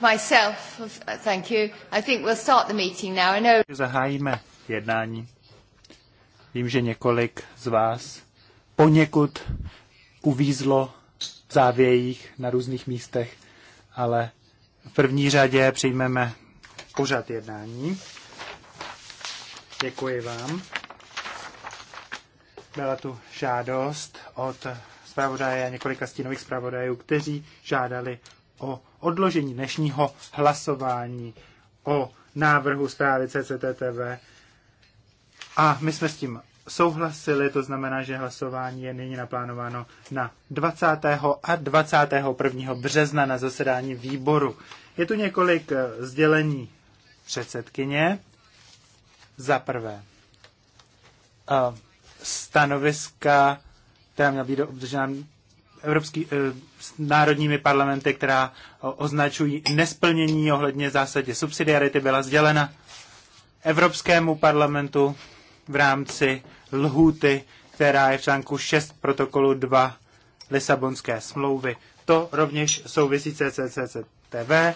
myself, uh, thank you. I think we'll start the meeting now. I know... Zahájíme jednání. Vím, že několik z vás poněkud uvízlo v závějích na různých místech, ale v první řadě přijmeme pořad jednání. Děkuji vám. Byla tu žádost od zpravodaje a několika stínových zpravodajů, kteří žádali o odložení dnešního hlasování o návrhu zprávy CCTV. A my jsme s tím souhlasili, to znamená, že hlasování je nyní naplánováno na 20. a 21. března na zasedání výboru. Je tu několik eh, sdělení předsedkyně. Za prvé, eh, stanoviska, která měla být obdržena evropský, eh, s národními parlamenty, která označují nesplnění ohledně zásadě subsidiarity, byla sdělena Evropskému parlamentu v rámci lhůty, která je v článku 6 protokolu 2 Lisabonské smlouvy. To rovněž souvisí CCCTV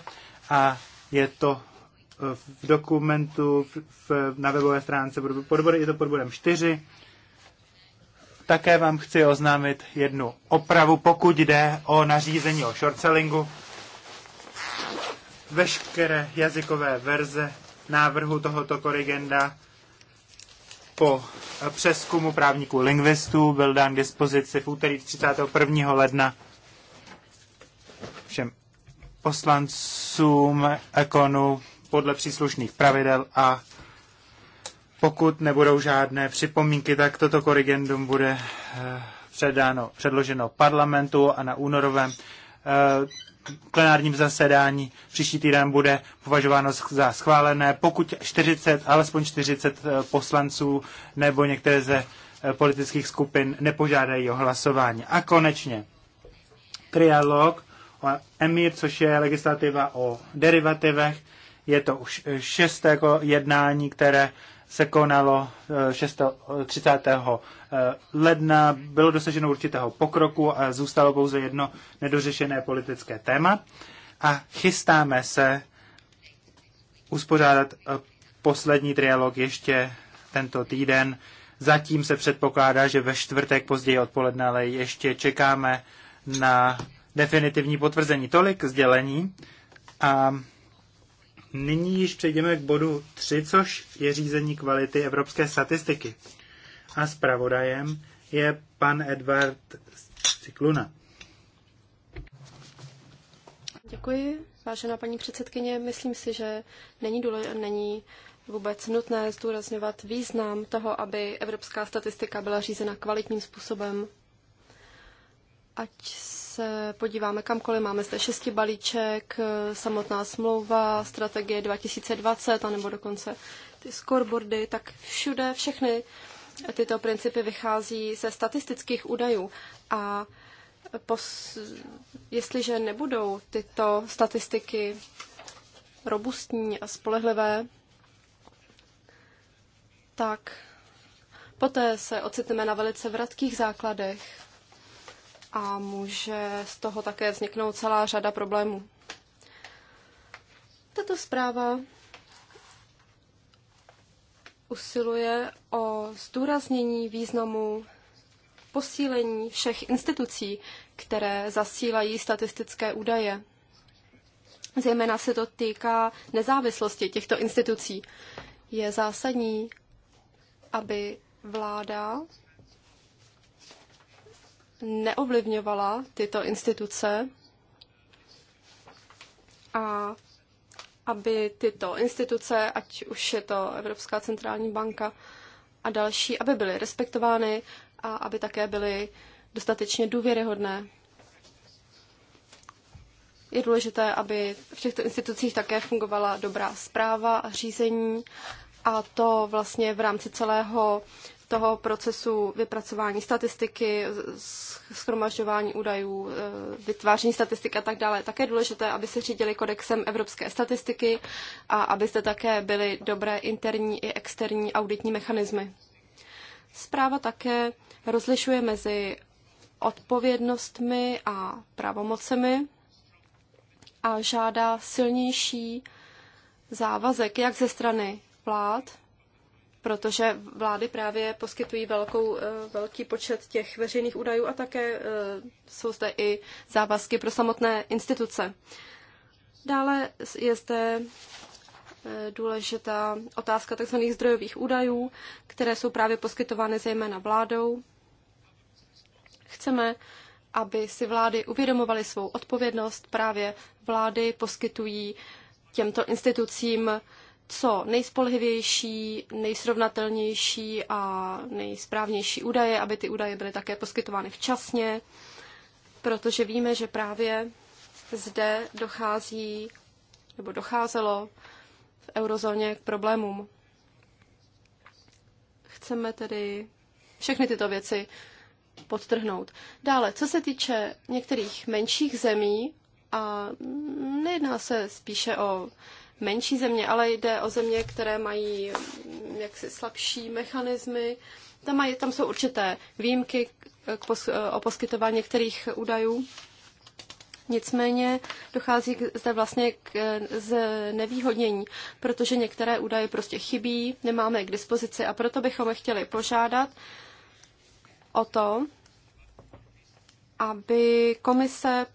a je to eh, v dokumentu v, na webové stránce podbory, je to pod bodem 4 také vám chci oznámit jednu opravu, pokud jde o nařízení o shortsellingu. Veškeré jazykové verze návrhu tohoto korigenda po přeskumu právníků lingvistů byl dán k dispozici v úterý 31. ledna všem poslancům ekonu podle příslušných pravidel a pokud nebudou žádné připomínky, tak toto korrigendum bude eh, předáno, předloženo parlamentu a na únorovém eh, plenárním zasedání příští týden bude považováno za schválené, pokud 40, alespoň 40 eh, poslanců nebo některé ze politických skupin nepožádají o hlasování. A konečně trialog o EMIR, což je legislativa o derivativech. Je to už šesté jednání, které se konalo 6. Eh, 30. Eh, eh, ledna, bylo dosaženo určitého pokroku a zůstalo pouze jedno nedořešené politické téma. A chystáme se uspořádat poslední trialog ještě tento týden. Zatím se předpokládá, že ve čtvrtek později odpoledne, ale ještě čekáme na definitivní potvrzení. Tolik sdělení. A nyní již přejdeme k bodu 3, což je řízení kvality evropské statistiky. A zpravodajem je pan Edward Cikluna. Děkuji, vážená paní předsedkyně. Myslím si, že není, důle, není vůbec nutné zdůrazňovat význam toho, aby evropská statistika byla řízena kvalitním způsobem. Ať se podíváme kamkoliv, máme zde šesti balíček, eh, samotná smlouva, strategie 2020, anebo dokonce ty scoreboardy, tak všude všechny tyto principy vychází ze statistických údajů. A pos, jestliže nebudou tyto statistiky robustní a spolehlivé, tak poté se ocitneme na velice vratkých základech a může z toho také vzniknout celá řada problémů. Tato zpráva usiluje o zdůraznění významu posílení všech institucí, které zasílají statistické údaje. Zejména se to týká nezávislosti těchto institucí. Je zásadní, aby vláda neovlivňovala tyto instituce a aby tyto instituce, ať už je to Evropská centrální banka a další, aby byly respektovány a aby také byly dostatečně důvěryhodné. Je důležité, aby v těchto institucích také fungovala dobrá zpráva a řízení a to vlastně v rámci celého toho procesu vypracování statistiky, schromažďování údajů, eh, vytváření statistik a tak dále. Také je důležité, aby se řídili kodexem evropské statistiky a aby zde také byly dobré interní i externí auditní mechanismy. Zpráva také rozlišuje mezi odpovědnostmi a pravomocemi a žádá silnější závazek jak ze strany vlád, protože vlády právě poskytují velkou, eh, velký počet těch veřejných údajů a také eh, jsou zde i závazky pro samotné instituce. Dále je zde eh, důležitá otázka tzv. zdrojových údajů, které jsou právě poskytovány zejména vládou. Chceme, aby si vlády uvědomovaly svou odpovědnost. Právě vlády poskytují těmto institucím co nejspolehlivější, nejsrovnatelnější a nejsprávnější údaje, aby ty údaje byly také poskytovány včasně, protože víme, že právě zde dochází nebo docházelo v eurozóně k problémům. Chceme tedy všechny tyto věci podtrhnout. Dále, co se týče některých menších zemí, a nejedná se spíše o menší země, ale jde o země, které mají jaksi slabší mechanismy. Tam, mají, tam jsou určité výjimky k pos, o poskytování některých údajů. Nicméně dochází k, zde vlastně k znevýhodnění, protože některé údaje prostě chybí, nemáme je k dispozici a proto bychom chtěli požádat o to, aby komise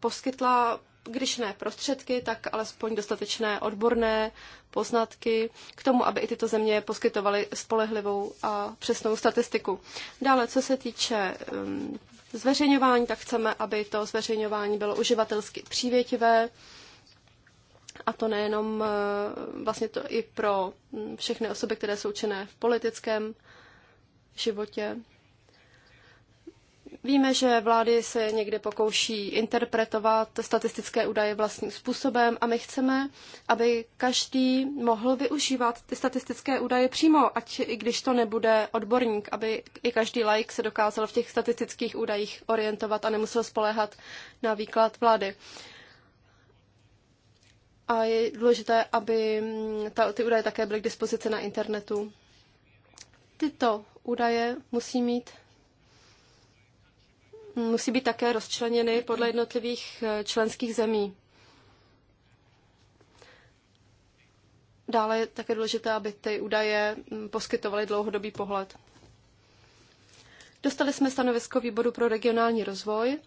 poskytla když ne prostředky, tak alespoň dostatečné odborné poznatky k tomu, aby i tyto země poskytovaly spolehlivou a přesnou statistiku. Dále, co se týče um, zveřejňování, tak chceme, aby to zveřejňování bylo uživatelsky přívětivé, a to nejenom uh, vlastně to i pro um, všechny osoby, které jsou činné v politickém životě, Víme, že vlády se někde pokouší interpretovat statistické údaje vlastním způsobem a my chceme, aby každý mohl využívat ty statistické údaje přímo, ať i když to nebude odborník, aby i každý laik se dokázal v těch statistických údajích orientovat a nemusel spoléhat na výklad vlády. A je důležité, aby ta, ty údaje také byly k dispozici na internetu. Tyto údaje musí mít musí být také rozčleněny podle jednotlivých eh, členských zemí. Dále je také důležité, aby ty údaje mm, poskytovaly dlouhodobý pohled. Dostali jsme stanovisko výboru pro regionální rozvoj.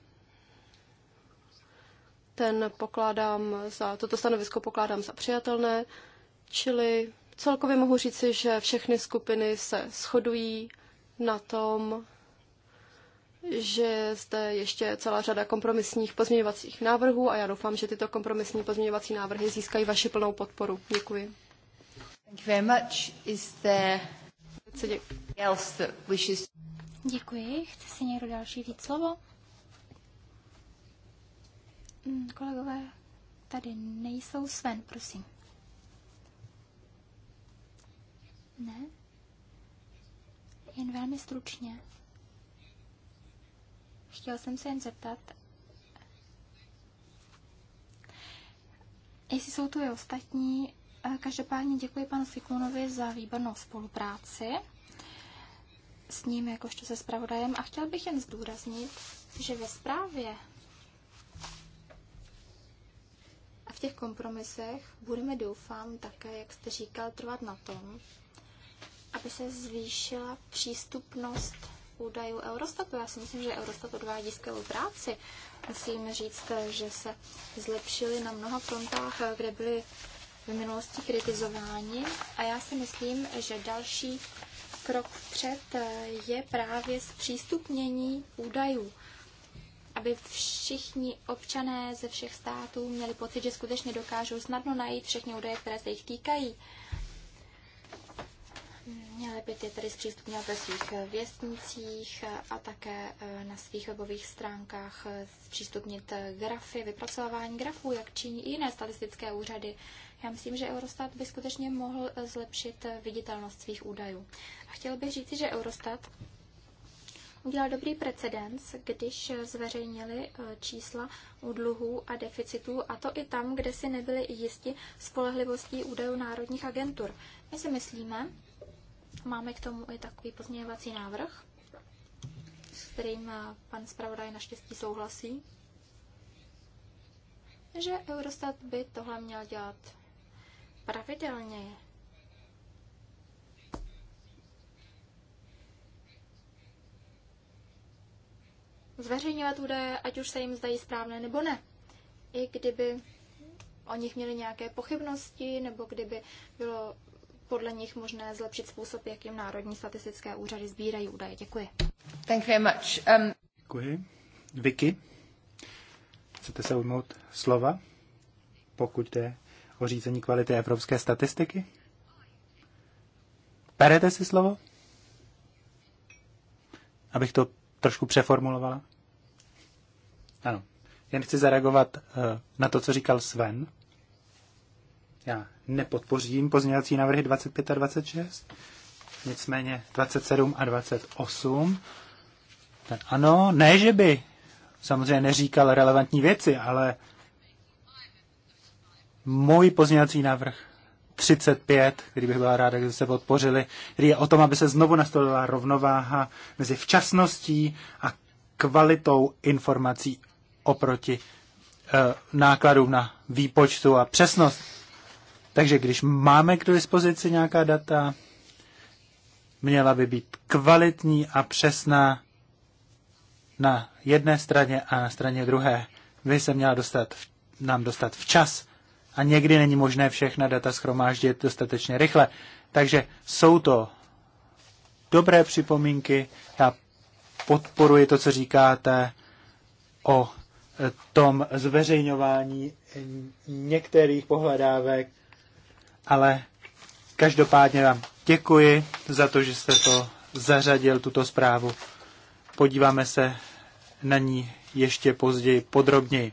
Ten pokládám za, toto stanovisko pokládám za přijatelné, čili celkově mohu říci, že všechny skupiny se shodují na tom, že zde ještě celá řada kompromisních pozměňovacích návrhů a já doufám, že tyto kompromisní pozměňovací návrhy získají vaši plnou podporu. Děkuji. Thank you very much. Is there else that wishes... Děkuji. Chce si někdo další říct slovo? Mm, kolegové tady nejsou. Sven, prosím. Ne? Jen velmi stručně. Chtěl jsem se jen zeptat, jestli jsou tu i ostatní. Eh, každopádně děkuji panu Fikunovi za výbornou spolupráci s ním jakožto se zpravodajem. a chtěl bych jen zdůraznit, že ve zprávě a v těch kompromisech budeme, doufám, také, jak jste říkal, trvat na tom, aby se zvýšila přístupnost údajů Eurostatu. Já si myslím, že Eurostat odvádí skvělou práci. Musím říct, že se zlepšili na mnoha frontách, kde byly v minulosti kritizováni a já si myslím, že další krok vpřed eh, je právě zpřístupnění údajů, aby všichni občané ze všech států měli pocit, že skutečně dokážou snadno najít všechny údaje, které se jich týkají Měli by je tedy zpřístupňovat ve svých eh, věstnicích a také eh, na svých webových stránkách eh, zpřístupnit grafy, vypracovávání grafů, jak činí i jiné statistické úřady. Já myslím, že Eurostat by skutečně mohl zlepšit viditelnost svých údajů. A chtěl bych říci, že Eurostat udělal dobrý precedens, když zveřejnili čísla u dluhů a deficitů, a to i tam, kde si nebyli jisti spolehlivostí údajů národních agentur. My si myslíme, Máme k tomu i takový pozměňovací návrh, s kterým eh, pan zpravodaj naštěstí souhlasí, že Eurostat by tohle měl dělat pravidelně. Zveřejňovat údaje, ať už se jim zdají správné nebo ne. I kdyby o nich měli nějaké pochybnosti, nebo kdyby bylo podle nich možné zlepšit způsob, jakým národní statistické úřady sbírají údaje. Děkuji. Thank you very much. Um... Děkuji. Vicky, chcete se ujmout slova, pokud jde o řízení kvality evropské statistiky? Perete si slovo? Abych to trošku přeformulovala? Ano. Jen chci zareagovat eh, na to, co říkal Sven. Já nepodpořím pozměňovací návrhy 25 a 26, nicméně 27 a 28, ten ano, ne, že by samozřejmě neříkal relevantní věci, ale můj pozměňovací návrh 35, který bych byla ráda, kdyby se podpořili, který je o tom, aby se znovu nastolila rovnováha mezi včasností a kvalitou informací oproti e, nákladům na výpočtu a přesnost takže když máme k dispozici nějaká data, měla by být kvalitní a přesná na jedné straně a na straně druhé. Vy se měla dostat, nám dostat včas a někdy není možné všechna data schromáždit dostatečně rychle. Takže jsou to dobré připomínky, já podporuji to, co říkáte o tom zveřejňování některých pohledávek ale každopádně vám děkuji za to, že jste to zařadil, tuto zprávu. Podíváme se na ní ještě později podrobněji.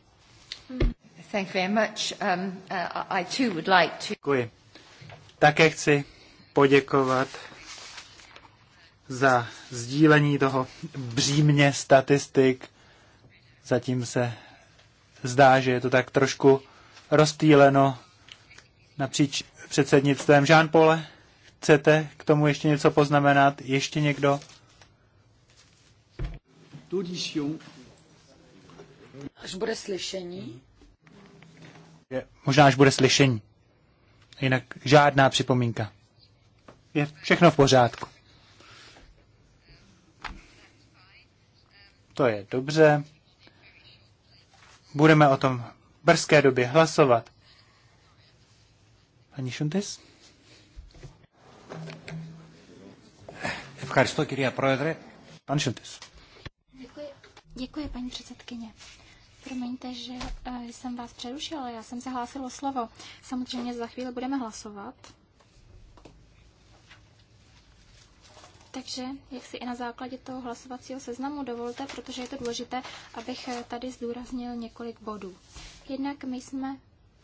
Thank you very much. Um, uh, I too would like to... Děkuji. Také chci poděkovat za sdílení toho břímně statistik. Zatím se zdá, že je to tak trošku rozstýleno napříč předsednictvem. Jean Paul, chcete k tomu ještě něco poznamenat? Ještě někdo? Až bude slyšení? Je, možná až bude slyšení. Jinak žádná připomínka. Je všechno v pořádku. To je dobře. Budeme o tom brzké době hlasovat. Paní Šuntis? Ευχαριστώ, κυρία Πρόεδρε. Pan Šuntis. Děkuji, děkuji, paní předsedkyně. Promiňte, že eh, jsem vás přerušila, já jsem se hlásila slovo. Samozřejmě za chvíli budeme hlasovat. Takže, jak si i na základě toho hlasovacího seznamu dovolte, protože je to důležité, abych eh, tady zdůraznil několik bodů. Jednak my jsme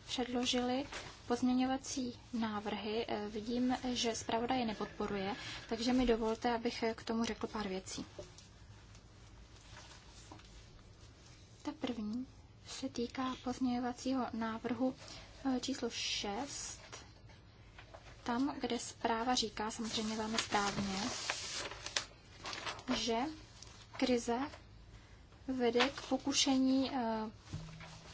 předložili Pozměňovací návrhy eh, vidím, že zpravodaj je nepodporuje, takže mi dovolte, abych eh, k tomu řekl pár věcí. Ta první se týká pozměňovacího návrhu eh, číslo 6, tam, kde zpráva říká, samozřejmě velmi správně, že krize vede k pokušení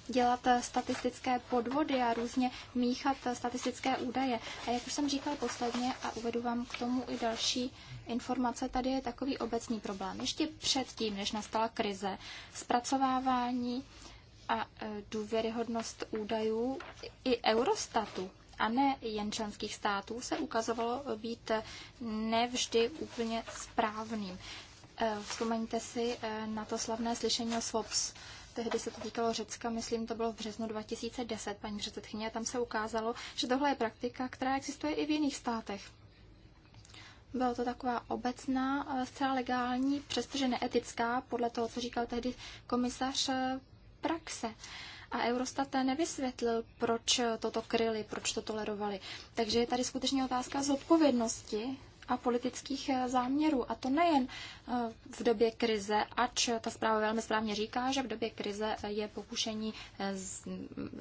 dělat eh, statistické podvody a různě míchat eh, statistické údaje. A jak už jsem říkal posledně a uvedu vám k tomu i další informace, tady je takový obecný problém. Ještě předtím, než nastala krize, zpracovávání a eh, důvěryhodnost údajů i Eurostatu a ne jen členských států se ukazovalo být nevždy úplně správným. Vzpomeňte si na to slavné slyšení o SWOPS, tehdy se to týkalo Řecka, myslím, to bylo v březnu 2010, paní předsedkyně, a tam se ukázalo, že tohle je praktika, která existuje i v jiných státech. Byla to taková obecná, eh, zcela legální, přestože neetická, podle toho, co říkal tehdy komisař eh, praxe. A Eurostat nevysvětlil, proč eh, toto kryli, proč to tolerovali. Takže je tady skutečně otázka zodpovědnosti a politických eh, záměrů. A to nejen eh, v době krize, ač ta zpráva velmi správně říká, že v době krize je pokušení eh,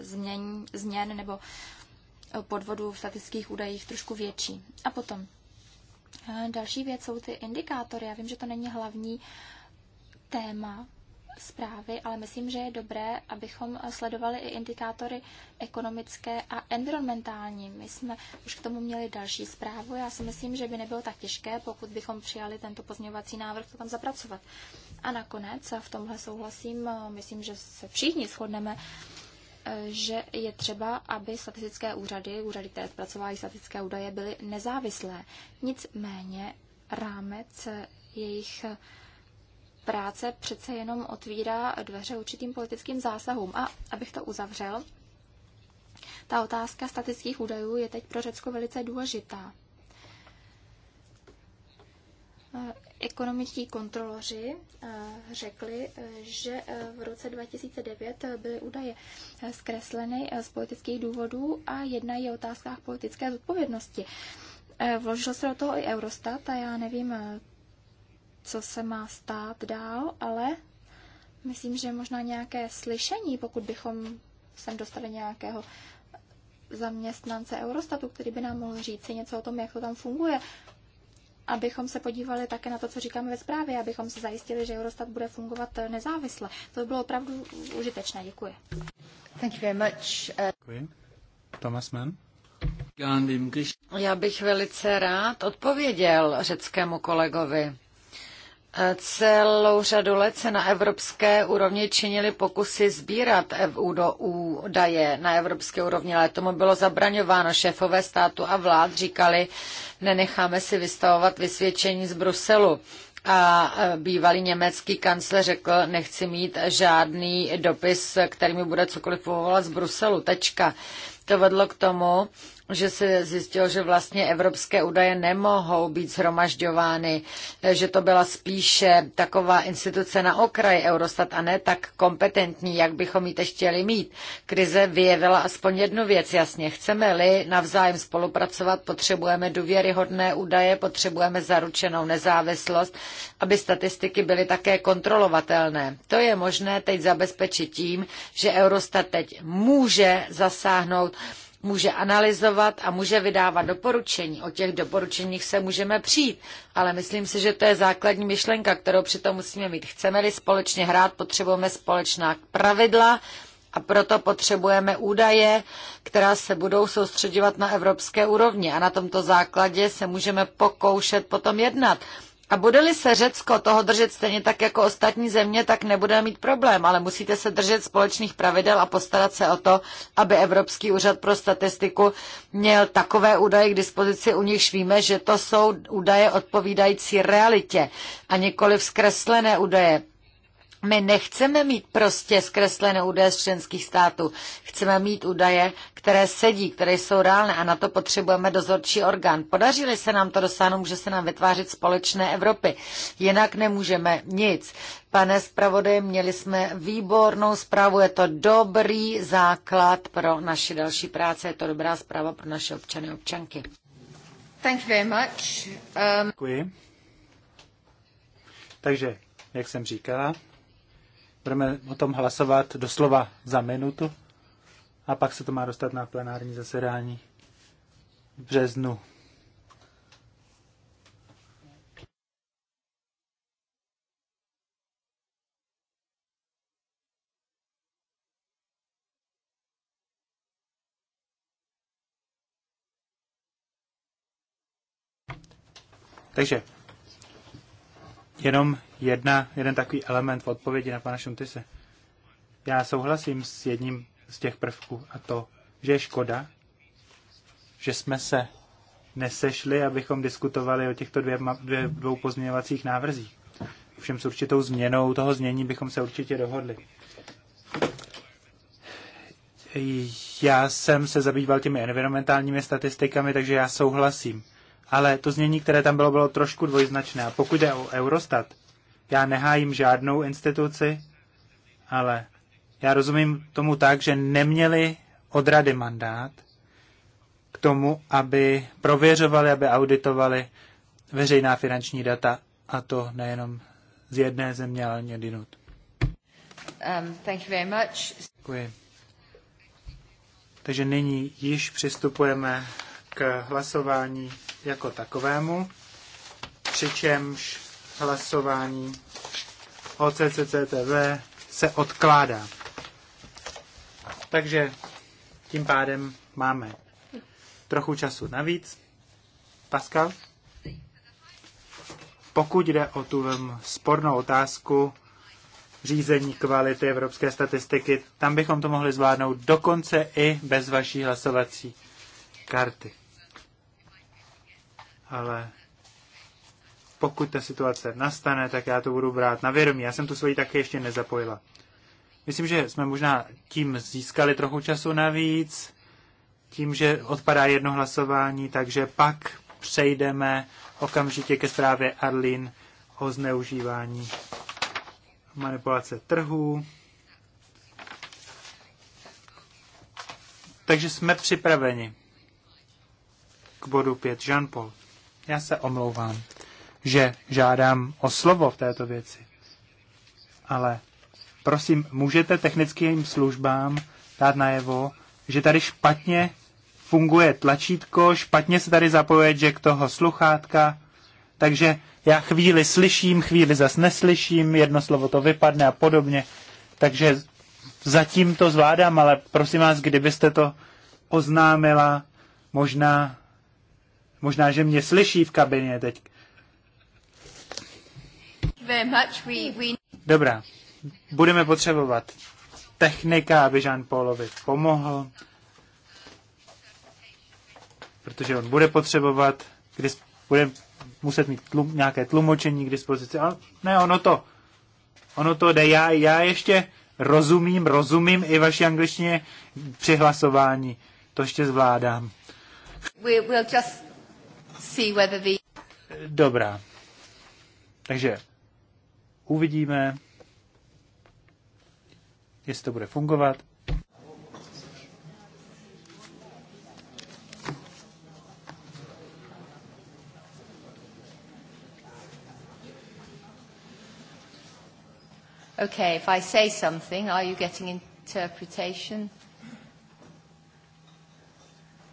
změn, změn nebo podvodů v statických údajích trošku větší. A potom další věc jsou ty indikátory. Já vím, že to není hlavní téma zprávy, ale myslím, že je dobré, abychom sledovali i indikátory ekonomické a environmentální. My jsme už k tomu měli další zprávu. Já si myslím, že by nebylo tak těžké, pokud bychom přijali tento pozměňovací návrh, to tam zapracovat. A nakonec, a v tomhle souhlasím, myslím, že se všichni shodneme, e, že je třeba, aby statistické úřady, úřady, které zpracovávají statistické údaje, byly nezávislé. Nicméně rámec jejich práce přece jenom otvírá dveře určitým politickým zásahům. A abych to uzavřel, ta otázka statických údajů je teď pro Řecko velice důležitá. Eh, ekonomičtí kontroloři eh, řekli, eh, že v roce 2009 byly údaje zkresleny z politických důvodů a jedna je otázkách politické zodpovědnosti. Vložil se do toho i Eurostat a já nevím, co se má stát dál, ale myslím, že možná nějaké slyšení, pokud bychom sem dostali nějakého zaměstnance Eurostatu, který by nám mohl říct něco o tom, jak to tam funguje, abychom se podívali také na to, co říkáme ve zprávě, abychom se zajistili, že Eurostat bude fungovat nezávisle. To by bylo opravdu užitečné. Děkuji. Thank you very much. Uh, Děkuji. Thomas Mann. Já bych velice rád odpověděl řeckému kolegovi. Celou řadu let se na evropské úrovni činili pokusy sbírat údaje na evropské úrovni, ale tomu bylo zabraňováno. Šéfové státu a vlád říkali, nenecháme si vystavovat vysvědčení z Bruselu a e, bývalý německý kancler řekl, nechci mít žádný dopis, který mi bude cokoliv povolovat z Bruselu, tečka. To vedlo k tomu, že se zjistilo, že vlastně evropské údaje nemohou být zhromažďovány, že to byla spíše taková instituce na okraji Eurostat a ne tak kompetentní, jak bychom ji teď chtěli mít. Krize vyjevila aspoň jednu věc jasně. Chceme-li navzájem spolupracovat, potřebujeme důvěryhodné údaje, potřebujeme zaručenou nezávislost, aby statistiky byly také kontrolovatelné. To je možné teď zabezpečit tím, že Eurostat teď může zasáhnout může analyzovat a může vydávat doporučení. O těch doporučeních se můžeme přijít, ale myslím si, že to je základní myšlenka, kterou přitom musíme mít. Chceme-li společně hrát, potřebujeme společná pravidla, a proto potřebujeme údaje, která se budou soustředovat na evropské úrovni. A na tomto základě se můžeme pokoušet potom jednat. A bude-li se Řecko toho držet stejně tak jako ostatní země, tak nebudeme mít problém, ale musíte se držet společných pravidel a postarat se o to, aby Evropský úřad pro statistiku měl takové údaje k dispozici, u nichž víme, že to jsou údaje odpovídající realitě a nikoli vzkreslené údaje. My nechceme mít prostě zkreslené údaje z členských států. Chceme mít údaje, které sedí, které jsou reálné a na to potřebujeme dozorčí orgán. Podařili se nám to dosáhnout, může se nám vytvářet společné Evropy. Jinak nemůžeme nic. Pane zpravodaji, měli jsme výbornou zprávu, je to dobrý základ pro naši další práce, je to dobrá zpráva pro naše občany a občanky. Thank you very much. Um... Děkuji. Takže, jak jsem říkala, budeme o tom hlasovat doslova za minutu a pak se to má dostat na plenární zasedání v březnu. Takže Jenom jedna, jeden takový element v odpovědi na pana Šuntise. Já souhlasím s jedním z těch prvků a to, že je škoda, že jsme se nesešli, abychom diskutovali o těchto dvě, dvě, dvou pozměňovacích návrzích. Všem s určitou změnou toho změní bychom se určitě dohodli. Já jsem se zabýval těmi environmentálními statistikami, takže já souhlasím ale to znění, které tam bylo, bylo trošku dvojznačné. A pokud jde o Eurostat, já nehájím žádnou instituci, ale já rozumím tomu tak, že neměli od rady mandát k tomu, aby prověřovali, aby auditovali veřejná finanční data, a to nejenom z jedné země, ale někdy nut. Um, thank you very much. Děkuji. Takže nyní již přistupujeme k hlasování jako takovému, přičemž hlasování o CCCTV se odkládá. Takže tím pádem máme trochu času navíc. Pascal? Pokud jde o tu um, spornou otázku řízení kvality evropské statistiky, tam bychom to mohli zvládnout dokonce i bez vaší hlasovací karty ale pokud ta situace nastane, tak já to budu brát na vědomí. Já jsem tu svoji také ještě nezapojila. Myslím, že jsme možná tím získali trochu času navíc, tím, že odpadá jedno hlasování, takže pak přejdeme okamžitě ke zprávě Arlin o zneužívání manipulace trhů. Takže jsme připraveni k bodu 5. Jean-Paul. Já se omlouvám, že žádám o slovo v této věci. Ale prosím, můžete technickým službám dát najevo, že tady špatně funguje tlačítko, špatně se tady zapojuje jack toho sluchátka, takže já chvíli slyším, chvíli zas neslyším, jedno slovo to vypadne a podobně. Takže zatím to zvládám, ale prosím vás, kdybyste to oznámila, možná Možná, že mě slyší v kabině teď. Dobrá. Budeme potřebovat technika, aby Jean Paulovi pomohl, protože on bude potřebovat, když bude muset mít tlum, nějaké tlumočení k dispozici. Ale ne, ono to, ono to jde. Já, já ještě rozumím, rozumím i vaši angličtině přihlasování, To ještě zvládám. We, we'll just see whether the... Dobrá. Takže uvidíme, jestli to bude fungovat. Okay, if I say something, are you getting interpretation?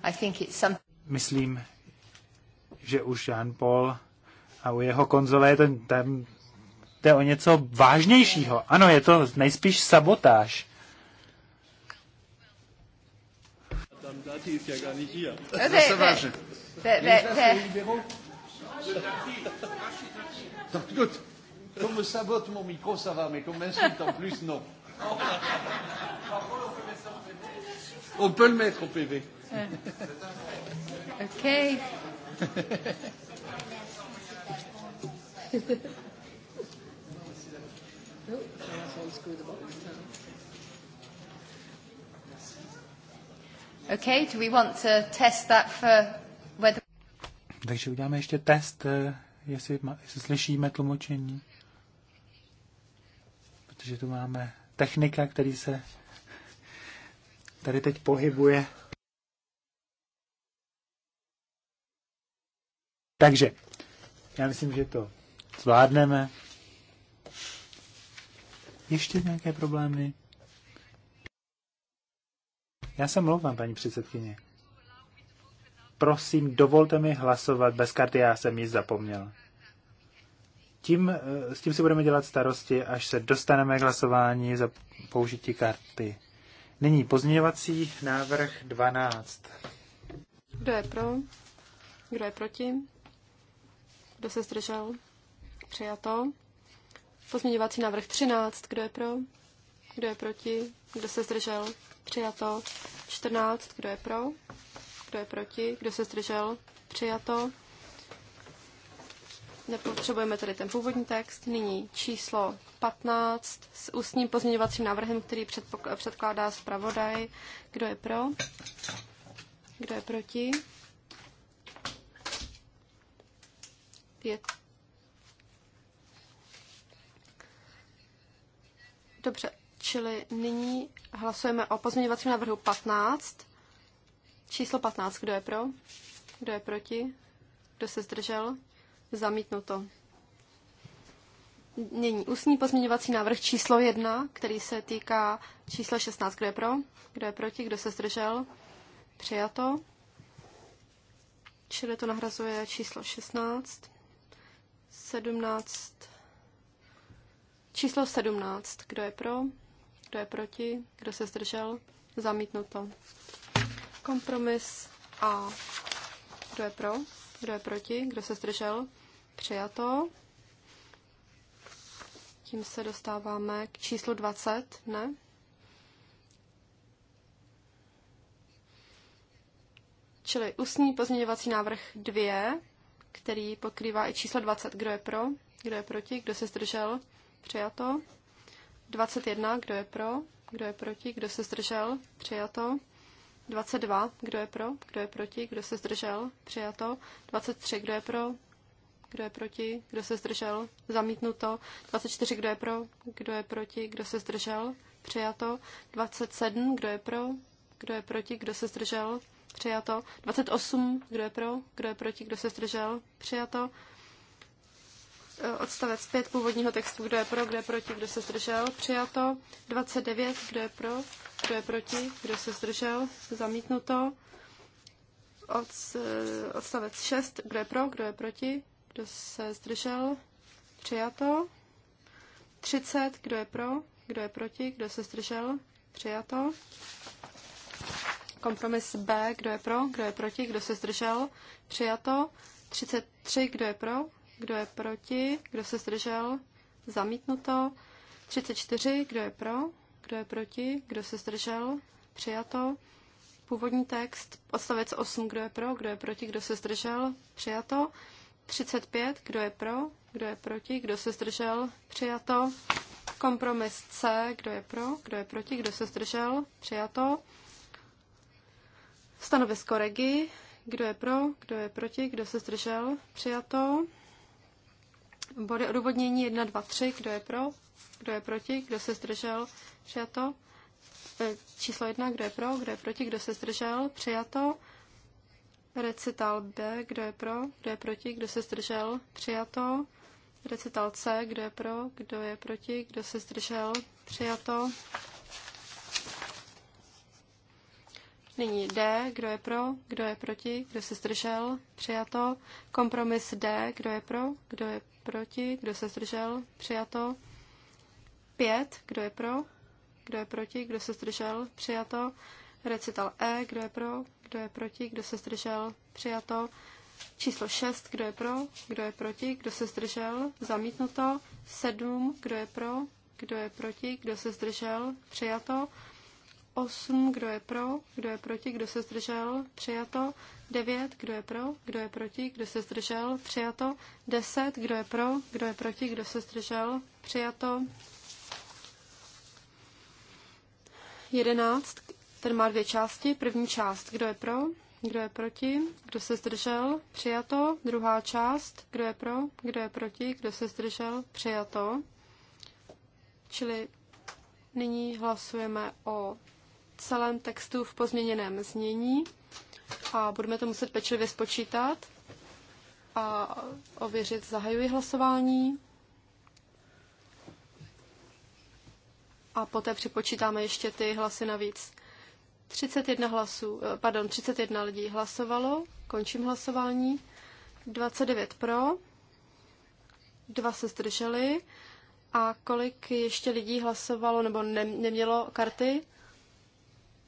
I think it's something. Myslím, že už Jean Paul a u jeho konzole je to, tam, to je o něco vážnějšího. Ano, je to nejspíš sabotáž. Okay okay, do we want to test that for whether... Takže uděláme ještě test, eh, jestli, jestli slyšíme tlumočení. Protože tu máme technika, který se tady teď pohybuje. Takže, já myslím, že to zvládneme. Ještě nějaké problémy? Já se mluvám, paní předsedkyně. Prosím, dovolte mi hlasovat bez karty, já jsem ji zapomněl. Tím, eh, s tím si budeme dělat starosti, až se dostaneme k hlasování za použití karty. Nyní pozměňovací návrh 12. Kdo je pro? Kdo je proti? Kdo se zdržel? Přijato. Pozměňovací návrh 13. Kdo je pro? Kdo je proti? Kdo se zdržel? Přijato. 14. Kdo je pro? Kdo je proti? Kdo se zdržel? Přijato. Nepotřebujeme tedy ten původní text. Nyní číslo 15 s ústním pozměňovacím návrhem, který předkládá zpravodaj. Kdo je pro? Kdo je proti? 5. Dobře, čili nyní hlasujeme o pozměňovacím návrhu 15. Číslo 15, kdo je pro? Kdo je proti? Kdo se zdržel? Zamítnuto. Nyní ústní pozměňovací návrh číslo 1, který se týká číslo 16. Kdo je pro? Kdo je proti? Kdo se zdržel? Přijato. Čili to nahrazuje číslo 16. 17. Číslo 17. Kdo je pro? Kdo je proti? Kdo se zdržel? Zamítnuto. Kompromis A. Kdo je pro? Kdo je proti? Kdo se zdržel? Přijato. Tím se dostáváme k číslu 20, ne? Čili ústní pozměňovací návrh 2 který pokrývá i číslo 20. Kdo je pro? Kdo je proti? Kdo se zdržel? Přijato. 21. Kdo je pro? Kdo je proti? Kdo se zdržel? Přijato. 22. Kdo je pro? Kdo je proti? Kdo se zdržel? Přijato. 23. Kdo je pro? Kdo je proti? Kdo se zdržel? Zamítnuto. 24. Kdo je pro? Kdo je proti? Kdo se zdržel? Přijato. 27. Kdo je pro? Kdo je proti? Kdo se zdržel? Přijato. 28. Kdo je pro? Kdo je proti? Kdo se zdržel? Přijato. Odstavec 5 původního textu. Kdo je pro? Kdo je proti? Kdo se zdržel? Přijato. 29. Kdo je pro? Kdo je proti? Kdo se zdržel? Zamítnuto. Od, odstavec 6. Kdo je pro? Kdo je proti? Kdo se zdržel? Přijato. 30. Kdo je pro? Kdo je proti? Kdo se zdržel? Přijato. Kompromis B, kdo je pro, kdo je proti, kdo se zdržel, přijato. 33, kdo je pro, kdo je proti, kdo se zdržel, zamítnuto. 34, kdo je pro, kdo je proti, kdo se zdržel, přijato. Původní text, odstavec 8, kdo je pro, kdo je proti, kdo se zdržel, přijato. 35, kdo je pro, kdo je proti, kdo se zdržel, přijato. Kompromis C, kdo je pro, kdo je proti, kdo se zdržel, přijato. Stanovisko Regi, kdo je pro, kdo je proti, kdo se zdržel, přijato. Body odůvodnění 1, 2, 3, kdo je pro, kdo je proti, kdo se zdržel, přijato. E, číslo 1, kdo je pro, kdo je proti, kdo se zdržel, přijato. Recital B, kdo je pro, kdo je proti, kdo se zdržel, přijato. Recital C, kdo je pro, kdo je proti, kdo se zdržel, přijato. Nyní D, kdo je pro, kdo je proti, kdo se zdržel, přijato. Kompromis D, kdo je pro, kdo je proti, kdo se zdržel, přijato. 5, kdo je pro, kdo je proti, kdo se zdržel, přijato. Recital E, kdo je pro, kdo je proti, kdo se zdržel, přijato. Číslo 6, kdo je pro, kdo je proti, kdo se zdržel, zamítnuto. 7, kdo je pro, kdo je proti, kdo se zdržel, přijato. 8, kdo je pro, kdo je proti, kdo se zdržel, přijato. 9, kdo je pro, kdo je proti, kdo se zdržel, přijato. 10, kdo je pro, kdo je proti, kdo se zdržel, přijato. 11, ten má dvě části. První část, kdo je pro, kdo je proti, kdo se zdržel, přijato. Druhá část, kdo je pro, kdo je proti, kdo se zdržel, přijato. Čili nyní hlasujeme o celém textu v pozměněném znění a budeme to muset pečlivě spočítat a ověřit. Zahajuji hlasování. A poté připočítáme ještě ty hlasy navíc. 31 hlasů, eh, pardon, 31 lidí hlasovalo, končím hlasování. 29 pro, dva se zdrželi a kolik ještě lidí hlasovalo nebo ne, nemělo karty?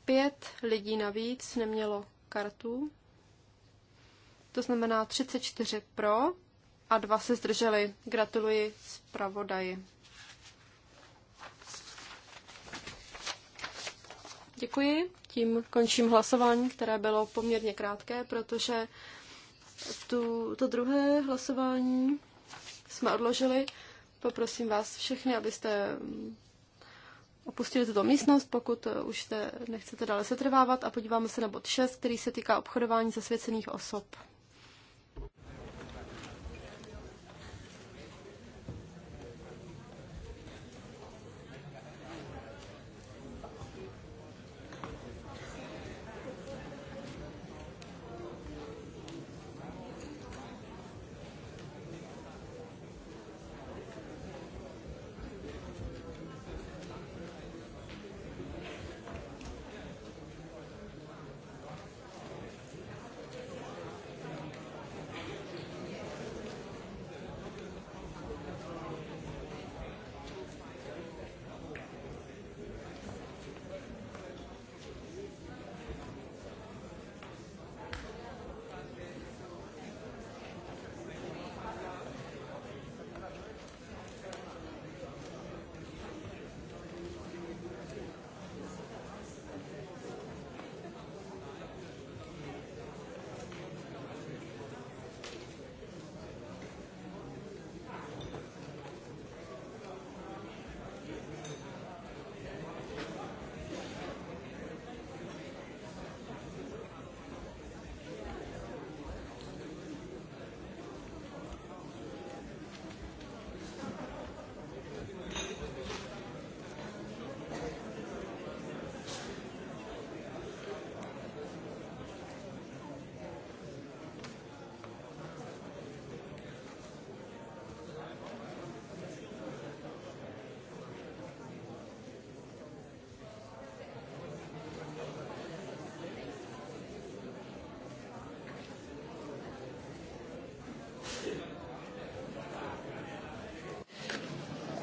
Pět lidí navíc nemělo kartu. To znamená 34 pro a dva se zdrželi. Gratuluji zpravodaji. Děkuji. Tím končím hlasování, které bylo poměrně krátké, protože tu, to druhé hlasování jsme odložili. Poprosím vás všechny, abyste opustili tuto místnost, pokud eh, už jste, nechcete dále setrvávat a podíváme se na bod 6, který se týká obchodování zasvěcených osob.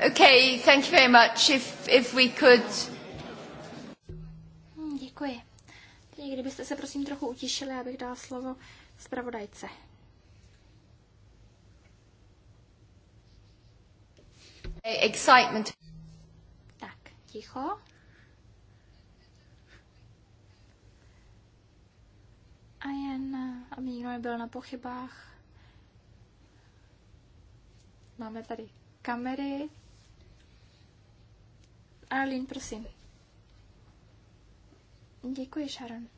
Okay, thank you very much. If, if we could... Děkuji. kdybyste se prosím trochu utišili, abych dala slovo zpravodajce. Excitement. Tak, ticho. A jen, aby nikdo nebyl na pochybách, máme tady kamery, Arlene, prosím. Děkuji, Sharon.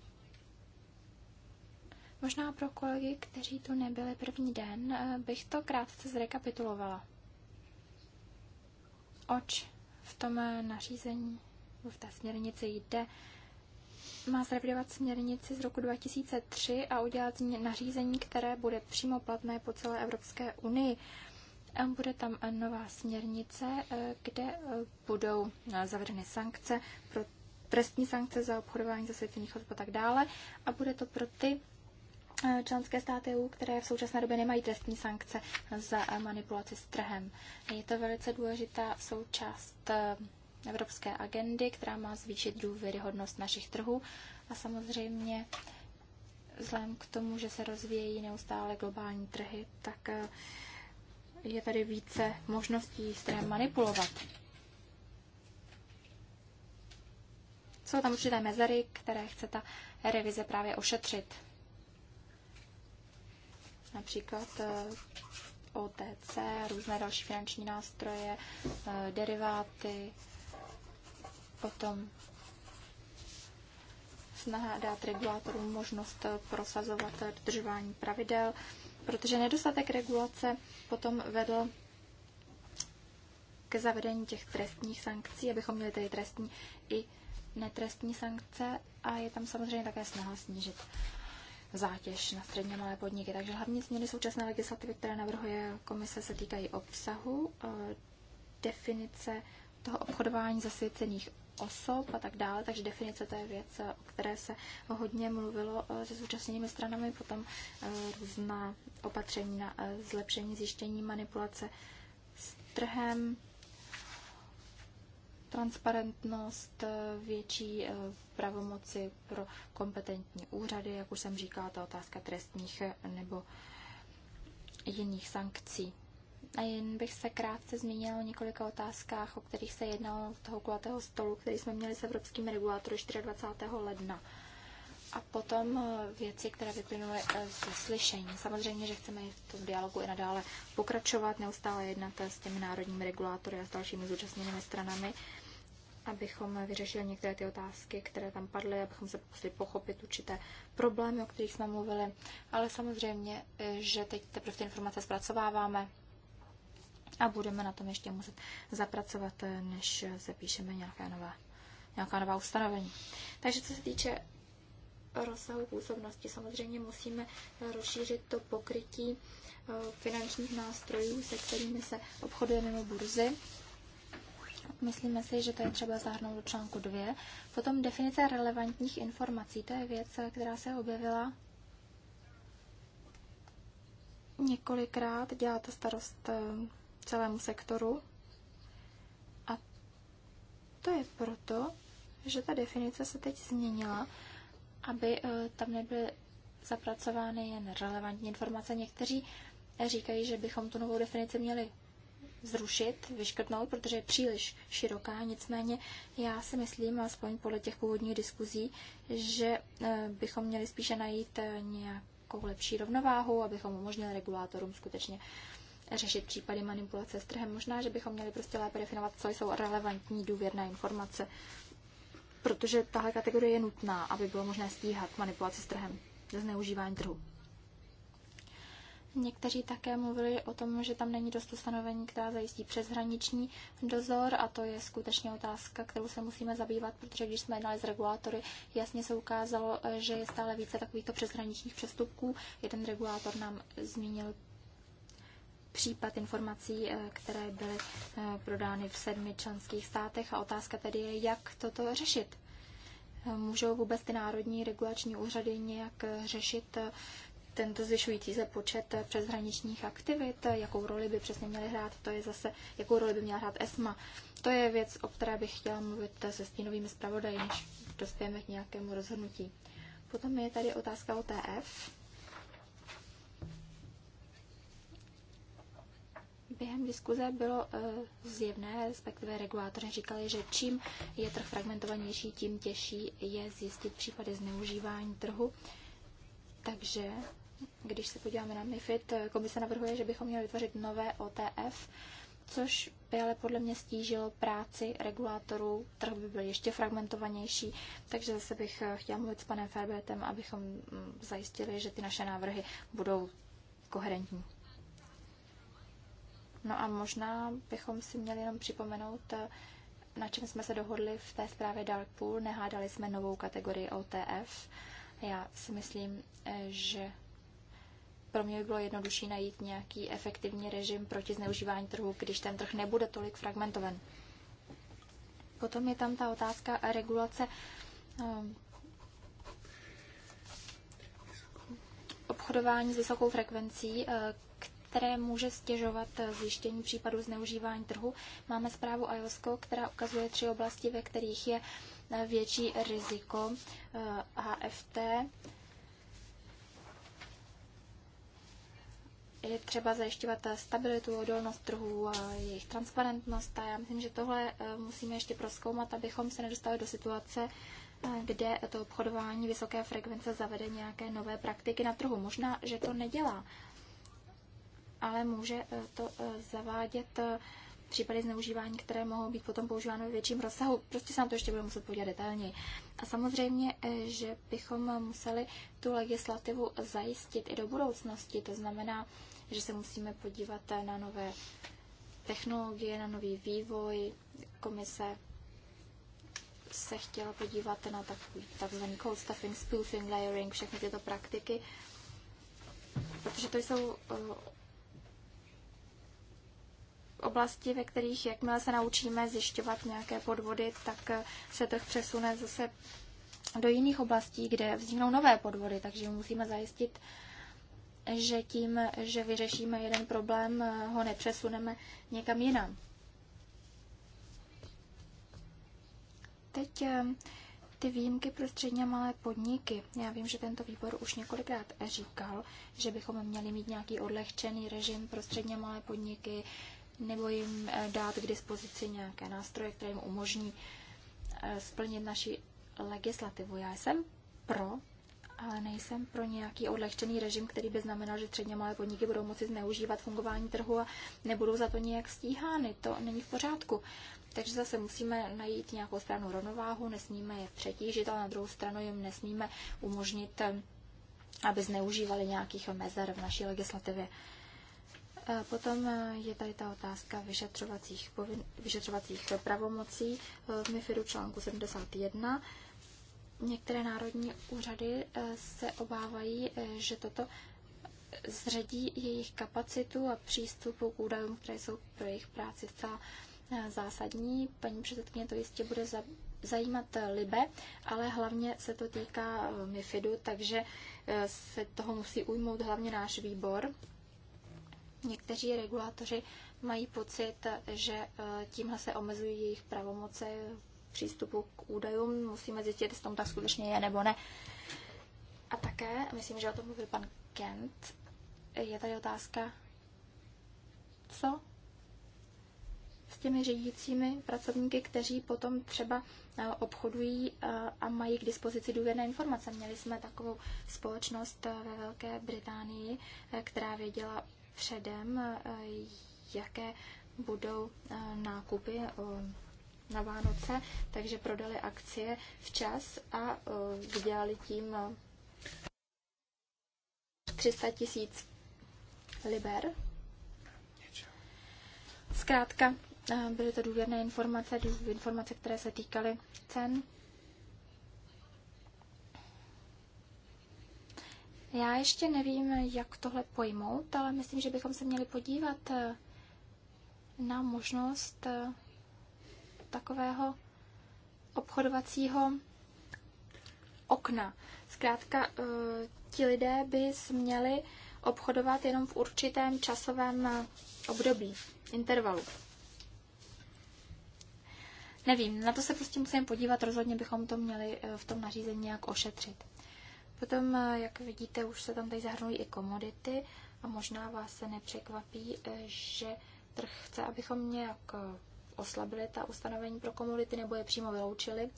Možná pro kolegy, kteří tu nebyli první den, eh, bych to krátce zrekapitulovala. Oč v tom eh, nařízení, v té směrnici jde, má zrevidovat směrnici z roku 2003 a udělat nařízení, které bude přímo platné po celé Evropské unii bude tam nová směrnice, eh, kde eh, budou eh, zavedeny sankce pro trestní sankce za obchodování za osob a tak dále. A bude to pro ty členské státy EU, které v současné době nemají trestní sankce za manipulaci s trhem. Je to velice důležitá součást evropské agendy, která má zvýšit důvěryhodnost našich trhů a samozřejmě vzhledem k tomu, že se rozvíjejí neustále globální trhy, tak je tady více možností s manipulovat. Jsou tam určité mezery, které chce ta revize právě ošetřit. Například eh, OTC, různé další finanční nástroje, eh, deriváty, potom snaha dát regulátorům možnost eh, prosazovat dodržování pravidel, protože nedostatek regulace potom vedl ke zavedení těch trestních sankcí, abychom měli tedy trestní i netrestní sankce a je tam samozřejmě také snaha snížit zátěž na středně malé podniky. Takže hlavní změny současné legislativy, které navrhuje komise, se týkají obsahu, eh, definice toho obchodování zasvěcených osob a tak dále, takže definice to je věc, o které se hodně mluvilo eh, se zúčastněnými stranami, potom eh, různá opatření na eh, zlepšení zjištění manipulace s trhem, transparentnost, větší pravomoci pro kompetentní úřady, jak už jsem říkala, ta otázka trestních nebo jiných sankcí. A jen bych se krátce zmínila o několika otázkách, o kterých se jednalo toho kulatého stolu, který jsme měli s evropským regulátorem 24. ledna. A potom eh, věci, které vyplynuly eh, ze slyšení. Samozřejmě, že chceme v tom dialogu i nadále pokračovat, neustále jednat eh, s těmi národními regulátory a s dalšími zúčastněnými stranami, abychom vyřešili některé ty otázky, které tam padly, abychom se pokusili pochopit určité problémy, o kterých jsme mluvili. Ale samozřejmě, že teď teprve ty informace zpracováváme, a budeme na tom ještě muset zapracovat, eh, než zapíšeme eh, nějaká nová, nějaká nová ustanovení. Takže co se týče rozsahu působnosti, samozřejmě musíme eh, rozšířit to pokrytí finančních nástrojů, se kterými se obchoduje mimo burzy. Myslíme si, že to je třeba zahrnout do článku 2. Potom definice relevantních informací, to je věc, která se objevila několikrát, dělá to starost celému sektoru. A to je proto, že ta definice se teď změnila, aby eh, tam nebyly zapracovány jen relevantní informace. Někteří říkají, že bychom tu novou definici měli zrušit, vyškrtnout, protože je příliš široká. Nicméně já si myslím, alespoň podle těch původních diskuzí, že eh, bychom měli spíše najít eh, nějakou lepší rovnováhu, abychom umožnili regulátorům skutečně řešit případy manipulace s trhem. Možná, že bychom měli prostě lépe definovat, co jsou relevantní důvěrné informace, protože tahle kategorie je nutná, aby bylo možné stíhat manipulaci s trhem, zneužívání trhu. Někteří také mluvili o tom, že tam není dost ustanovení, která zajistí přeshraniční dozor a to je skutečně otázka, kterou se musíme zabývat, protože když jsme jednali s regulátory, jasně se ukázalo, že je stále více takovýchto přeshraničních přestupků. Jeden regulátor nám zmínil případ informací, eh, které byly eh, prodány v sedmi členských státech a otázka tedy je, jak toto řešit. Eh, můžou vůbec ty národní regulační úřady nějak řešit tento zvyšující se počet přeshraničních aktivit, jakou roli by přesně měly hrát, to je zase, jakou roli by měla hrát ESMA. To je věc, o které bych chtěla mluvit se stínovými zpravodaji, než dospějeme k nějakému rozhodnutí. Potom je tady otázka o TF. během diskuze bylo eh, zjevné, respektive regulátoři říkali, že čím je trh fragmentovanější, tím těžší je zjistit případy zneužívání trhu. Takže když se podíváme na MIFID, eh, komise navrhuje, že bychom měli vytvořit nové OTF, což by ale podle mě stížilo práci regulátorů, trh by byl ještě fragmentovanější, takže zase bych eh, chtěla mluvit s panem Ferbetem, abychom mm, zajistili, že ty naše návrhy budou koherentní. No a možná bychom si měli jenom připomenout, eh, na čem jsme se dohodli v té zprávě Darkpool. Nehádali jsme novou kategorii OTF. Já si myslím, eh, že pro mě by bylo jednodušší najít nějaký efektivní režim proti zneužívání trhu, když ten trh nebude tolik fragmentovan. Potom je tam ta otázka regulace eh, obchodování s vysokou frekvencí, které může stěžovat eh, zjištění případů zneužívání trhu. Máme zprávu IOSCO, která ukazuje tři oblasti, ve kterých je eh, větší riziko HFT. Eh, je třeba zajišťovat stabilitu, odolnost trhů, jejich transparentnost a já myslím, že tohle musíme ještě proskoumat, abychom se nedostali do situace, kde to obchodování vysoké frekvence zavede nějaké nové praktiky na trhu. Možná, že to nedělá, ale může eh, to eh, zavádět eh, případy zneužívání, které mohou být potom používány ve větším rozsahu. Prostě se nám to ještě bude muset podívat detailněji. A samozřejmě, že bychom museli tu legislativu zajistit i do budoucnosti. To znamená, že se musíme podívat na nové technologie, na nový vývoj. Komise se chtěla podívat na takový takzvaný cold stuffing, spoofing, layering, všechny tyto praktiky, protože to jsou oblasti, ve kterých jakmile se naučíme zjišťovat nějaké podvody, tak eh, se to přesune zase do jiných oblastí, kde vzniknou nové podvody, takže musíme zajistit, že tím, že vyřešíme jeden problém, eh, ho nepřesuneme někam jinam. Teď eh, ty výjimky pro středně malé podniky. Já vím, že tento výbor už několikrát říkal, že bychom měli mít nějaký odlehčený režim pro středně malé podniky, nebo jim eh, dát k dispozici nějaké nástroje, které jim umožní eh, splnit naši legislativu. Já jsem pro, ale nejsem pro nějaký odlehčený režim, který by znamenal, že středně malé podniky budou moci zneužívat fungování trhu a nebudou za to nějak stíhány. To není v pořádku. Takže zase musíme najít nějakou stranu rovnováhu, nesmíme je přetížit, ale na druhou stranu jim nesmíme umožnit, eh, aby zneužívali nějakých mezer v naší legislativě. Potom e, je tady ta otázka vyšetřovacích, povin, vyšetřovacích pravomocí e, v MIFIDu článku 71. Některé národní úřady e, se obávají, že toto zředí jejich kapacitu a přístupu k údajům, které jsou pro jejich práci zcela zásadní. Paní předsedkyně to jistě bude za, zajímat Libe, ale hlavně se to týká MIFIDu, takže se toho musí ujmout hlavně náš výbor. Někteří regulátoři mají pocit, že e, tímhle se omezují jejich pravomoce přístupu k údajům. Musíme zjistit, jestli tomu tak skutečně je nebo ne. A také, myslím, že o tom mluvil pan Kent, je tady otázka, co s těmi řídícími pracovníky, kteří potom třeba e, obchodují e, a mají k dispozici důvěrné informace. Měli jsme takovou společnost ve Velké Británii, která věděla předem, eh, jaké budou eh, nákupy eh, na Vánoce, takže prodali akcie včas a vydělali tím 300 tisíc liber. Zkrátka, byly to důvěrné informace, informace, které se týkaly cen Já ještě nevím, jak tohle pojmout, ale myslím, že bychom se měli podívat eh, na možnost eh, takového obchodovacího okna. Zkrátka, eh, ti lidé by směli obchodovat jenom v určitém časovém období, intervalu. Nevím, na to se prostě musím podívat, rozhodně bychom to měli v tom nařízení nějak ošetřit. Potom, eh, jak vidíte, už se tam tady zahrnují i komodity a možná vás se nepřekvapí, eh, že trh chce, abychom nějak eh, oslabili ta ustanovení pro komodity nebo je přímo vyloučili.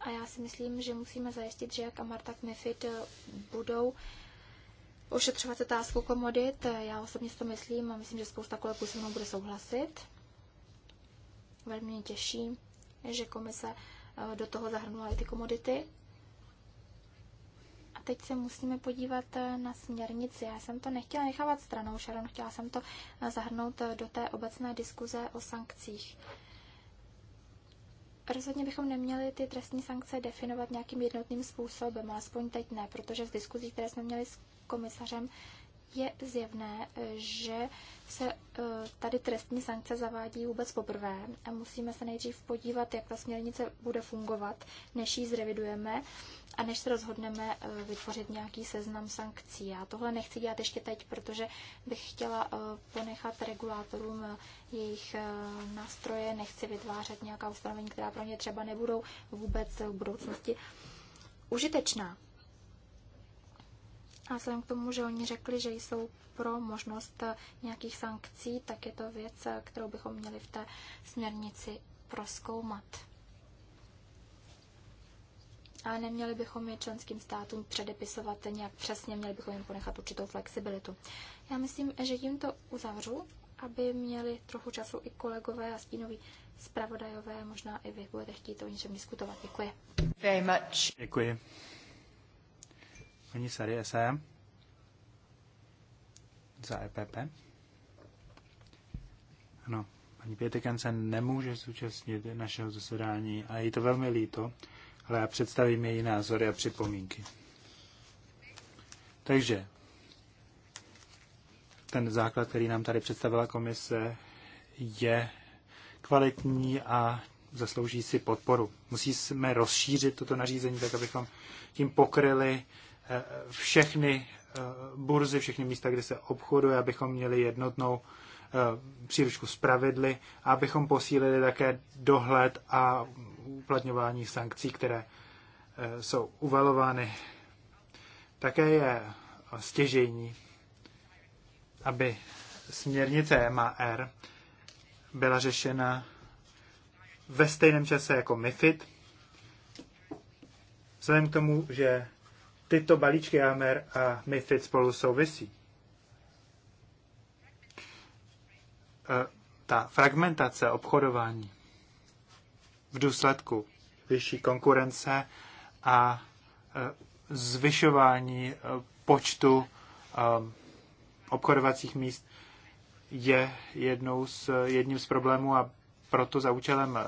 A já si myslím, že musíme zajistit, že jak Amar, tak MIFID budou ošetřovat otázku komodit. Já osobně si to myslím a myslím, že spousta kolegů se mnou bude souhlasit. Velmi mě těší, že komise do toho zahrnula i ty komodity teď se musíme podívat eh, na směrnici. Já jsem to nechtěla nechávat stranou, Sharon, chtěla jsem to eh, zahrnout eh, do té obecné diskuze o sankcích. Rozhodně bychom neměli ty trestní sankce definovat nějakým jednotným způsobem, alespoň teď ne, protože z diskuzí, které jsme měli s komisařem, je zjevné, eh, že se eh, tady trestní sankce zavádí vůbec poprvé a musíme se nejdřív podívat, jak ta směrnice bude fungovat, než ji zrevidujeme a než se rozhodneme eh, vytvořit nějaký seznam sankcí. Já tohle nechci dělat ještě teď, protože bych chtěla ponechat regulátorům jejich nástroje, nechci vytvářet nějaká ustanovení, která pro ně třeba nebudou vůbec v budoucnosti užitečná. A vzhledem k tomu, že oni řekli, že jsou pro možnost nějakých sankcí, tak je to věc, kterou bychom měli v té směrnici proskoumat. A neměli bychom je členským státům předepisovat nějak přesně, měli bychom jim ponechat určitou flexibilitu. Já myslím, že jim to uzavřu, aby měli trochu času i kolegové a stínoví zpravodajové, možná i vy budete chtít o něčem diskutovat. Děkuji. Very much. Děkuji. Paní sady SM za EPP. Ano, paní Pětekan se nemůže zúčastnit našeho zasedání a je to velmi líto, ale já představím její názory a připomínky. Takže ten základ, který nám tady představila komise, je kvalitní a zaslouží si podporu. Musíme rozšířit toto nařízení tak, abychom tím pokryli všechny eh, burzy, všechny místa, kde se obchoduje, abychom měli jednotnou eh, příručku z a abychom posílili také dohled a uplatňování sankcí, které eh, jsou uvalovány. Také je stěžejní, aby směrnice MAR byla řešena ve stejném čase jako MIFID, vzhledem k tomu, že tyto balíčky amer a MIFID spolu souvisí. E, ta fragmentace obchodování v důsledku vyšší konkurence a e, zvyšování e, počtu obchodovacích míst je jednou z, jedním z problémů a proto za účelem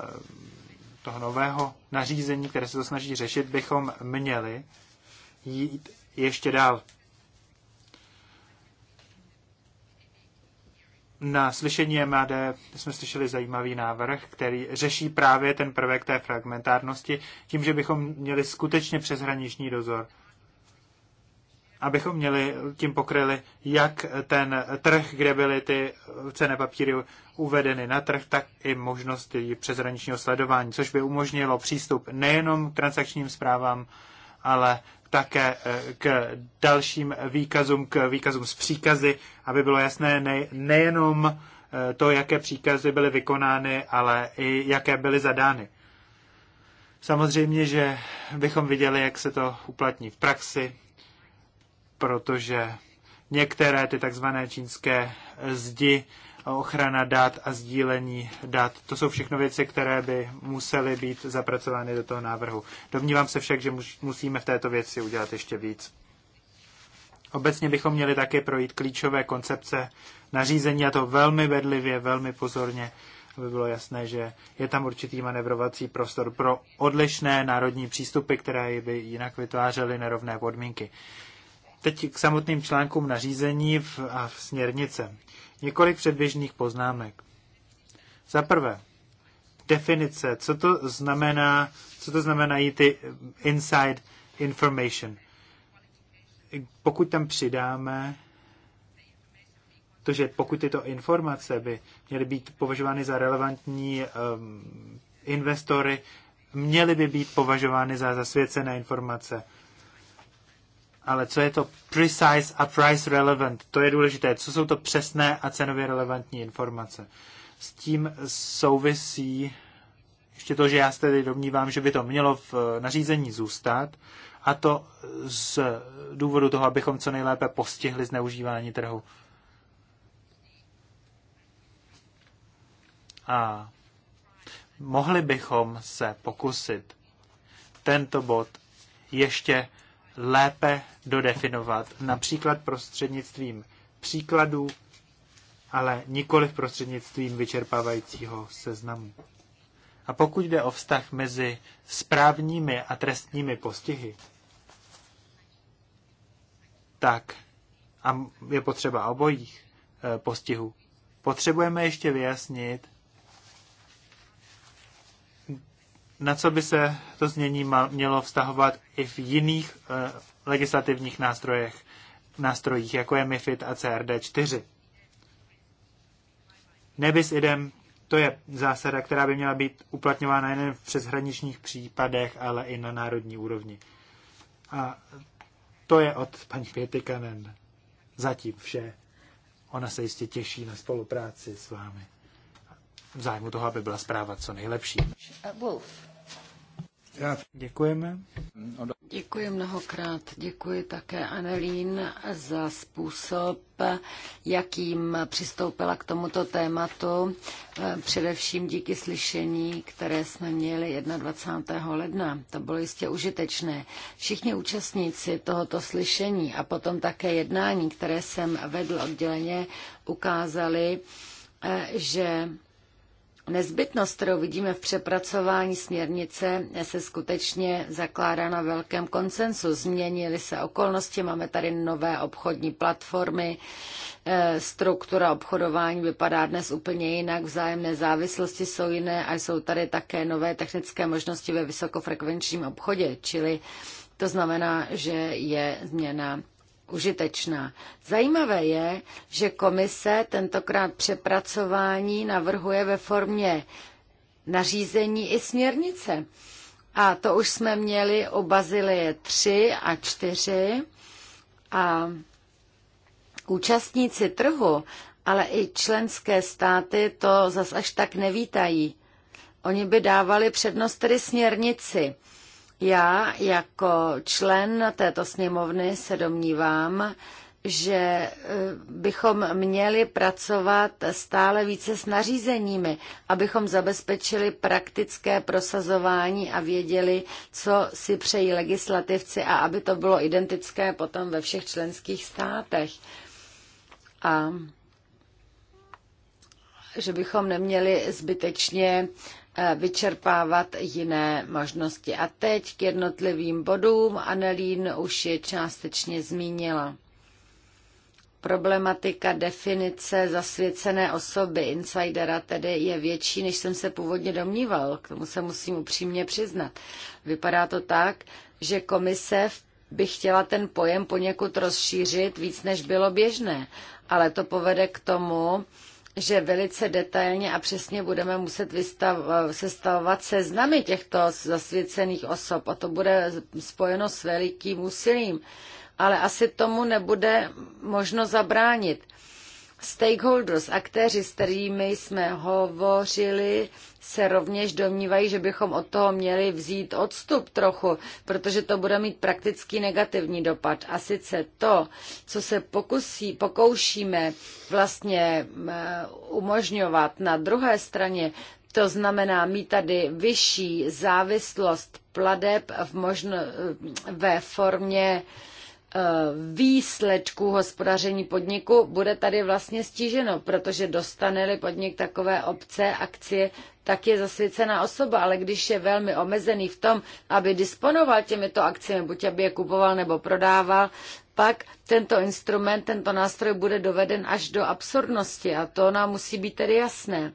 toho nového nařízení, které se to snaží řešit, bychom měli jít ještě dál. Na slyšení MAD jsme slyšeli zajímavý návrh, který řeší právě ten prvek té fragmentárnosti tím, že bychom měli skutečně přeshraniční dozor. Abychom měli tím pokryli jak ten trh, kde byly ty cené papíry uvedeny na trh, tak i možnost přeshraničního sledování, což by umožnilo přístup nejenom k transakčním zprávám, ale také eh, k dalším výkazům, k výkazům s příkazy, aby bylo jasné ne, nejenom eh, to, jaké příkazy byly vykonány, ale i jaké byly zadány. Samozřejmě, že bychom viděli, jak se to uplatní v praxi, protože některé ty takzvané čínské zdi ochrana dat a sdílení dat. To jsou všechno věci, které by musely být zapracovány do toho návrhu. Domnívám se však, že musíme v této věci udělat ještě víc. Obecně bychom měli také projít klíčové koncepce nařízení a to velmi vedlivě, velmi pozorně, aby bylo jasné, že je tam určitý manevrovací prostor pro odlišné národní přístupy, které by jinak vytvářely nerovné podmínky. Teď k samotným článkům nařízení v, a směrnice. Několik předběžných poznámek. Za prvé, definice, co to znamená, co to znamenají ty inside information. Pokud tam přidáme to, že pokud tyto informace by měly být považovány za relevantní um, investory, měly by být považovány za zasvěcené informace ale co je to precise a price relevant, to je důležité. Co jsou to přesné a cenově relevantní informace? S tím souvisí ještě to, že já se tedy domnívám, že by to mělo v nařízení zůstat, a to z důvodu toho, abychom co nejlépe postihli zneužívání trhu. A mohli bychom se pokusit tento bod ještě lépe dodefinovat, například prostřednictvím příkladů, ale nikoli prostřednictvím vyčerpávajícího seznamu. A pokud jde o vztah mezi správními a trestními postihy, tak a je potřeba obojích eh, postihů. Potřebujeme ještě vyjasnit, na co by se to změní mělo vztahovat i v jiných eh, legislativních nástrojech, nástrojích, jako je MIFID a CRD4. Nebis idem, to je zásada, která by měla být uplatňována nejen v přeshraničních případech, ale i na národní úrovni. A to je od paní Pětikanen zatím vše. Ona se jistě těší na spolupráci s vámi v zájmu toho, aby byla zpráva co nejlepší. Wolf. Děkujeme. Děkuji mnohokrát. Děkuji také Anelín za způsob, jakým přistoupila k tomuto tématu, především díky slyšení, které jsme měli 21. ledna. To bylo jistě užitečné. Všichni účastníci tohoto slyšení a potom také jednání, které jsem vedl odděleně, ukázali, eh, že Nezbytnost, kterou vidíme v přepracování směrnice, se skutečně zakládá na velkém konsensu. Změnily se okolnosti, máme tady nové obchodní platformy, eh, struktura obchodování vypadá dnes úplně jinak, vzájemné závislosti jsou jiné a jsou tady také nové technické možnosti ve vysokofrekvenčním obchodě, čili to znamená, že je změna užitečná. Zajímavé je, že komise tentokrát přepracování navrhuje ve formě nařízení i směrnice. A to už jsme měli u Bazilie 3 a 4 a účastníci trhu, ale i členské státy to zas až tak nevítají. Oni by dávali přednost tedy směrnici já jako člen této sněmovny se domnívám, že eh, bychom měli pracovat stále více s nařízeními, abychom zabezpečili praktické prosazování a věděli, co si přejí legislativci a aby to bylo identické potom ve všech členských státech. A že bychom neměli zbytečně Eh, vyčerpávat jiné možnosti. A teď k jednotlivým bodům. Annelín už je částečně zmínila. Problematika definice zasvěcené osoby, insidera, tedy je větší, než jsem se původně domníval. K tomu se musím upřímně přiznat. Vypadá to tak, že komise by chtěla ten pojem poněkud rozšířit víc, než bylo běžné. Ale to povede k tomu, že velice detailně a přesně budeme muset vystav, sestavovat seznamy těchto zasvěcených osob a to bude spojeno s velikým úsilím. Ale asi tomu nebude možno zabránit. Stakeholders, aktéři, s kterými jsme hovořili, se rovněž domnívají, že bychom od toho měli vzít odstup trochu, protože to bude mít prakticky negativní dopad. A sice to, co se pokusí, pokoušíme vlastně eh, umožňovat na druhé straně, to znamená mít tady vyšší závislost pladeb v možno, eh, ve formě eh, Eh, výsledků hospodaření podniku bude tady vlastně stíženo, protože dostane-li podnik takové obce, akcie, tak je zasvěcená osoba, ale když je velmi omezený v tom, aby disponoval těmito akciemi, buď aby je kupoval nebo prodával, pak tento instrument, tento nástroj bude doveden až do absurdnosti a to nám musí být tedy jasné.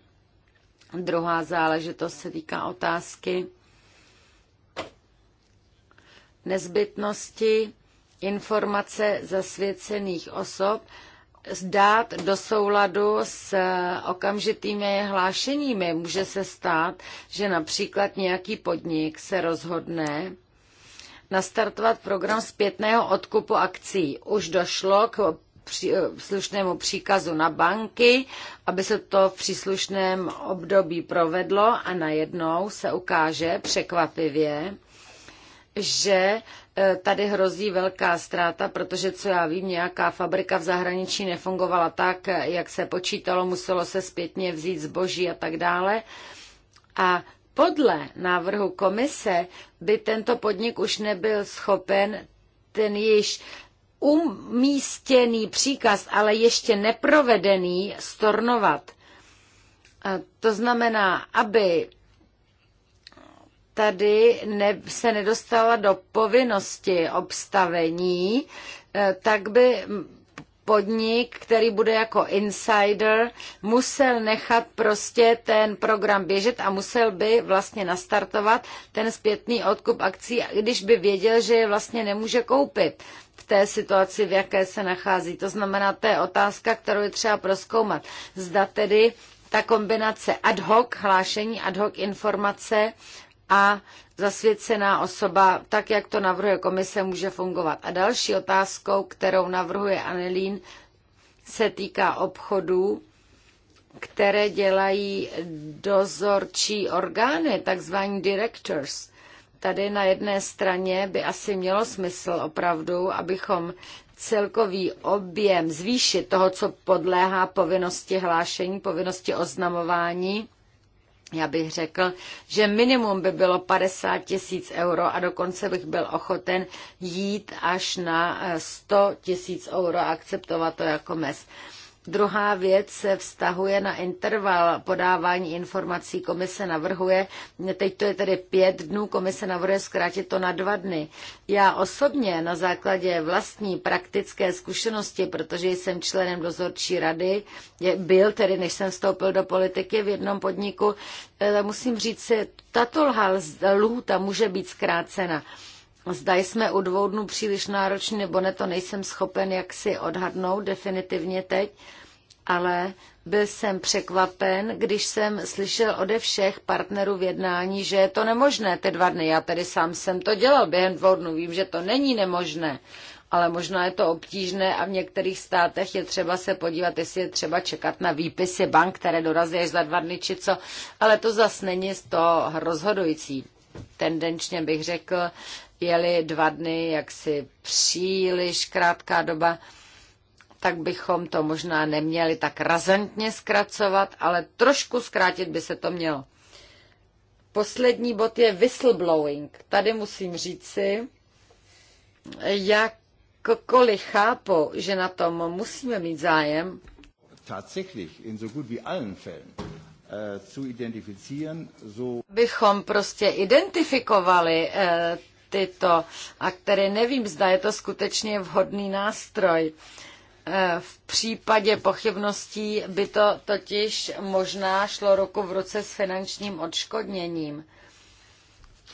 Druhá záležitost se týká otázky nezbytnosti informace zasvěcených osob dát do souladu s okamžitými hlášeními. Může se stát, že například nějaký podnik se rozhodne, nastartovat program zpětného odkupu akcí. Už došlo k slušnému příkazu na banky, aby se to v příslušném období provedlo a najednou se ukáže překvapivě, že E, tady hrozí velká ztráta, protože co já vím, nějaká fabrika v zahraničí nefungovala tak, jak se počítalo, muselo se zpětně vzít zboží a tak dále. A podle návrhu komise by tento podnik už nebyl schopen ten již umístěný příkaz, ale ještě neprovedený stornovat. A e, to znamená, aby tady ne, se nedostala do povinnosti obstavení, eh, tak by podnik, který bude jako insider, musel nechat prostě ten program běžet a musel by vlastně nastartovat ten zpětný odkup akcí, když by věděl, že je vlastně nemůže koupit v té situaci, v jaké se nachází. To znamená, to je otázka, kterou je třeba proskoumat. Zda tedy ta kombinace ad hoc hlášení, ad hoc informace a zasvěcená osoba, tak jak to navrhuje komise, může fungovat. A další otázkou, kterou navrhuje Anelín, se týká obchodů, které dělají dozorčí orgány, takzvaní directors. Tady na jedné straně by asi mělo smysl opravdu, abychom celkový objem zvýšit toho, co podléhá povinnosti hlášení, povinnosti oznamování, já bych řekl, že minimum by bylo 50 tisíc euro a dokonce bych byl ochoten jít až na 100 tisíc euro a akceptovat to jako mes. Druhá věc se vztahuje na interval podávání informací. Komise navrhuje, teď to je tedy pět dnů, komise navrhuje zkrátit to na dva dny. Já osobně na základě vlastní praktické zkušenosti, protože jsem členem dozorčí rady, byl tedy, než jsem vstoupil do politiky v jednom podniku, eh, musím říct si, tato lhůta může být zkrácena. Zda jsme u dvou dnů příliš nároční nebo ne, to nejsem schopen jak si odhadnout definitivně teď, ale byl jsem překvapen, když jsem slyšel ode všech partnerů v jednání, že je to nemožné ty dva dny. Já tedy sám jsem to dělal během dvou dnů, vím, že to není nemožné, ale možná je to obtížné a v některých státech je třeba se podívat, jestli je třeba čekat na výpisy bank, které dorazí až za dva dny či co, ale to zas není z toho rozhodující tendenčně bych řekl, jeli dva dny jaksi příliš krátká doba, tak bychom to možná neměli tak razantně zkracovat, ale trošku zkrátit by se to mělo. Poslední bod je whistleblowing. Tady musím říci, jakkoliv chápu, že na tom musíme mít zájem, tatsächlich in so gut wie allen Fällen äh, zu identifizieren, so bychom prostě identifikovali äh, tyto které Nevím, zda je to skutečně vhodný nástroj. Eh, v případě pochybností by to totiž možná šlo ruku v ruce s finančním odškodněním.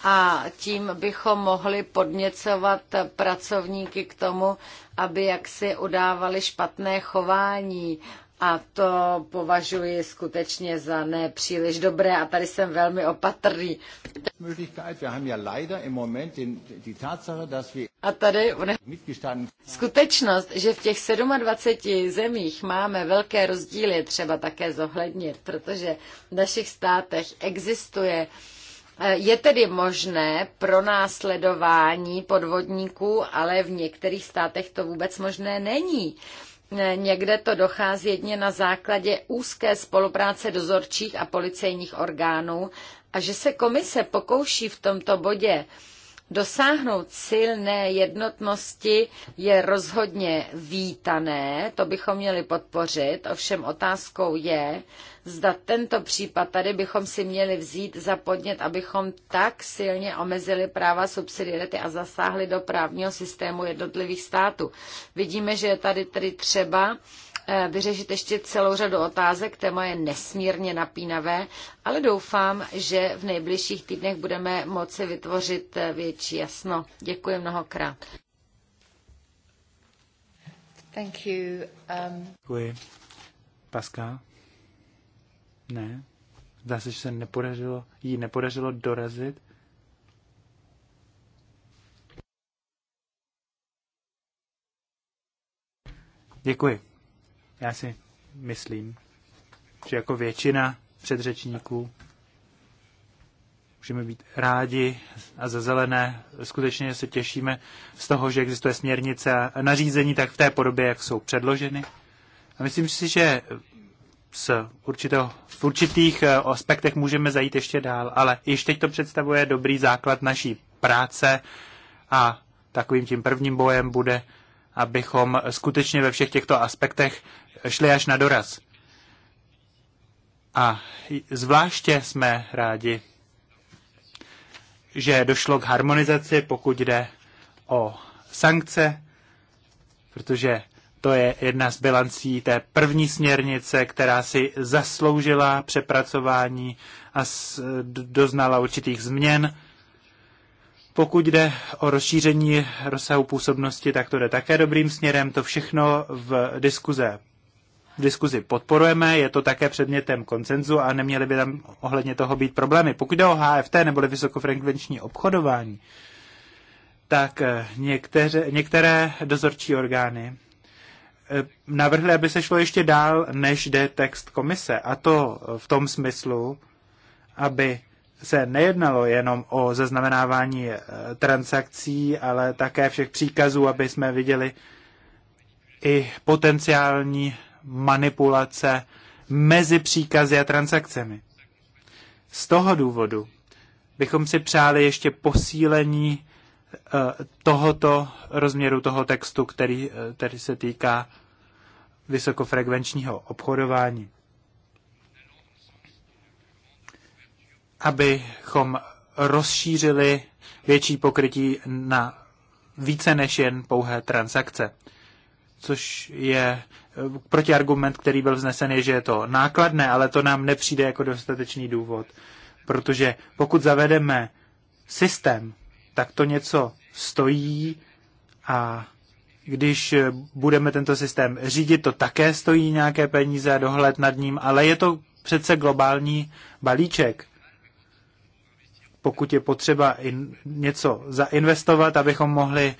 A tím bychom mohli podněcovat pracovníky k tomu, aby jaksi udávali špatné chování a to považuji skutečně za nepříliš dobré a tady jsem velmi opatrný. A tady skutečnost, že v těch 27 zemích máme velké rozdíly, třeba také zohlednit, protože v našich státech existuje eh, je tedy možné pro následování podvodníků, ale v některých státech to vůbec možné není. Někde to dochází jedně na základě úzké spolupráce dozorčích a policejních orgánů a že se komise pokouší v tomto bodě Dosáhnout silné jednotnosti je rozhodně vítané, to bychom měli podpořit, ovšem otázkou je, zda tento případ tady bychom si měli vzít za podnět, abychom tak silně omezili práva subsidiarity a zasáhli do právního systému jednotlivých států. Vidíme, že je tady tedy třeba Eh, vyřešit ještě celou řadu otázek. Téma je nesmírně napínavé, ale doufám, že v nejbližších týdnech budeme moci vytvořit eh, větší jasno. Děkuji mnohokrát. Thank you. Um... Děkuji. Pascal? Ne. Zdá se, že se nepodařilo, jí nepodařilo dorazit. Děkuji. Já si myslím, že jako většina předřečníků můžeme být rádi a za zelené. Skutečně se těšíme z toho, že existuje směrnice a nařízení tak v té podobě, jak jsou předloženy. A myslím si, že z určitého, v určitých eh, aspektech můžeme zajít ještě dál, ale již teď to představuje dobrý základ naší práce a takovým tím prvním bojem bude, abychom skutečně ve všech těchto aspektech šli až na doraz. A zvláště jsme rádi, že došlo k harmonizaci, pokud jde o sankce, protože to je jedna z bilancí té první směrnice, která si zasloužila přepracování a doznala určitých změn. Pokud jde o rozšíření rozsahu působnosti, tak to jde také dobrým směrem. To všechno v diskuze v diskuzi podporujeme, je to také předmětem koncenzu a neměly by tam ohledně toho být problémy. Pokud jde o HFT nebo vysokofrekvenční obchodování, tak eh, některé, některé dozorčí orgány eh, navrhli, aby se šlo ještě dál, než jde text komise. A to v tom smyslu, aby se nejednalo jenom o zaznamenávání eh, transakcí, ale také všech příkazů, aby jsme viděli i potenciální manipulace mezi příkazy a transakcemi. Z toho důvodu bychom si přáli ještě posílení eh, tohoto rozměru toho textu, který, eh, který se týká vysokofrekvenčního obchodování. Abychom rozšířili větší pokrytí na více než jen pouhé transakce což je eh, protiargument, který byl vznesen, je, že je to nákladné, ale to nám nepřijde jako dostatečný důvod. Protože pokud zavedeme systém, tak to něco stojí a když eh, budeme tento systém řídit, to také stojí nějaké peníze a dohled nad ním, ale je to přece globální balíček pokud je potřeba in, něco zainvestovat, abychom mohli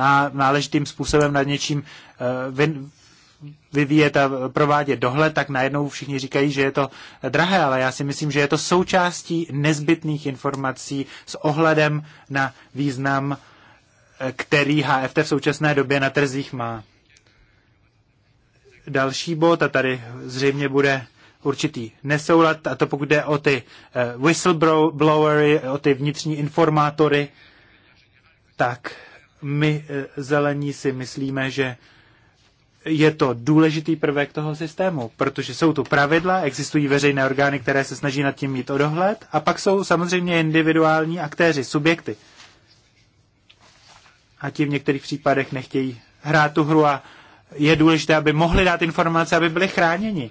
ná, náležitým způsobem nad něčím eh, vy, vyvíjet a provádět dohled, tak najednou všichni říkají, že je to drahé, ale já si myslím, že je to součástí nezbytných informací s ohledem na význam, eh, který HFT v současné době na trzích má. Další bod, a tady zřejmě bude určitý nesoulad, a to pokud jde o ty eh, whistleblowery, o ty vnitřní informátory, tak my eh, zelení si myslíme, že je to důležitý prvek toho systému, protože jsou tu pravidla, existují veřejné orgány, které se snaží nad tím mít odohled, a pak jsou samozřejmě individuální aktéři, subjekty. A ti v některých případech nechtějí hrát tu hru a je důležité, aby mohli dát informace, aby byli chráněni.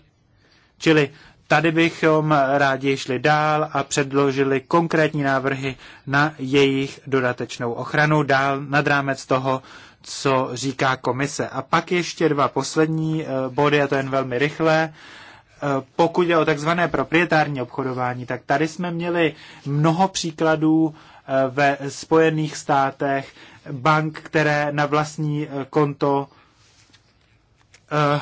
Čili tady bychom rádi šli dál a předložili konkrétní návrhy na jejich dodatečnou ochranu dál nad rámec toho, co říká komise. A pak ještě dva poslední eh, body, a to jen velmi rychle. Eh, pokud je o takzvané proprietární obchodování, tak tady jsme měli mnoho příkladů eh, ve Spojených státech bank, které na vlastní konto Eh,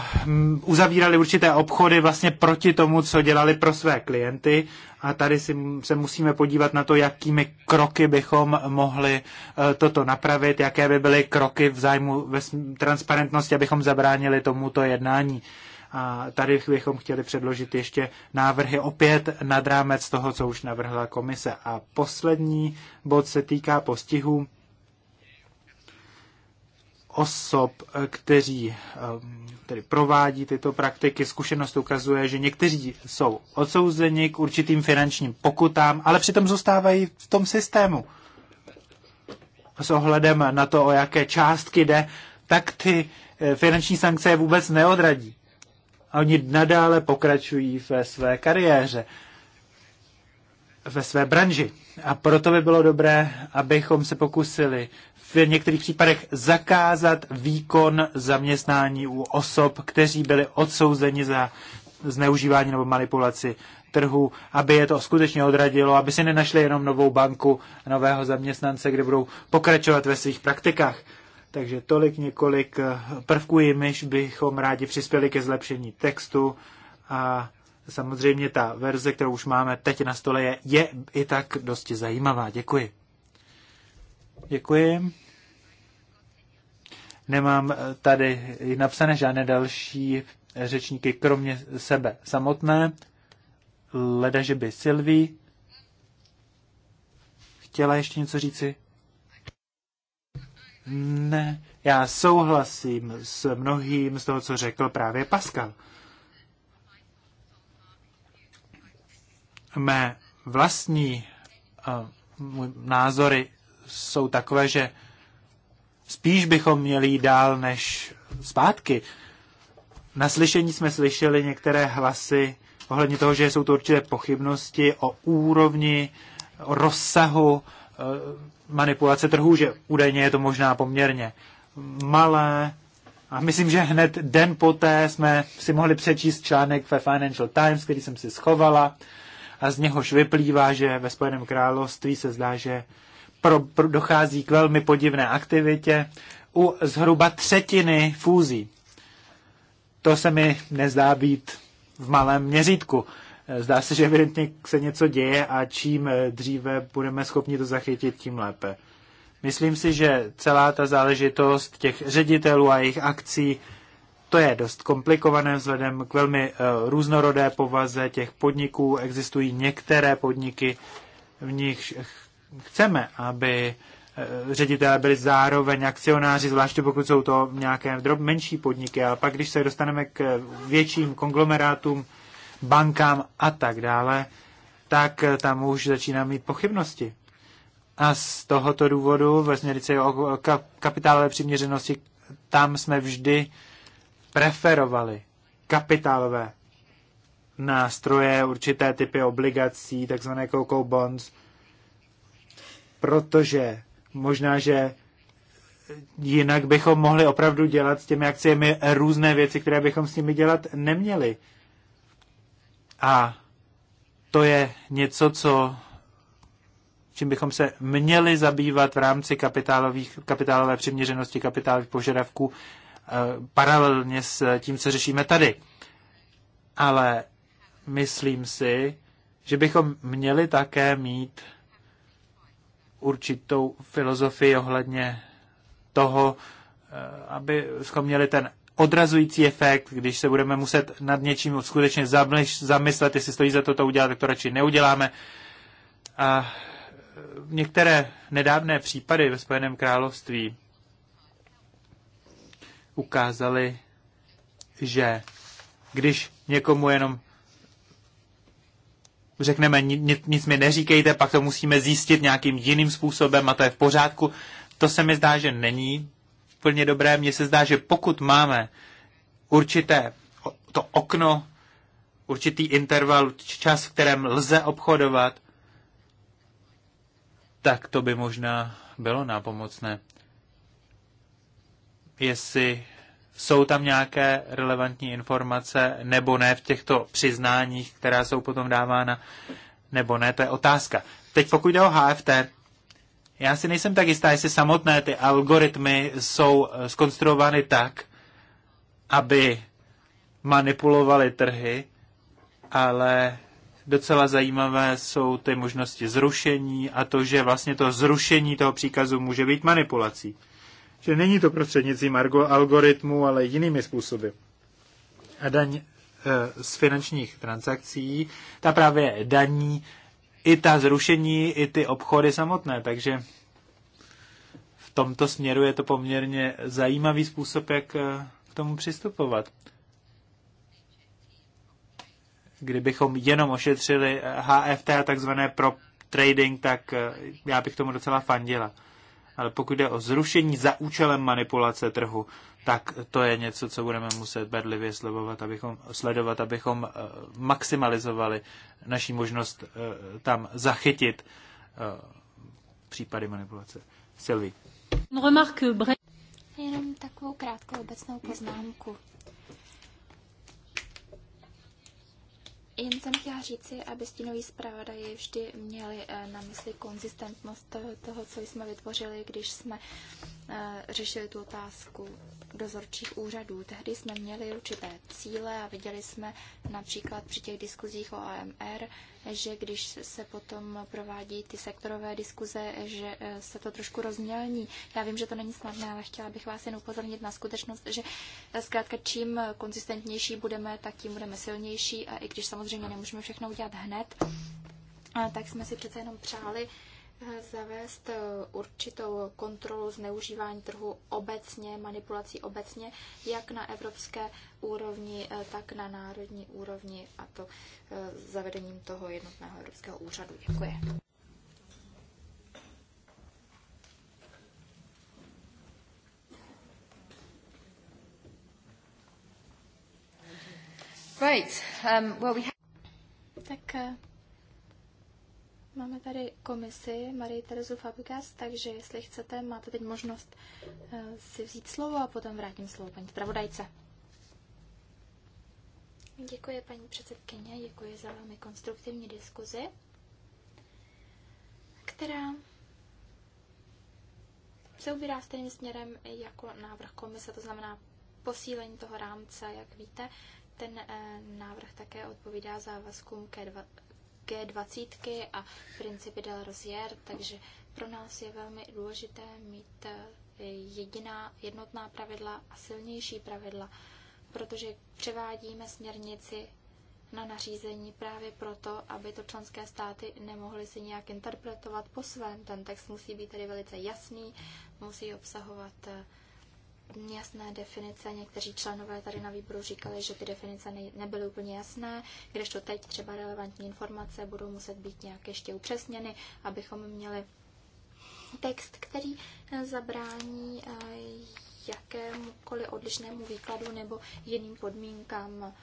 uzavírali určité obchody vlastně proti tomu, co dělali pro své klienty. A tady si, se musíme podívat na to, jakými kroky bychom mohli eh, toto napravit, jaké by byly kroky v zájmu ve transparentnosti, abychom zabránili tomuto jednání. A tady bychom chtěli předložit ještě návrhy opět nad rámec toho, co už navrhla komise. A poslední bod se týká postihů osob, kteří eh, tedy provádí tyto praktiky. Zkušenost ukazuje, že někteří jsou odsouzeni k určitým finančním pokutám, ale přitom zůstávají v tom systému. S ohledem na to, o jaké částky jde, tak ty eh, finanční sankce je vůbec neodradí. A oni nadále pokračují ve své kariéře, ve své branži. A proto by bylo dobré, abychom se pokusili v některých případech zakázat výkon zaměstnání u osob, kteří byli odsouzeni za zneužívání nebo manipulaci trhu, aby je to skutečně odradilo, aby si nenašli jenom novou banku, nového zaměstnance, kde budou pokračovat ve svých praktikách. Takže tolik několik eh, prvků, jimiž bychom rádi přispěli ke zlepšení textu a samozřejmě ta verze, kterou už máme teď na stole, je, je i tak dosti zajímavá. Děkuji. Děkuji. Nemám eh, tady napsané žádné další řečníky, kromě sebe samotné. Leda, že by Silví chtěla ještě něco říci? Ne, já souhlasím s mnohým z toho, co řekl právě Pascal. mé vlastní názory jsou takové, že spíš bychom měli jít dál než zpátky. Na slyšení jsme slyšeli některé hlasy ohledně toho, že jsou to určité pochybnosti o úrovni, o rozsahu e, manipulace trhů, že údajně je to možná poměrně malé. A myslím, že hned den poté jsme si mohli přečíst článek ve Financial Times, který jsem si schovala, a z něhož vyplývá, že ve Spojeném království se zdá, že pro, pro, dochází k velmi podivné aktivitě u zhruba třetiny fúzí. To se mi nezdá být v malém měřítku. Zdá se, že evidentně se něco děje a čím dříve budeme schopni to zachytit, tím lépe. Myslím si, že celá ta záležitost těch ředitelů a jejich akcí to je dost komplikované vzhledem k velmi eh, různorodé povaze těch podniků. Existují některé podniky, v nich chceme, aby eh, ředitelé byli zároveň akcionáři, zvláště pokud jsou to nějaké drob menší podniky, a pak když se dostaneme k větším konglomerátům, bankám a tak dále, tak eh, tam už začíná mít pochybnosti. A z tohoto důvodu ve směrnici o kapitálové přiměřenosti tam jsme vždy preferovali kapitálové nástroje, určité typy obligací, takzvané Coco bonds, protože možná, že jinak bychom mohli opravdu dělat s těmi akciemi různé věci, které bychom s nimi dělat neměli. A to je něco, co, čím bychom se měli zabývat v rámci kapitálových, kapitálové přiměřenosti, kapitálových požadavků Eh, paralelně s tím, co řešíme tady. Ale myslím si, že bychom měli také mít určitou filozofii ohledně toho, eh, aby jsme měli ten odrazující efekt, když se budeme muset nad něčím skutečně zamyslet, jestli stojí za to to udělat, tak to radši neuděláme. A některé nedávné případy ve Spojeném království ukázali, že když někomu jenom řekneme, nic, nic mi neříkejte, pak to musíme zjistit nějakým jiným způsobem a to je v pořádku, to se mi zdá, že není plně dobré. Mně se zdá, že pokud máme určité to okno, určitý interval, čas, v kterém lze obchodovat, tak to by možná bylo nápomocné jestli jsou tam nějaké relevantní informace nebo ne v těchto přiznáních, která jsou potom dávána, nebo ne, to je otázka. Teď pokud jde o HFT, já si nejsem tak jistá, jestli samotné ty algoritmy jsou eh, skonstruovány tak, aby manipulovali trhy, ale docela zajímavé jsou ty možnosti zrušení a to, že vlastně to zrušení toho příkazu může být manipulací že není to prostřednictvím algoritmu, ale jinými způsoby. A daň eh, z finančních transakcí, ta právě daní i ta zrušení, i ty obchody samotné, takže v tomto směru je to poměrně zajímavý způsob, jak eh, k tomu přistupovat. Kdybychom jenom ošetřili HFT eh, a takzvané prop trading, tak já bych tomu docela fandila ale pokud jde o zrušení za účelem manipulace trhu, tak to je něco, co budeme muset bedlivě sledovat, abychom, sledovat, abychom eh, maximalizovali naší možnost eh, tam zachytit eh, případy manipulace. Sylvie. Jenom takovou krátkou obecnou poznámku. Jen jsem chtěla říci, aby stínoví zpravodaji vždy měli eh, na mysli konzistentnost toho, co jsme vytvořili, když jsme eh, řešili tu otázku dozorčích úřadů. Tehdy jsme měli určité cíle a viděli jsme například při těch diskuzích o AMR, že když se potom provádí ty sektorové diskuze, že eh, se to trošku rozmělní. Já vím, že to není snadné, ale chtěla bych vás jen upozornit na skutečnost, že eh, zkrátka čím konzistentnější budeme, tak tím budeme silnější a i když samozřejmě nemůžeme všechno udělat hned, tak jsme si přece jenom přáli, zavést eh, určitou kontrolu zneužívání trhu obecně, manipulací obecně, jak na evropské úrovni, eh, tak na národní úrovni a to eh, zavedením toho jednotného evropského úřadu. Děkuji. Right. Um, well, we have... Tak Máme tady komisi Marie Terezu Fabikas, takže jestli chcete, máte teď možnost eh, si vzít slovo a potom vrátím slovo paní zpravodajce. Děkuji, paní předsedkyně, děkuji za velmi konstruktivní diskuzi, která se ubírá stejným směrem jako návrh komise, to znamená posílení toho rámce, jak víte. Ten eh, návrh také odpovídá závazkům G20 a principy del Rozier, takže pro nás je velmi důležité mít eh, jediná jednotná pravidla a silnější pravidla, protože převádíme směrnici na nařízení právě proto, aby to členské státy nemohly si nějak interpretovat po svém. Ten text musí být tedy velice jasný, musí obsahovat eh, jasné definice. Někteří členové tady na výboru říkali, že ty definice nebyly úplně jasné, kdežto teď třeba relevantní informace budou muset být nějak ještě upřesněny, abychom měli text, který eh, zabrání eh, jakémukoliv odlišnému výkladu nebo jiným podmínkám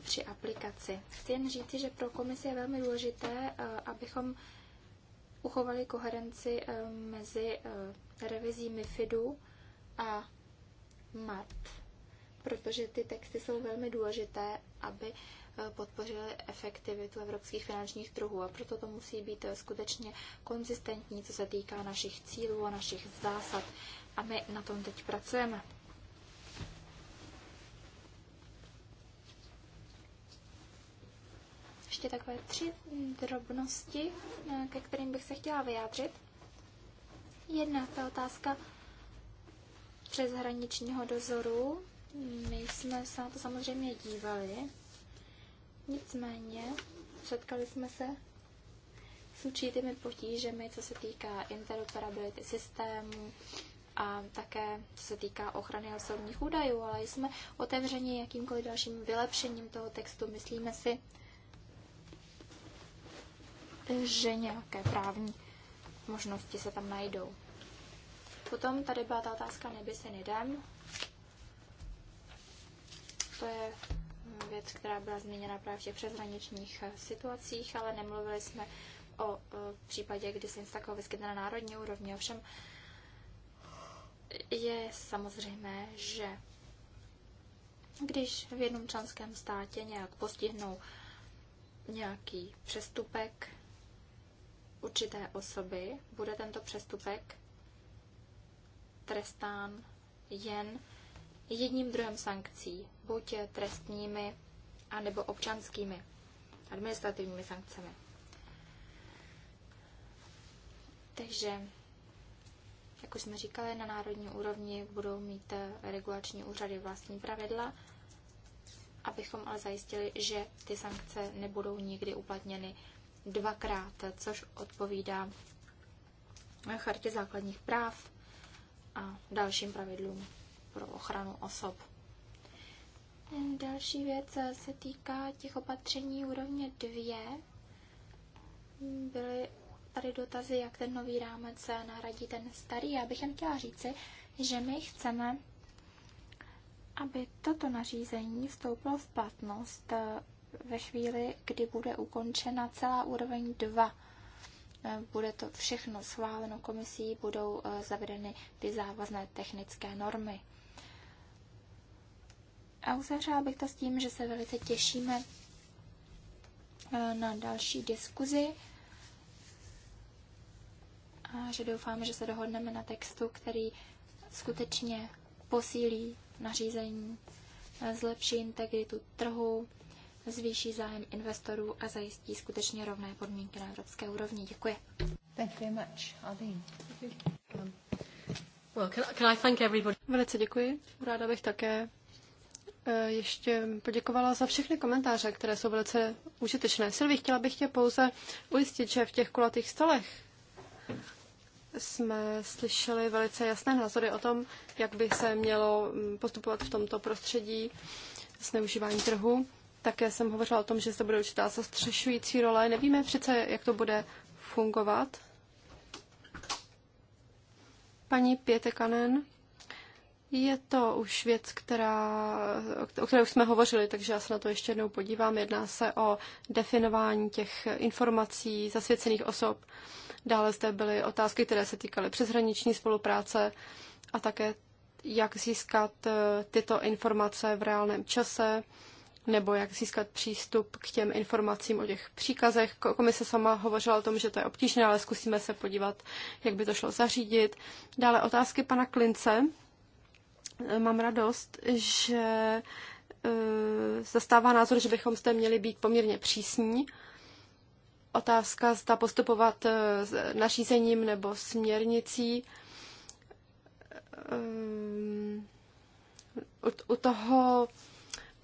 při aplikaci. Chci jen říci, že pro komisi je velmi důležité, eh, abychom uchovali koherenci mezi revizí MIFIDu a mat, protože ty texty jsou velmi důležité, aby eh, podpořily efektivitu evropských finančních trhů a proto to musí být eh, skutečně konzistentní, co se týká našich cílů a našich zásad a my na tom teď pracujeme. Ještě takové tři drobnosti, eh, ke kterým bych se chtěla vyjádřit. Jedna ta otázka přeshraničního dozoru. My jsme se na to samozřejmě dívali, nicméně setkali jsme se s určitými potížemi, co se týká interoperability systému a také co se týká ochrany osobních údajů, ale jsme otevřeni jakýmkoliv dalším vylepšením toho textu. Myslíme si, že nějaké právní možnosti se tam najdou. Potom tady byla ta otázka neby se nedem. To je věc, která byla změněna právě v těch přeshraničních eh, situacích, ale nemluvili jsme o eh, případě, kdy se něco takového vyskytne na národní úrovni. Ovšem je samozřejmé, že když v jednom členském státě nějak postihnou nějaký přestupek určité osoby, bude tento přestupek trestán jen jedním druhem sankcí, buď trestními, anebo občanskými, administrativními sankcemi. Takže, jak už jsme říkali, na národní úrovni budou mít eh, regulační úřady vlastní pravidla, abychom ale zajistili, že ty sankce nebudou nikdy uplatněny dvakrát, což odpovídá eh, chartě základních práv a dalším pravidlům pro ochranu osob. Další věc se týká těch opatření úrovně 2. Byly tady dotazy, jak ten nový rámec nahradí ten starý. Já bych jen chtěla říci, že my chceme, aby toto nařízení vstoupilo v platnost eh, ve chvíli, kdy bude ukončena celá úroveň 2 Eh, bude to všechno schváleno komisí, budou eh, zavedeny ty závazné technické normy. A uzavřela bych to s tím, že se velice těšíme eh, na další diskuzi a že doufáme, že se dohodneme na textu, který skutečně posílí nařízení, zlepší integritu trhu, zvýší zájem investorů a zajistí skutečně rovné podmínky na evropské úrovni. Děkuji. Thank you very much, um, well, can, I thank everybody? Velice děkuji. Ráda bych také eh, ještě poděkovala za všechny komentáře, které jsou velice užitečné. Silvi, chtěla bych tě pouze ujistit, že v těch kulatých stolech jsme slyšeli velice jasné názory o tom, jak by se mělo mm, postupovat v tomto prostředí s neužívání trhu. Také jsem hovořila o tom, že se bude určitá zastřešující role. Nevíme přece, jak to bude fungovat. Paní Pětekanen, je to už věc, která, o které už jsme hovořili, takže já se na to ještě jednou podívám. Jedná se o definování těch informací zasvěcených osob. Dále zde byly otázky, které se týkaly přeshraniční spolupráce a také jak získat eh, tyto informace v reálném čase nebo jak získat přístup k těm informacím o těch příkazech. Komise sama hovořila o tom, že to je obtížné, ale zkusíme se podívat, jak by to šlo zařídit. Dále otázky pana Klince. Mám radost, že eh, zastává názor, že bychom zde měli být poměrně přísní. Otázka, zda postupovat eh, nařízením nebo směrnicí eh, u toho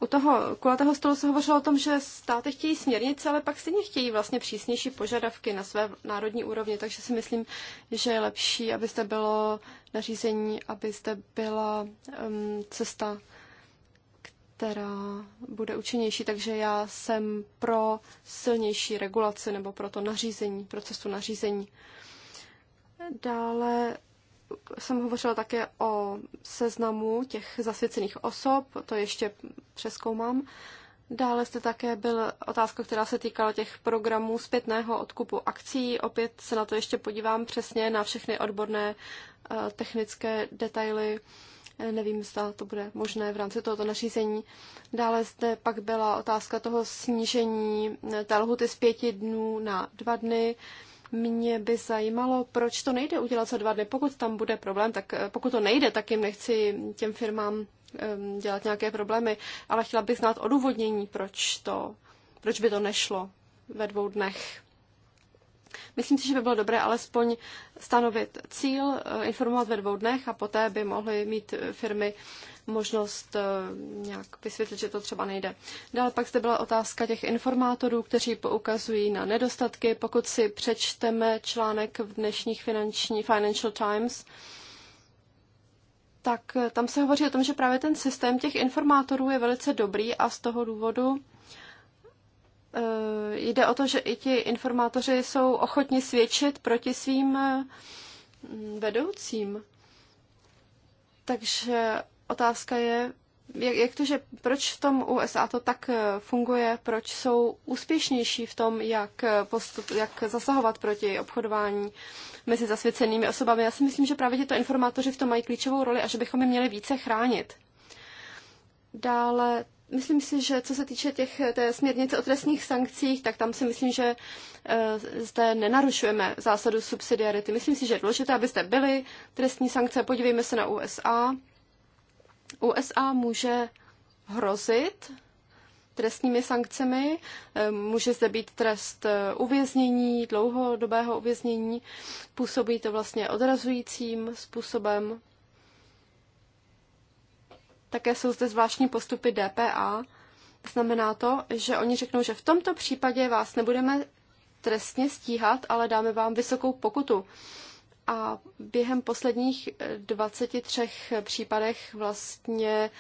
u toho kulatého stolu se hovořilo o tom, že státy chtějí směrnice, ale pak stejně chtějí vlastně přísnější požadavky na své národní úrovni, takže si myslím, že je lepší, aby bylo nařízení, aby byla um, cesta, která bude účinnější. Takže já jsem pro silnější regulaci nebo pro to nařízení, pro cestu nařízení. Dále jsem hovořila také o seznamu těch zasvěcených osob, to ještě přeskoumám. Dále jste také byl otázka, která se týkala těch programů zpětného odkupu akcí. Opět se na to ještě podívám přesně, na všechny odborné eh, technické detaily. Nevím, zda to bude možné v rámci tohoto nařízení. Dále zde pak byla otázka toho snížení eh, té lhuty z pěti dnů na dva dny. Mě by zajímalo, proč to nejde udělat za dva dny. Pokud tam bude problém, tak eh, pokud to nejde, tak jim nechci těm firmám ehm, dělat nějaké problémy, ale chtěla bych znát odůvodnění, proč, to, proč by to nešlo ve dvou dnech. Myslím si, že by bylo dobré alespoň stanovit cíl, eh, informovat ve dvou dnech a poté by mohly mít eh, firmy možnost eh, nějak vysvětlit, že to třeba nejde. Dále pak zde byla otázka těch informátorů, kteří poukazují na nedostatky. Pokud si přečteme článek v dnešních finanční, Financial Times, tak tam se hovoří o tom, že právě ten systém těch informátorů je velice dobrý a z toho důvodu Eh, jde o to, že i ti informátoři jsou ochotni svědčit proti svým eh, vedoucím. Takže otázka je, jak, jak to, že proč v tom USA to tak eh, funguje, proč jsou úspěšnější v tom, jak, postup, jak zasahovat proti obchodování mezi zasvěcenými osobami. Já si myslím, že právě tyto informátoři v tom mají klíčovou roli a že bychom je měli více chránit. Dále Myslím si, že co se týče těch, té směrnice o trestních sankcích, tak tam si myslím, že eh, zde nenarušujeme zásadu subsidiarity. Myslím si, že je důležité, abyste byli trestní sankce. Podívejme se na USA. USA může hrozit trestními sankcemi. Eh, může zde být trest eh, uvěznění, dlouhodobého uvěznění. Působí to vlastně odrazujícím způsobem. Také jsou zde zvláštní postupy DPA. Znamená to, že oni řeknou, že v tomto případě vás nebudeme trestně stíhat, ale dáme vám vysokou pokutu. A během posledních 23 eh, případech vlastně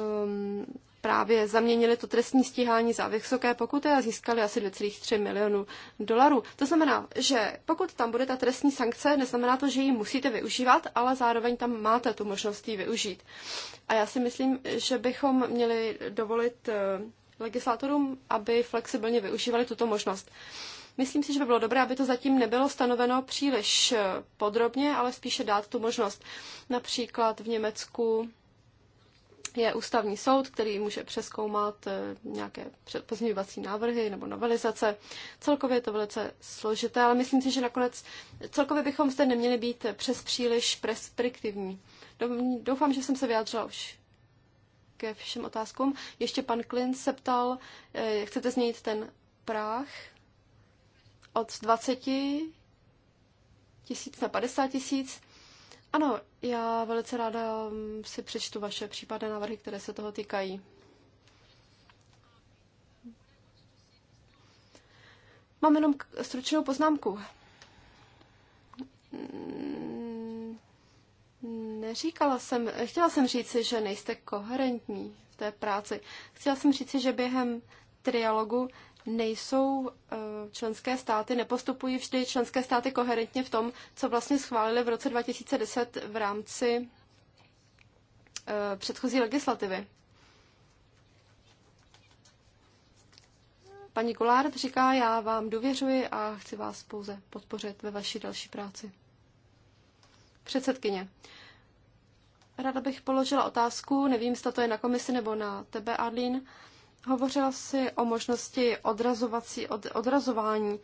um, právě zaměnili to trestní stíhání za vysoké pokuty a získali asi 2,3 milionů dolarů. To znamená, že pokud tam bude ta trestní sankce, neznamená to, že ji musíte využívat, ale zároveň tam máte tu možnost ji využít. A já si myslím, že bychom měli dovolit eh, legislatorům, aby flexibilně využívali tuto možnost. Myslím si, že by bylo dobré, aby to zatím nebylo stanoveno příliš eh, podrobně, ale spíše dát tu možnost. Například v Německu je ústavní soud, který může přeskoumat eh, nějaké pozměňovací návrhy nebo novelizace. Celkově je to velice složité, ale myslím si, že nakonec celkově bychom zde neměli být přes příliš preskriptivní. Doufám, že jsem se vyjádřila už ke všem otázkům. Ještě pan Klin se ptal, eh, chcete změnit ten práh od 20 tisíc na 50 tisíc. Ano, já velice ráda um, si přečtu vaše případné návrhy, které se toho týkají. Mám jenom stručnou poznámku. Neříkala jsem, chtěla jsem říci, že nejste koherentní v té práci. Chtěla jsem říci, že během trialogu nejsou eh, členské státy, nepostupují vždy členské státy koherentně v tom, co vlastně schválili v roce 2010 v rámci eh, předchozí legislativy. Paní Kulárd říká, já vám důvěřuji a chci vás pouze podpořit ve vaší další práci. Předsedkyně. Rada bych položila otázku, nevím, zda to je na komisi nebo na tebe, Adlín. Uh, Hovořila si o možnosti odrazovací, od, odrazování,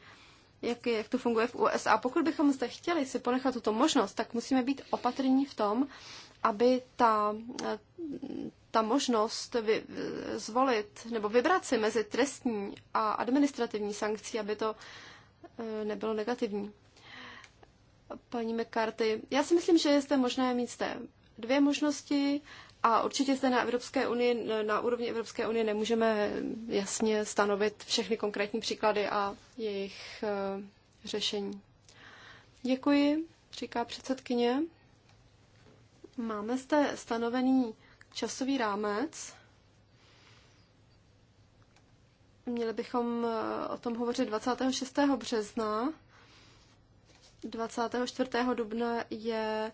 jak, jak to funguje v USA. Pokud bychom zde chtěli si ponechat tuto možnost, tak musíme být opatrní v tom, aby ta, ta možnost vy, zvolit nebo vybrat si mezi trestní a administrativní sankcí, aby to eh, nebylo negativní. Paní McCarthy, já si myslím, že je zde možné mít zde dvě možnosti. A určitě se na Evropské unii, na úrovni Evropské unie nemůžeme jasně stanovit všechny konkrétní příklady a jejich eh, řešení. Děkuji, říká předsedkyně. Máme zde stanovený časový rámec. Měli bychom eh, o tom hovořit 26. března. 24. dubna je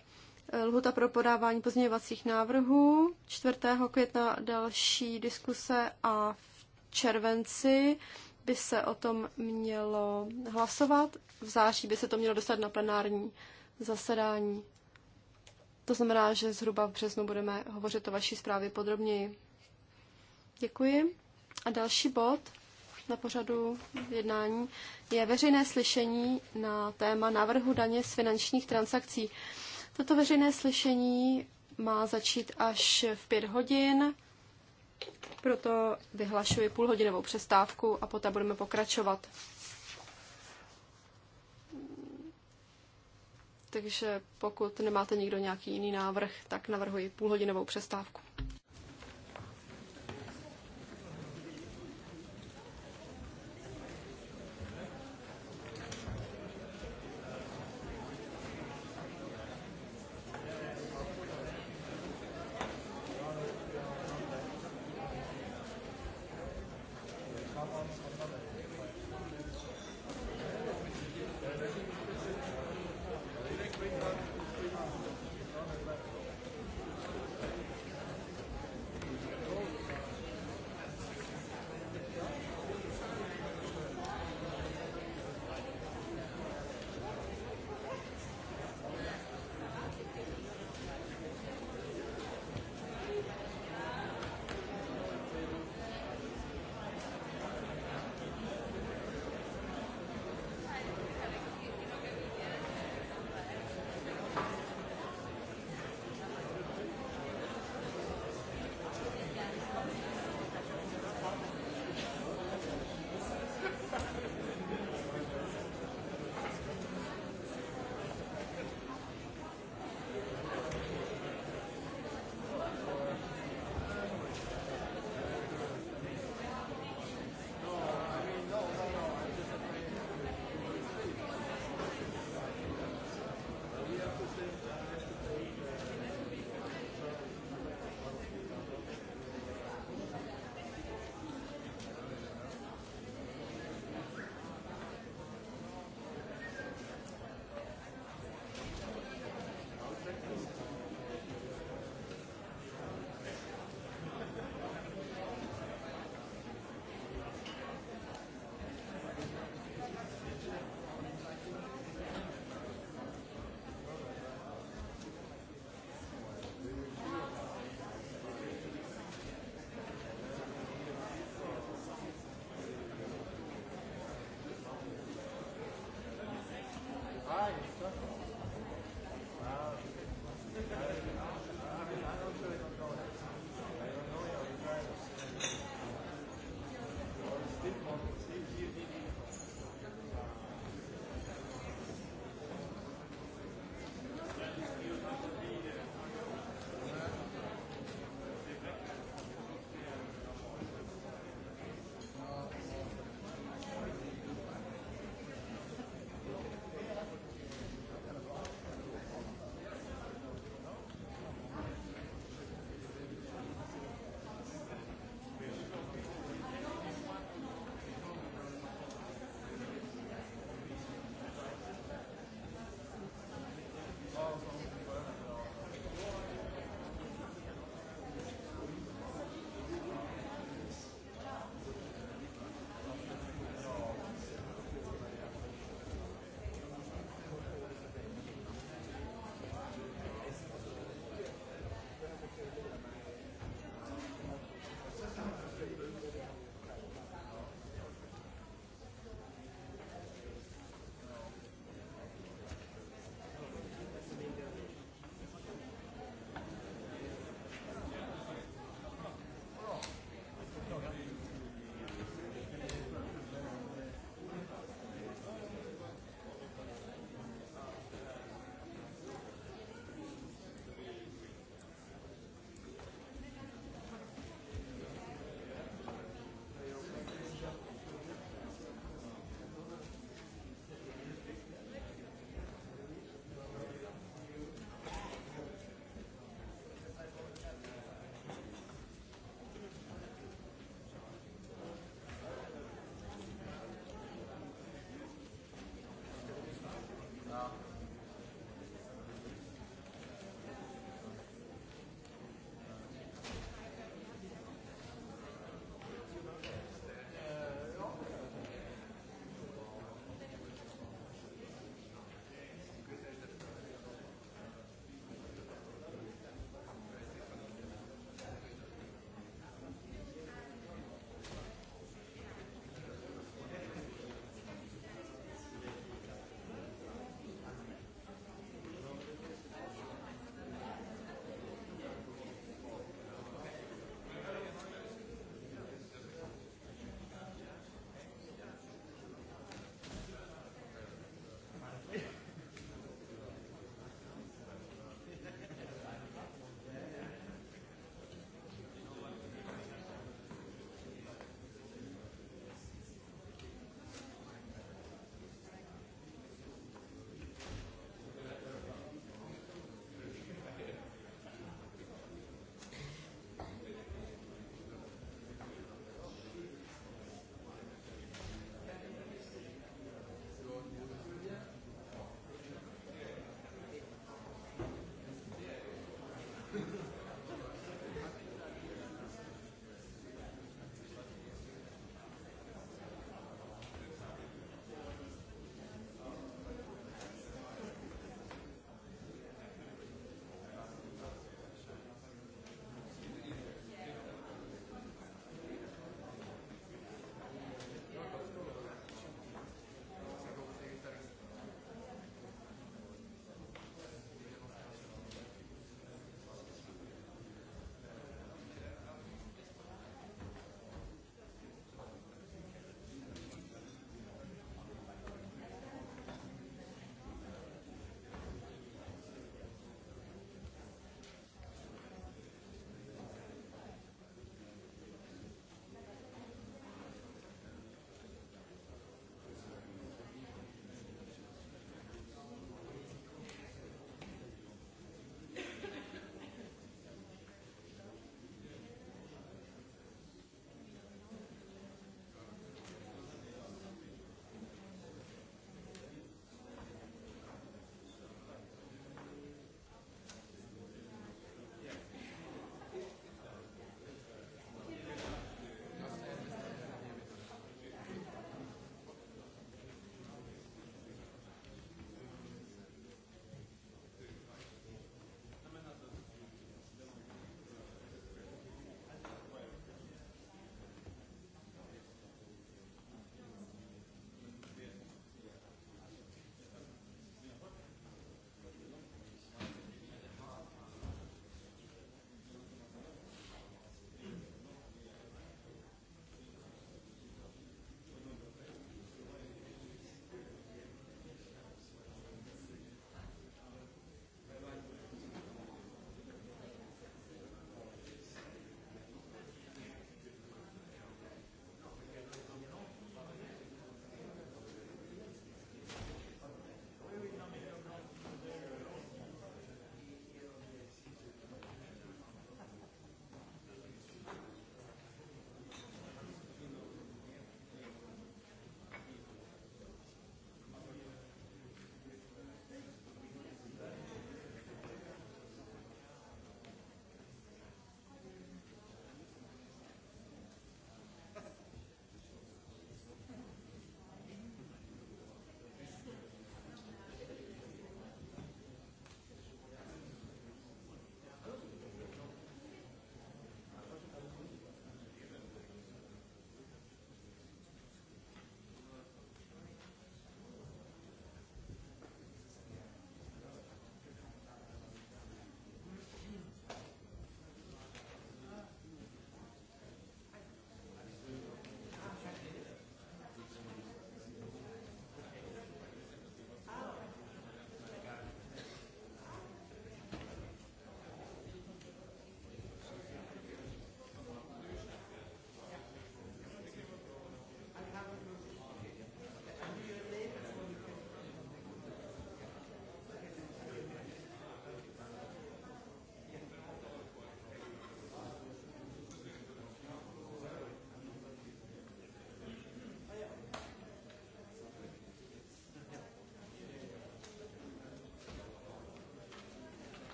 Eh, lhuta pro podávání pozměňovacích návrhů 4. května další diskuse a v červenci by se o tom mělo hlasovat. V září by se to mělo dostat na plenární zasedání. To znamená, že zhruba v březnu budeme hovořit o vaší zprávě podrobněji. Děkuji. A další bod na pořadu jednání je veřejné slyšení na téma návrhu daně z finančních transakcí. Toto veřejné slyšení má začít až v pět hodin, proto vyhlašuji půlhodinovou přestávku a poté budeme pokračovat. Takže pokud nemáte někdo nějaký jiný návrh, tak navrhuji půlhodinovou přestávku.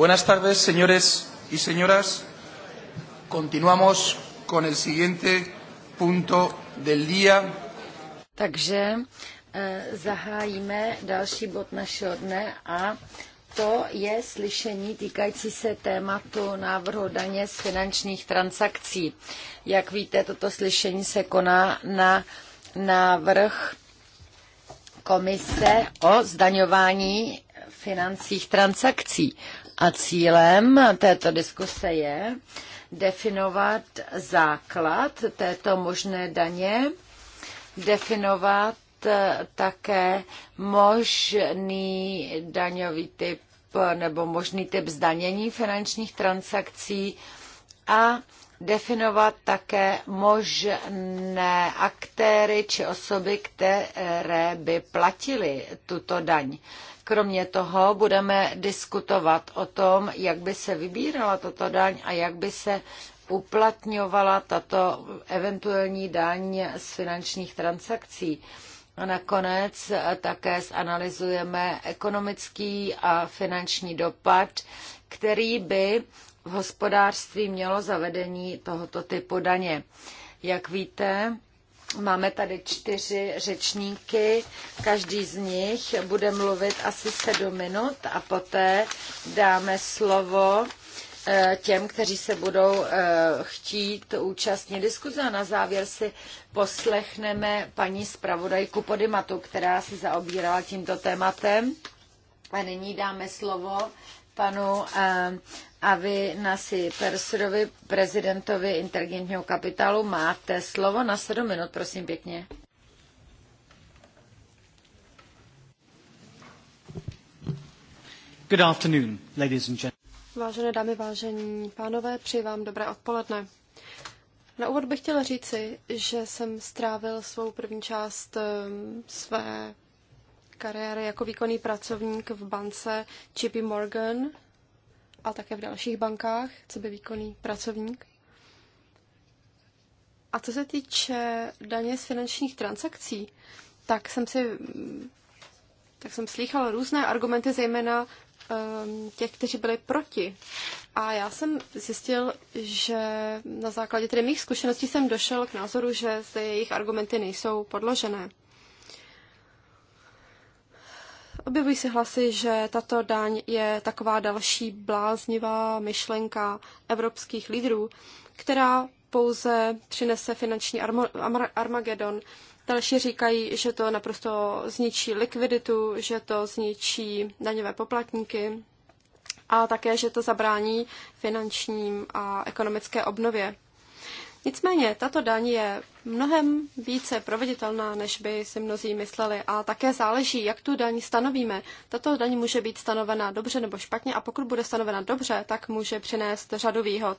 Buenas tardes, señores y señoras. Continuamos con el siguiente punto del día. Takže eh, zahájíme další bod našeho dne a to je slyšení týkající se tématu návrhu daně z finančních transakcí. Jak víte, toto slyšení se koná na návrh komise o zdaňování financích transakcí. A cílem této diskuse je definovat základ této možné daně, definovat eh, také možný daňový typ eh, nebo možný typ zdanění finančních transakcí a definovat také možné aktéry či osoby, které by platily tuto daň. Kromě toho budeme diskutovat o tom, jak by se vybírala tato daň a jak by se uplatňovala tato eventuální daň z finančních transakcí. A nakonec také zanalizujeme ekonomický a finanční dopad, který by v hospodářství mělo zavedení tohoto typu daně. Jak víte, Máme tady čtyři řečníky, každý z nich bude mluvit asi sedm minut a poté dáme slovo eh, těm, kteří se budou eh, chtít účastnit diskuze. A na závěr si poslechneme paní zpravodajku Podimatu, která se zaobírala tímto tématem. A nyní dáme slovo panu Avi Nasi Persurovi, prezidentovi Inteligentního kapitálu. Máte slovo na sedm minut, prosím pěkně. Good afternoon, ladies and gentlemen. Vážené dámy, vážení pánové, přeji vám dobré odpoledne. Na úvod bych chtěla říci, že jsem strávil svou první část ehm, své kariéry jako výkonný pracovník v bance JP Morgan a také v dalších bankách, co by výkonný pracovník. A co se týče daně z finančních transakcí, tak jsem si tak jsem slychala různé argumenty, zejména um, těch, kteří byli proti. A já jsem zjistil, že na základě tedy mých zkušeností jsem došel k názoru, že zde jejich argumenty nejsou podložené. Objevují se hlasy, že tato daň je taková další bláznivá myšlenka evropských lídrů, která pouze přinese finanční armagedon. Další říkají, že to naprosto zničí likviditu, že to zničí daňové poplatníky a také, že to zabrání finančním a ekonomické obnově. Nicméně tato daň je mnohem více proveditelná, než by si mnozí mysleli a také záleží, jak tu daň stanovíme. Tato daň může být stanovena dobře nebo špatně a pokud bude stanovena dobře, tak může přinést řadu výhod.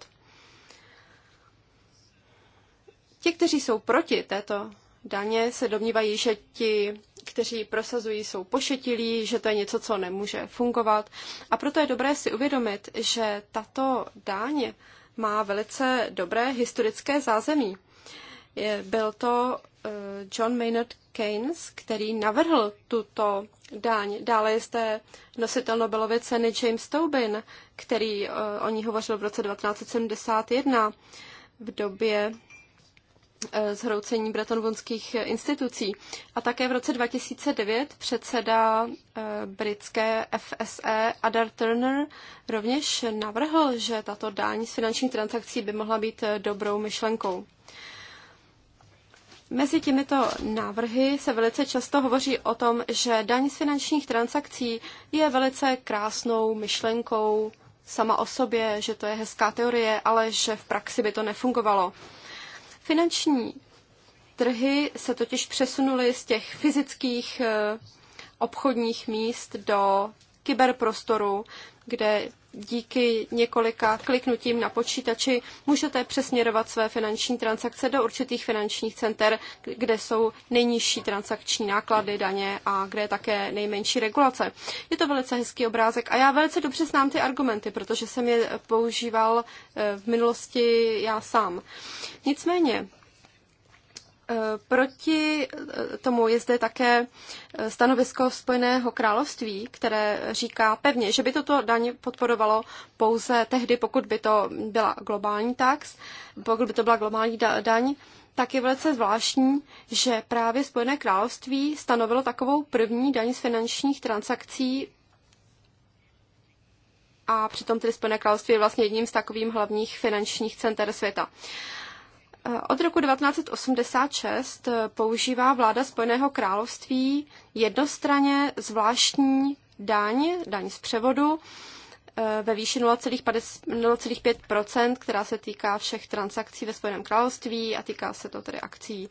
Ti, kteří jsou proti této daně, se domnívají, že ti, kteří prosazují, jsou pošetilí, že to je něco, co nemůže fungovat. A proto je dobré si uvědomit, že tato daň má velice dobré historické zázemí. Byl to eh, John Maynard Keynes, který navrhl tuto daň. Dále je zde nositel Nobelovy ceny James Tobin, který eh, o ní hovořil v roce 1971 v době zhroucení eh, bretonvonských institucí. A také v roce 2009 předseda eh, britské FSE Adar Turner rovněž navrhl, že tato dáň z finančních transakcí by mohla být eh, dobrou myšlenkou. Mezi těmito návrhy se velice často hovoří o tom, že daň z finančních transakcí je velice krásnou myšlenkou sama o sobě, že to je hezká teorie, ale že v praxi by to nefungovalo. Finanční trhy se totiž přesunuly z těch fyzických eh, obchodních míst do kyberprostoru kde díky několika kliknutím na počítači můžete přesměrovat své finanční transakce do určitých finančních center, kde jsou nejnižší transakční náklady, daně a kde je také nejmenší regulace. Je to velice hezký obrázek a já velice dobře znám ty argumenty, protože jsem je používal eh, v minulosti já sám. Nicméně, Proti eh, tomu je zde také eh, stanovisko Spojeného království, které říká pevně, že by toto daň podporovalo pouze tehdy, pokud by to byla globální tax, pokud by to byla globální daň, tak je velice zvláštní, že právě Spojené království stanovilo takovou první daň z finančních transakcí a přitom tedy Spojené království je vlastně jedním z takových hlavních finančních center světa. Uh, od roku 1986 používá vláda Spojeného království jednostranně zvláštní daň, daň z převodu eh, ve výši 0,5 která se týká všech transakcí ve Spojeném království a týká se to tedy akcí.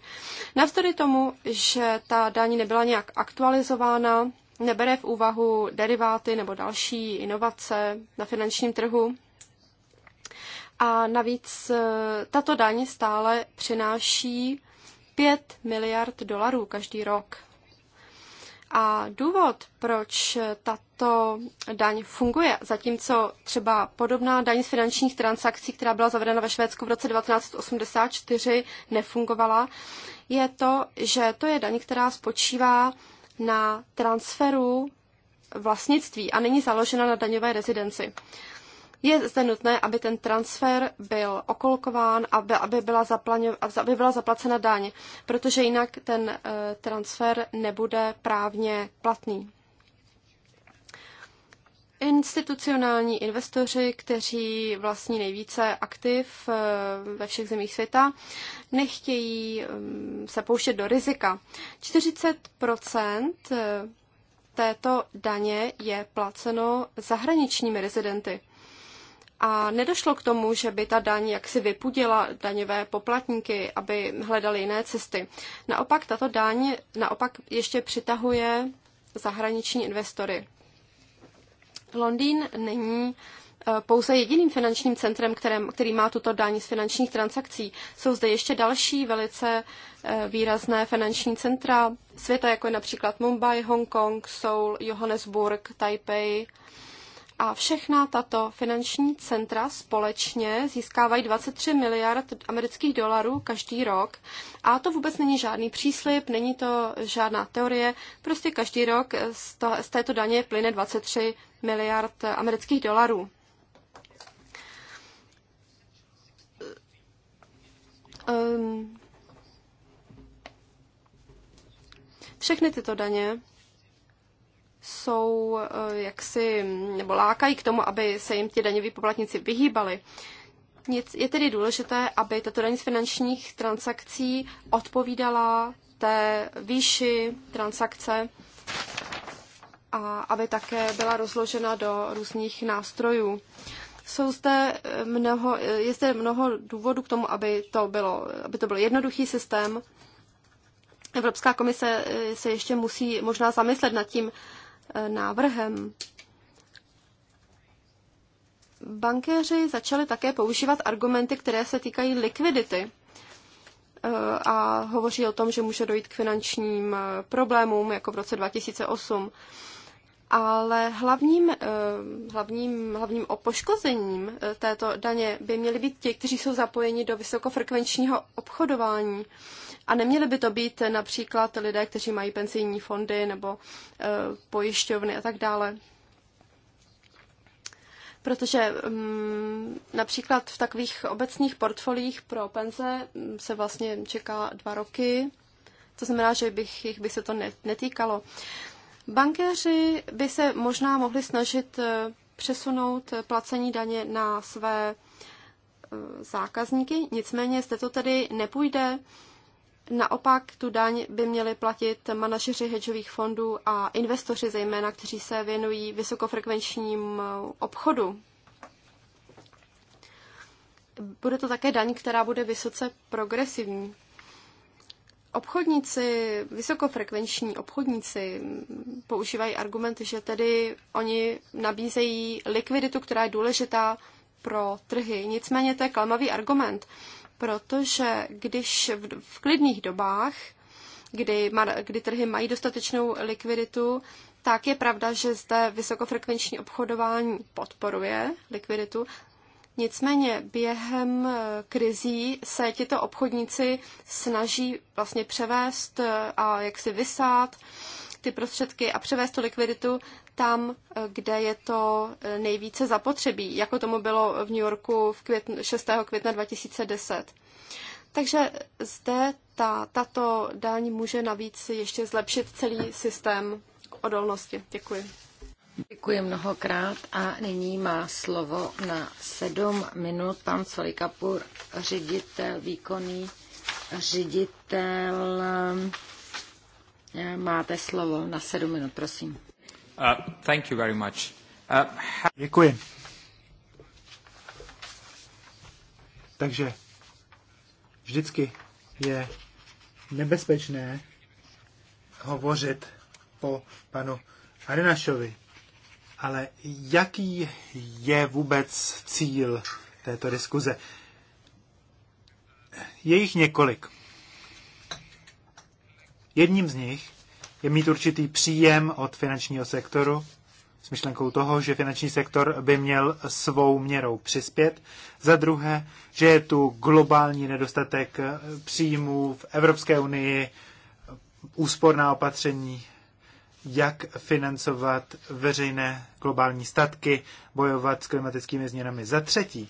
Navzdory tomu, že ta daň nebyla nějak aktualizována, nebere v úvahu deriváty nebo další inovace na finančním trhu, a navíc eh, tato daň stále přináší 5 miliard dolarů každý rok. A důvod, proč tato daň funguje, zatímco třeba podobná daň z finančních transakcí, která byla zavedena ve Švédsku v roce 1984, nefungovala, je to, že to je daň, která spočívá na transferu vlastnictví a není založena na daňové rezidenci. Je zde nutné, aby ten transfer byl okolkován, aby, aby, byla, zaplaňo, aby byla zaplacena daň, protože jinak ten eh, transfer nebude právně platný. Institucionální investoři, kteří vlastní nejvíce aktiv eh, ve všech zemích světa, nechtějí mm, se pouštět do rizika. 40 eh, této daně je placeno zahraničními rezidenty. A nedošlo k tomu, že by ta daň jaksi vypudila daňové poplatníky, aby hledali jiné cesty. Naopak tato daň naopak ještě přitahuje zahraniční investory. Londýn není eh, pouze jediným finančním centrem, kterém, který má tuto daň z finančních transakcí. Jsou zde ještě další velice eh, výrazné finanční centra světa, jako je například Mumbai, Hongkong, Seoul, Johannesburg, Taipei. A všechna tato finanční centra společně získávají 23 miliard amerických dolarů každý rok. A to vůbec není žádný příslip, není to žádná teorie. Prostě každý rok z, to, z této daně plyne 23 miliard amerických dolarů. Um, všechny tyto daně jsou eh, jaksi, nebo lákají k tomu, aby se jim ti daňoví poplatníci vyhýbali. Je tedy důležité, aby tato daň z finančních transakcí odpovídala té výši transakce a aby také byla rozložena do různých nástrojů. Jsou zde eh, mnoho, eh, je zde mnoho důvodů k tomu, aby to, bylo, aby to byl jednoduchý systém. Evropská komise se ještě musí možná zamyslet nad tím, Eh, návrhem. Bankéři začali také používat argumenty, které se týkají likvidity eh, a hovoří o tom, že může dojít k finančním eh, problémům, jako v roce 2008. Ale hlavním, hlavním, hlavním opoškozením této daně by měli být ti, kteří jsou zapojeni do vysokofrekvenčního obchodování. A neměli by to být například lidé, kteří mají penzijní fondy nebo e, pojišťovny a tak dále. Protože mm, například v takových obecných portfoliích pro penze mm, se vlastně čeká dva roky, to znamená, že bych, jich by se to netýkalo. Bankéři by se možná mohli snažit eh, přesunout placení daně na své eh, zákazníky, nicméně zde to tedy nepůjde Naopak tu daň by měli platit manažeři hedžových fondů a investoři zejména, kteří se věnují vysokofrekvenčním obchodu. Bude to také daň, která bude vysoce progresivní. Obchodníci, vysokofrekvenční obchodníci používají argument, že tedy oni nabízejí likviditu, která je důležitá pro trhy. Nicméně to je klamavý argument protože když v, v klidných dobách, kdy, kdy trhy mají dostatečnou likviditu, tak je pravda, že zde vysokofrekvenční obchodování podporuje likviditu. Nicméně během eh, krizí se tito obchodníci snaží vlastně převést eh, a jak vysát ty prostředky a převést tu likviditu tam, eh, kde je to eh, nejvíce zapotřebí, jako tomu bylo v New Yorku v květnu, 6. května 2010. Takže zde ta, tato daň může navíc ještě zlepšit celý systém odolnosti. Děkuji. Děkuji mnohokrát a nyní má slovo na sedm minut pan Solikapur, ředitel, výkonný ředitel Eh, máte slovo na sedm minut, prosím. Uh, thank you very much. Uh, Děkuji. Takže vždycky je nebezpečné hovořit po panu Arenašovi. Ale jaký je vůbec cíl této diskuze? Je jich několik. Jedním z nich je mít určitý příjem od finančního sektoru, s myšlenkou toho, že finanční sektor by měl svou měrou přispět. Za druhé, že je tu globální nedostatek příjmů v Evropské unii, úsporná opatření, jak financovat veřejné globální statky, bojovat s klimatickými změnami. Za třetí,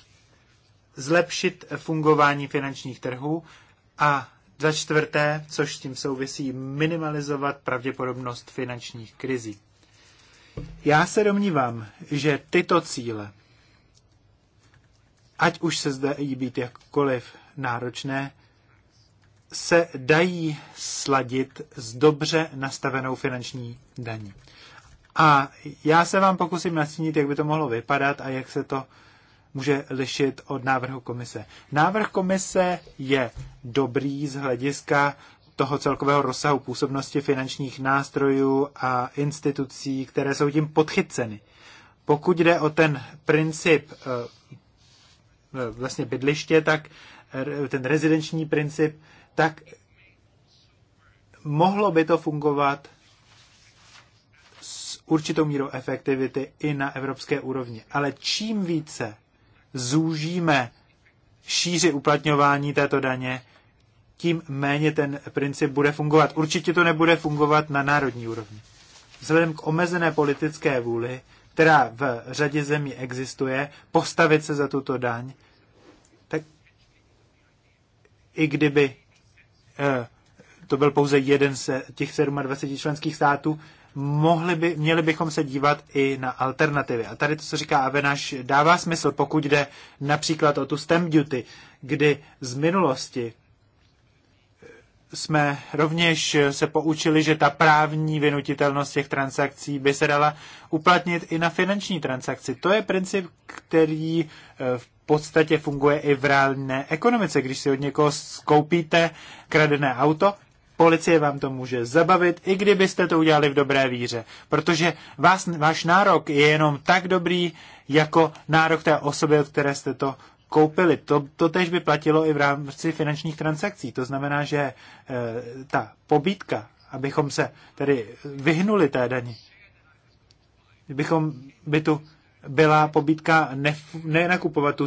zlepšit fungování finančních trhů a za čtvrté, což s tím souvisí, minimalizovat pravděpodobnost finančních krizí. Já se domnívám, že tyto cíle, ať už se zde jí být jakkoliv náročné, se dají sladit s dobře nastavenou finanční daní. A já se vám pokusím nastínit, jak by to mohlo vypadat a jak se to může lišit od návrhu komise. Návrh komise je dobrý z hlediska toho celkového rozsahu působnosti finančních nástrojů a institucí, které jsou tím podchyceny. Pokud jde o ten princip eh, eh, vlastně bydliště, tak eh, ten rezidenční princip, tak mohlo by to fungovat s určitou mírou efektivity i na evropské úrovni. Ale čím více zúžíme šíři uplatňování této daně, tím méně ten princip bude fungovat. Určitě to nebude fungovat na národní úrovni. Vzhledem k omezené politické vůli, která v řadě zemí existuje, postavit se za tuto daň, tak i kdyby eh, to byl pouze jeden z těch 27 členských států, mohli by, měli bychom se dívat i na alternativy. A tady to, co říká Avenaš, dává smysl, pokud jde například o tu stem duty, kdy z minulosti jsme rovněž se poučili, že ta právní vynutitelnost těch transakcí by se dala uplatnit i na finanční transakci. To je princip, který eh, v podstatě funguje i v reálné ekonomice. Když si od někoho skoupíte kradené auto, Policie vám to může zabavit, i kdybyste to udělali v dobré víře, protože vás, váš nárok je jenom tak dobrý, jako nárok té osoby, od které jste to koupili. To, to tež by platilo i v rámci finančních transakcí. To znamená, že e, ta pobítka, abychom se tedy vyhnuli té dani, bychom by tu byla pobítka ne nenakupovat tu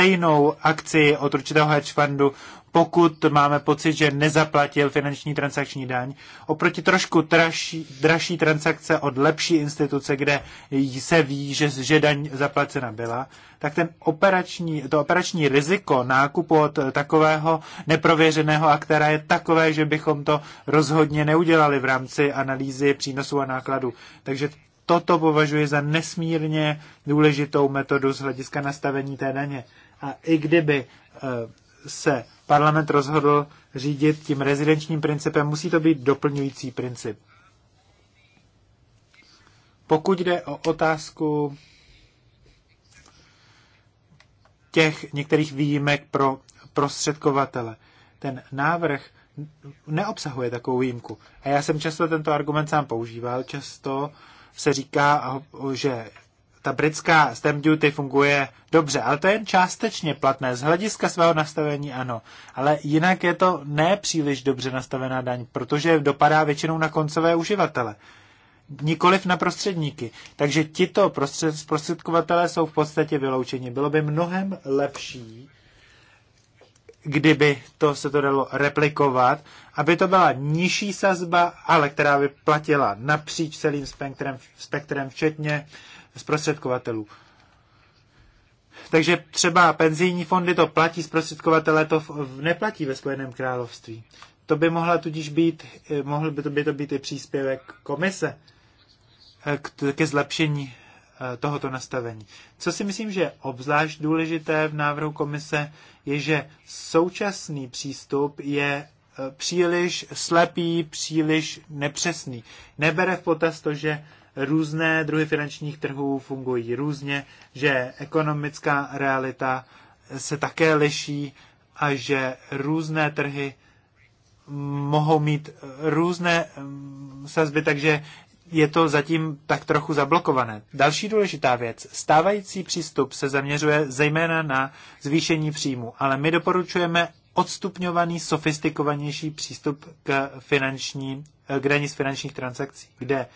stejnou akci od určitého hedge fundu, pokud máme pocit, že nezaplatil finanční transakční daň, oproti trošku dražší, dražší transakce od lepší instituce, kde se ví, že, že daň zaplacena byla, tak ten operační, to operační riziko nákupu od takového neprověřeného aktéra je takové, že bychom to rozhodně neudělali v rámci analýzy přínosů a nákladů. Takže toto považuji za nesmírně důležitou metodu z hlediska nastavení té daně. A i kdyby e, se parlament rozhodl řídit tím rezidenčním principem, musí to být doplňující princip. Pokud jde o otázku těch některých výjimek pro prostředkovatele, ten návrh neobsahuje takovou výjimku. A já jsem často tento argument sám používal. Často se říká, že ta britská stamp duty funguje dobře, ale to je jen částečně platné. Z hlediska svého nastavení ano, ale jinak je to nepříliš dobře nastavená daň, protože dopadá většinou na koncové uživatele nikoliv na prostředníky. Takže tito zprostředkovatelé jsou v podstatě vyloučeni. Bylo by mnohem lepší, kdyby to se to dalo replikovat, aby to byla nižší sazba, ale která by platila napříč celým spektrem, spektrem včetně zprostředkovatelů. Takže třeba penzijní fondy to platí, zprostředkovatele to neplatí ve Spojeném království. To by mohla tudíž být, eh, mohl by to, by to být i příspěvek komise eh, ke zlepšení eh, tohoto nastavení. Co si myslím, že je obzvlášť důležité v návrhu komise, je, že současný přístup je příliš slepý, příliš nepřesný. Nebere v potaz to, že různé druhy finančních trhů fungují různě, že ekonomická realita se také liší a že různé trhy mohou mít různé mm, sazby, takže je to zatím tak trochu zablokované. Další důležitá věc. Stávající přístup se zaměřuje zejména na zvýšení příjmu, ale my doporučujeme odstupňovaný, sofistikovanější přístup k finanční, k daní z finančních transakcí, kde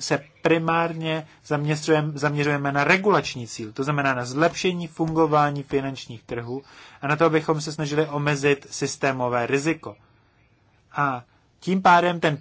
se primárně zaměřujeme, zaměřujeme na regulační cíl, to znamená na zlepšení fungování finančních trhů a na to, abychom se snažili omezit systémové riziko. A tím pádem ten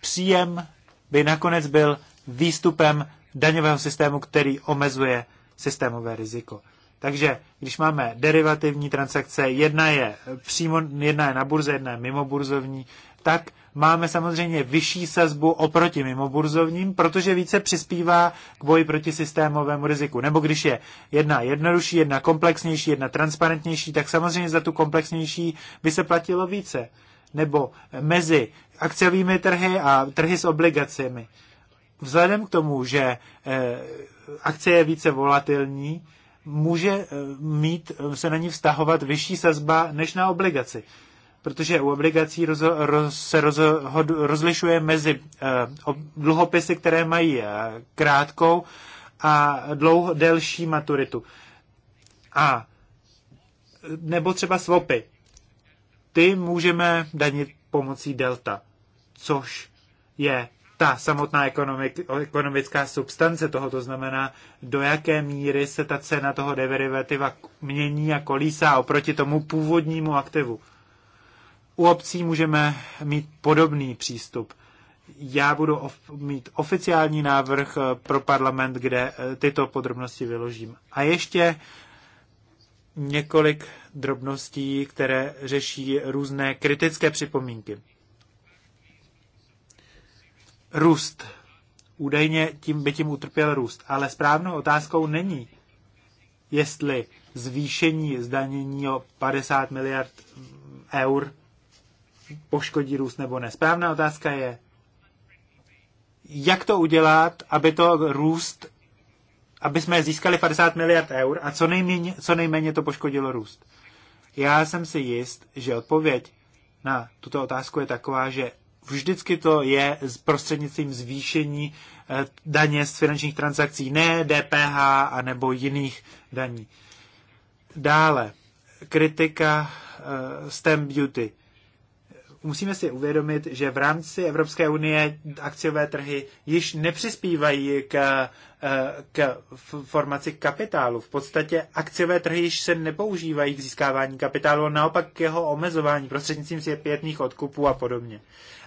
příjem by nakonec byl výstupem daňového systému, který omezuje systémové riziko. Takže když máme derivativní transakce, jedna je přímo, jedna je na burze, jedna je mimo burzovní, tak máme samozřejmě vyšší sazbu oproti mimoburzovním, protože více přispívá k boji proti systémovému riziku. Nebo když je jedna jednodušší, jedna komplexnější, jedna transparentnější, tak samozřejmě za tu komplexnější by se platilo více. Nebo mezi akciovými trhy a trhy s obligacemi. Vzhledem k tomu, že eh, akcie je více volatilní, může eh, mít, se na ní vztahovat vyšší sazba než na obligaci protože u obligací roz, roz, se roz, hod, rozlišuje mezi uh, dluhopisy, které mají uh, krátkou a dlouho, delší maturitu. A nebo třeba swapy. Ty můžeme danit pomocí delta, což je ta samotná ekonomik, ekonomická substance toho, to znamená, do jaké míry se ta cena toho derivativa mění a kolísá oproti tomu původnímu aktivu. U obcí můžeme mít podobný přístup. Já budu of- mít oficiální návrh eh, pro parlament, kde eh, tyto podrobnosti vyložím. A ještě několik drobností, které řeší různé kritické připomínky. Růst. Údajně tím by tím utrpěl růst. Ale správnou otázkou není, jestli zvýšení zdanění o 50 miliard eur poškodí růst nebo ne. Správná otázka je, jak to udělat, aby to růst, aby jsme získali 50 miliard eur a co nejméně, co nejméně to poškodilo růst. Já jsem si jist, že odpověď na tuto otázku je taková, že vždycky to je s prostřednictvím zvýšení eh, daně z finančních transakcí, ne DPH a nebo jiných daní. Dále, kritika uh, stamp duty musíme si uvědomit, že v rámci Evropské unie akciové trhy již nepřispívají k, eh, k formaci kapitálu. V podstatě akciové trhy již se nepoužívají k získávání kapitálu, a naopak k jeho omezování prostřednictvím zpětných odkupů a podobně.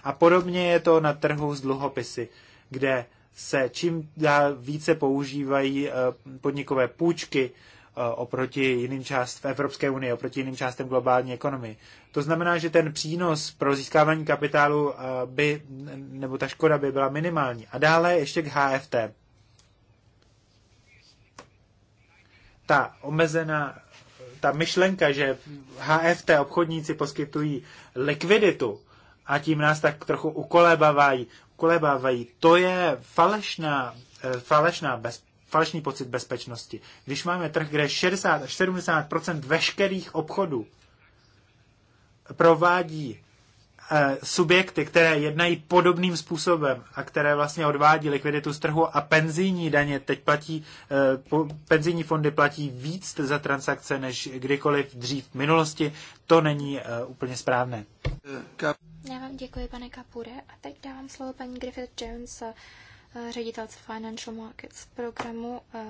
A podobně je to na trhu s dluhopisy, kde se čím dál více používají eh, podnikové půjčky, Eh, oproti jiným část v Evropské unii, oproti jiným částem globální ekonomii. To znamená, že ten přínos pro získávání kapitálu eh, by, nebo ta škoda by byla minimální. A dále ještě k HFT. Ta omezená, ta myšlenka, že HFT obchodníci poskytují likviditu a tím nás tak trochu ukolebávají, ukolébávají to je falešná, eh, falešná bez, falešný pocit bezpečnosti. Když máme trh, kde 60 až 70 veškerých obchodů provádí eh, subjekty, které jednají podobným způsobem a které vlastně odvádí likviditu z trhu a penzijní daně teď platí, eh, penzijní fondy platí víc za transakce než kdykoliv dřív v minulosti, to není eh, úplně správné. Já vám děkuji, pane Kapure, a teď dávám slovo paní Griffith Jones Eh, ředitelce Financial Markets programu eh,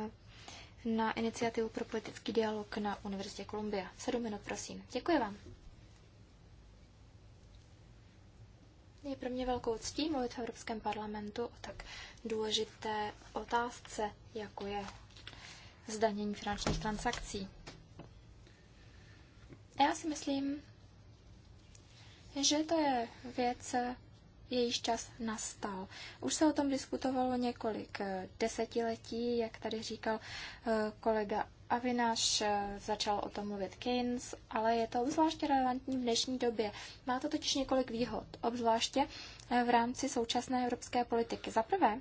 na iniciativu pro politický dialog na Univerzitě Kolumbia. Sedm minut, prosím. Děkuji vám. Je pro mě velkou ctí mluvit v Evropském parlamentu o tak důležité otázce, jako je zdanění finančních transakcí. Já si myslím, že to je věc, jejíž čas nastal. Už se o tom diskutovalo několik eh, desetiletí, jak tady říkal eh, kolega Avinaš, eh, začal o tom mluvit Keynes, ale je to obzvláště relevantní v dnešní době. Má to totiž několik výhod, obzvláště v rámci současné evropské politiky. Za prvé,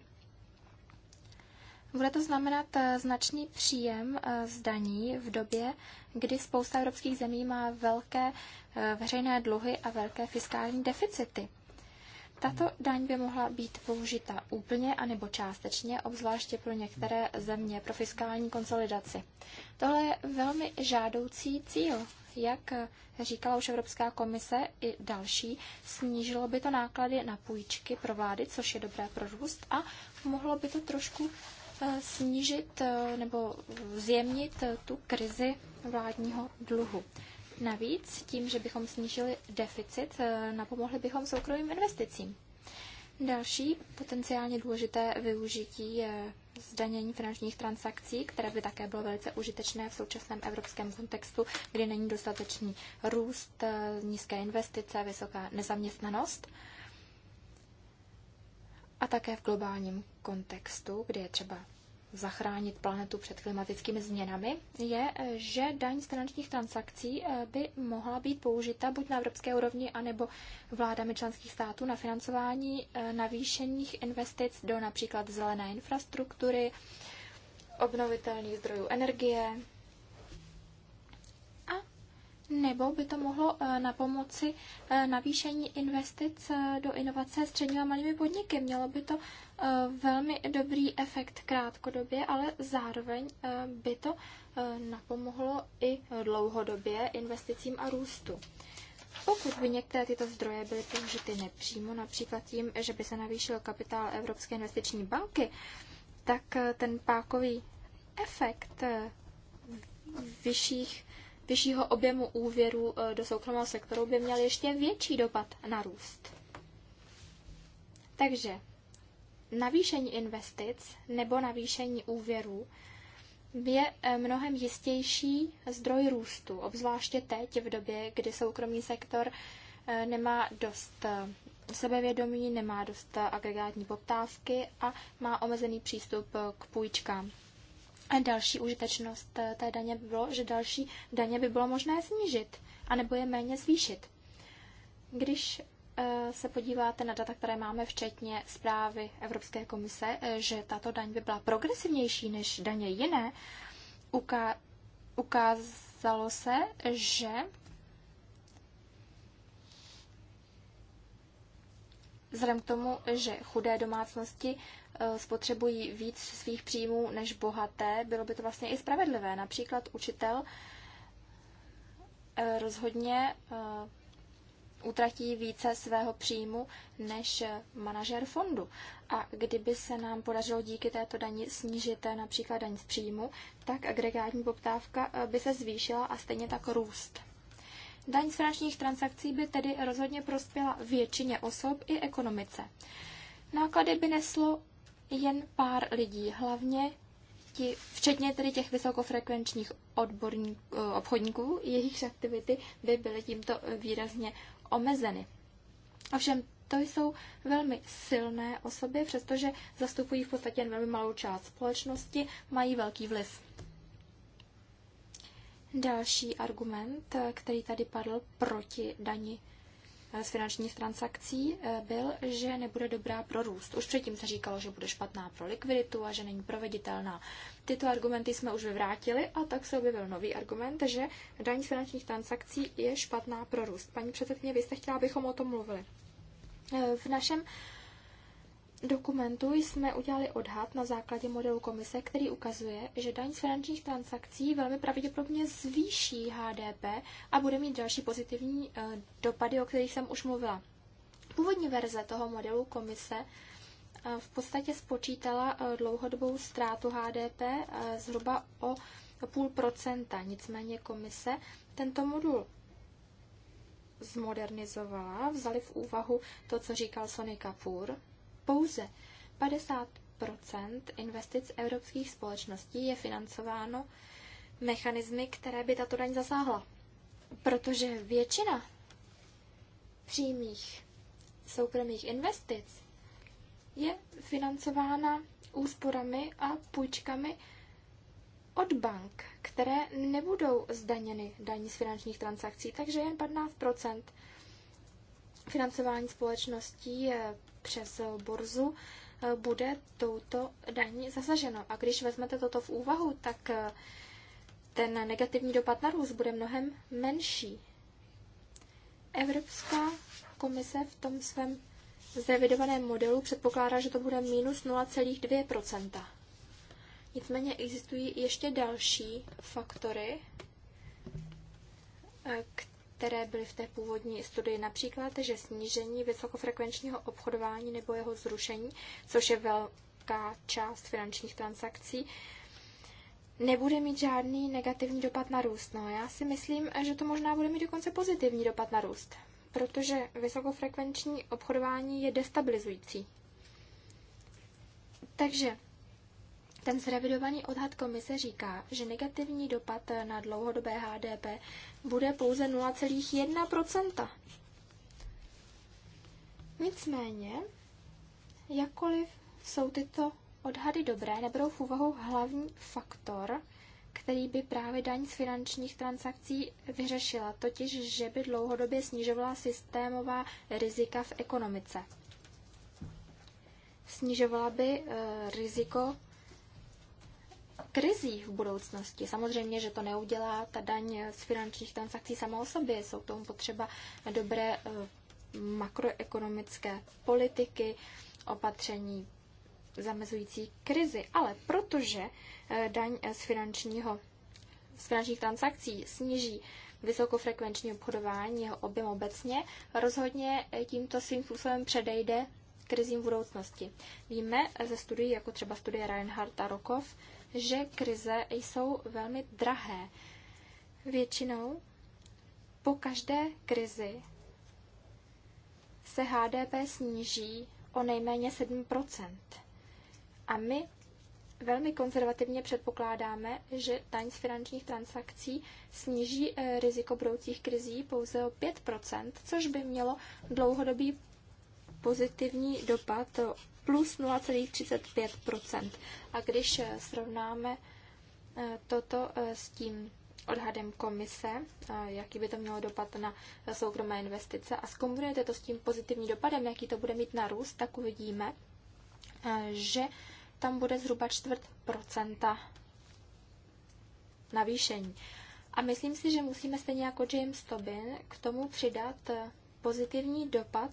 bude to znamenat značný příjem z daní v době, kdy spousta evropských zemí má velké veřejné dluhy a velké fiskální deficity. Tato daň by mohla být použita úplně anebo částečně, obzvláště pro některé země pro fiskální konsolidaci. Tohle je velmi žádoucí cíl. Jak říkala už Evropská komise i další, snížilo by to náklady na půjčky pro vlády, což je dobré pro růst a mohlo by to trošku eh, snížit eh, nebo zjemnit tu krizi vládního dluhu. Navíc tím, že bychom snížili deficit, eh, napomohli bychom soukromým investicím. Další potenciálně důležité využití je zdanění finančních transakcí, které by také bylo velice užitečné v současném evropském kontextu, kdy není dostatečný růst, eh, nízké investice, vysoká nezaměstnanost. A také v globálním kontextu, kdy je třeba zachránit planetu před klimatickými změnami, je, že daň z finančních transakcí eh, by mohla být použita buď na evropské úrovni, anebo vládami členských států na financování eh, navýšených investic do například zelené infrastruktury, obnovitelných zdrojů energie, nebo by to mohlo eh, na pomoci eh, navýšení investic eh, do inovace středními a malými podniky. Mělo by to velmi dobrý efekt krátkodobě, ale zároveň by to napomohlo i dlouhodobě investicím a růstu. Pokud by některé tyto zdroje byly použity nepřímo, například tím, že by se navýšil kapitál Evropské investiční banky, tak ten pákový efekt vyšších vyššího objemu úvěru eh, do soukromého sektoru by měl ještě větší dopad na růst. Takže navýšení investic nebo navýšení úvěru je eh, mnohem jistější zdroj růstu, obzvláště teď v době, kdy soukromý sektor eh, nemá dost sebevědomí, nemá dost agregátní poptávky a má omezený přístup k půjčkám. A další užitečnost eh, té daně by bylo, že další daně by bylo možné snížit, anebo je méně zvýšit. Když eh, se podíváte na data, které máme, včetně zprávy Evropské komise, eh, že tato daň by byla progresivnější než daně jiné, uká- ukázalo se, že vzhledem k tomu, že chudé domácnosti Eh, spotřebují víc svých příjmů než bohaté, bylo by to vlastně i spravedlivé. Například učitel eh, rozhodně eh, utratí více svého příjmu než manažer fondu. A kdyby se nám podařilo díky této dani snížit například daň z příjmu, tak agregátní poptávka by se zvýšila a stejně tak růst. Daň z finančních transakcí by tedy rozhodně prospěla většině osob i ekonomice. Náklady by neslo jen pár lidí, hlavně ti, včetně tedy těch vysokofrekvenčních eh, obchodníků, jejich aktivity by byly tímto eh, výrazně omezeny. Ovšem, to jsou velmi silné osoby, přestože zastupují v podstatě jen velmi malou část společnosti, mají velký vliv. Další argument, eh, který tady padl proti dani z finančních transakcí eh, byl, že nebude dobrá pro růst. Už předtím se říkalo, že bude špatná pro likviditu a že není proveditelná. Tyto argumenty jsme už vyvrátili a tak se objevil nový argument, že daň z finančních transakcí je špatná pro růst. Paní předsedkyně, vy jste chtěla, abychom o tom mluvili. Eh, v našem dokumentu jsme udělali odhad na základě modelu komise, který ukazuje, že daň z finančních transakcí velmi pravděpodobně zvýší HDP a bude mít další pozitivní eh, dopady, o kterých jsem už mluvila. Původní verze toho modelu komise eh, v podstatě spočítala eh, dlouhodobou ztrátu HDP zhruba o půl procenta. Nicméně komise tento modul zmodernizovala, vzali v úvahu to, co říkal Sony Kapoor, pouze 50 investic evropských společností je financováno mechanismy, které by tato daň zasáhla. Protože většina přímých soukromých investic je financována úsporami a půjčkami od bank, které nebudou zdaněny daní z finančních transakcí, takže jen 15 financování společností přes eh, borzu, eh, bude touto daní zasaženo. A když vezmete toto v úvahu, tak eh, ten negativní dopad na růst bude mnohem menší. Evropská komise v tom svém zrevidovaném modelu předpokládá, že to bude minus 0,2 Nicméně existují ještě další faktory, které které byly v té původní studii, například, že snížení vysokofrekvenčního obchodování nebo jeho zrušení, což je velká část finančních transakcí, nebude mít žádný negativní dopad na růst. No, já si myslím, že to možná bude mít dokonce pozitivní dopad na růst, protože vysokofrekvenční obchodování je destabilizující. Takže ten zrevidovaný odhad komise říká, že negativní dopad na dlouhodobé HDP bude pouze 0,1%. Nicméně, jakkoliv jsou tyto odhady dobré, neberou v úvahu hlavní faktor, který by právě daň z finančních transakcí vyřešila, totiž že by dlouhodobě snižovala systémová rizika v ekonomice. Snižovala by e, riziko krizí v budoucnosti. Samozřejmě, že to neudělá ta daň z finančních transakcí sama o sobě. Jsou k tomu potřeba dobré eh, makroekonomické politiky, opatření zamezující krizi. Ale protože eh, daň eh, z finančního z finančních transakcí sníží vysokofrekvenční obchodování jeho objem obecně, rozhodně tímto svým způsobem předejde krizím budoucnosti. Víme ze studií, jako třeba studie Reinhardt a Rokov, že krize jsou velmi drahé. Většinou po každé krizi se HDP sníží o nejméně 7 A my velmi konzervativně předpokládáme, že daň z finančních transakcí sníží eh, riziko budoucích krizí pouze o 5 což by mělo dlouhodobý pozitivní dopad plus 0,35 A když eh, srovnáme eh, toto eh, s tím odhadem komise, jaký by to mělo dopad na soukromé investice a zkombinujete to s tím pozitivním dopadem, jaký to bude mít na růst, tak uvidíme, že tam bude zhruba čtvrt procenta navýšení. A myslím si, že musíme stejně jako James Tobin k tomu přidat pozitivní dopad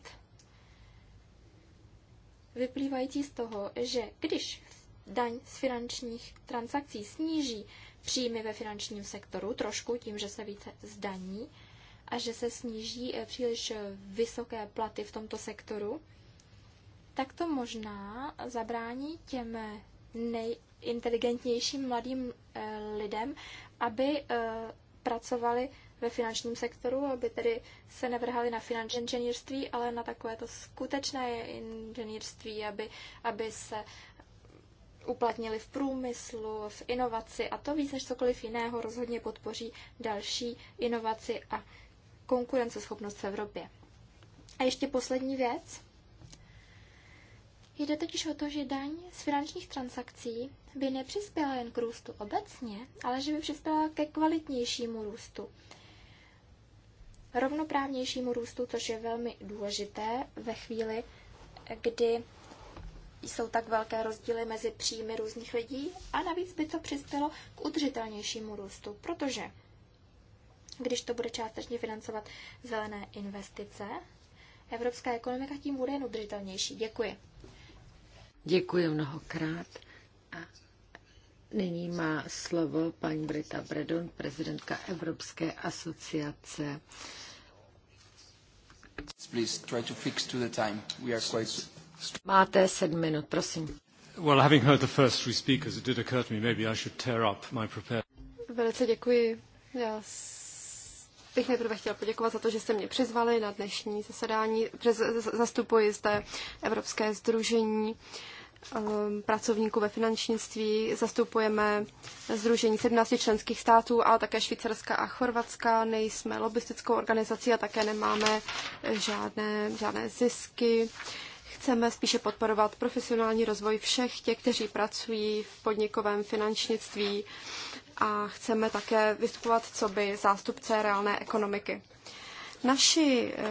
vyplývající z toho, že když daň z finančních transakcí sníží příjmy ve finančním sektoru trošku tím, že se více zdaní a že se sníží eh, příliš eh, vysoké platy v tomto sektoru, tak to možná zabrání těm eh, nejinteligentnějším mladým lidem, aby pracovali ve finančním sektoru, aby tedy se nevrhali na finanční inženýrství, ale na takové to skutečné inženýrství, aby, aby se uplatnili v průmyslu, v inovaci a to víc než cokoliv jiného rozhodně podpoří další inovaci a konkurenceschopnost v Evropě. A ještě poslední věc. Jde totiž o to, že daň z finančních transakcí by nepřispěla jen k růstu obecně, ale že by přispěla ke kvalitnějšímu růstu rovnoprávnějšímu růstu, což je velmi důležité ve chvíli, kdy jsou tak velké rozdíly mezi příjmy různých lidí a navíc by to přispělo k udržitelnějšímu růstu, protože když to bude částečně financovat zelené investice, evropská ekonomika tím bude jen udržitelnější. Děkuji. Děkuji mnohokrát. A Nyní má slovo paní Brita Bredon, prezidentka Evropské asociace. Please try to fix to the time. We are quite... Máte sedm minut, prosím. Well, having heard the first three speakers, it did occur to me maybe I should tear up my prepared... Velice děkuji. Já bych nejprve chtěla poděkovat za to, že jste mě přizvali na dnešní zasedání. Zastupuji zde Evropské združení uh, Ehm, pracovníků ve finančnictví, zastupujeme Združení 17 členských států, ale také Švýcarska a Chorvatska. Nejsme lobbystickou organizací a také nemáme žádné, žádné zisky. Chceme spíše podporovat profesionální rozvoj všech těch, kteří pracují v podnikovém finančnictví a chceme také vystupovat co by zástupce reálné ekonomiky. Naši eh,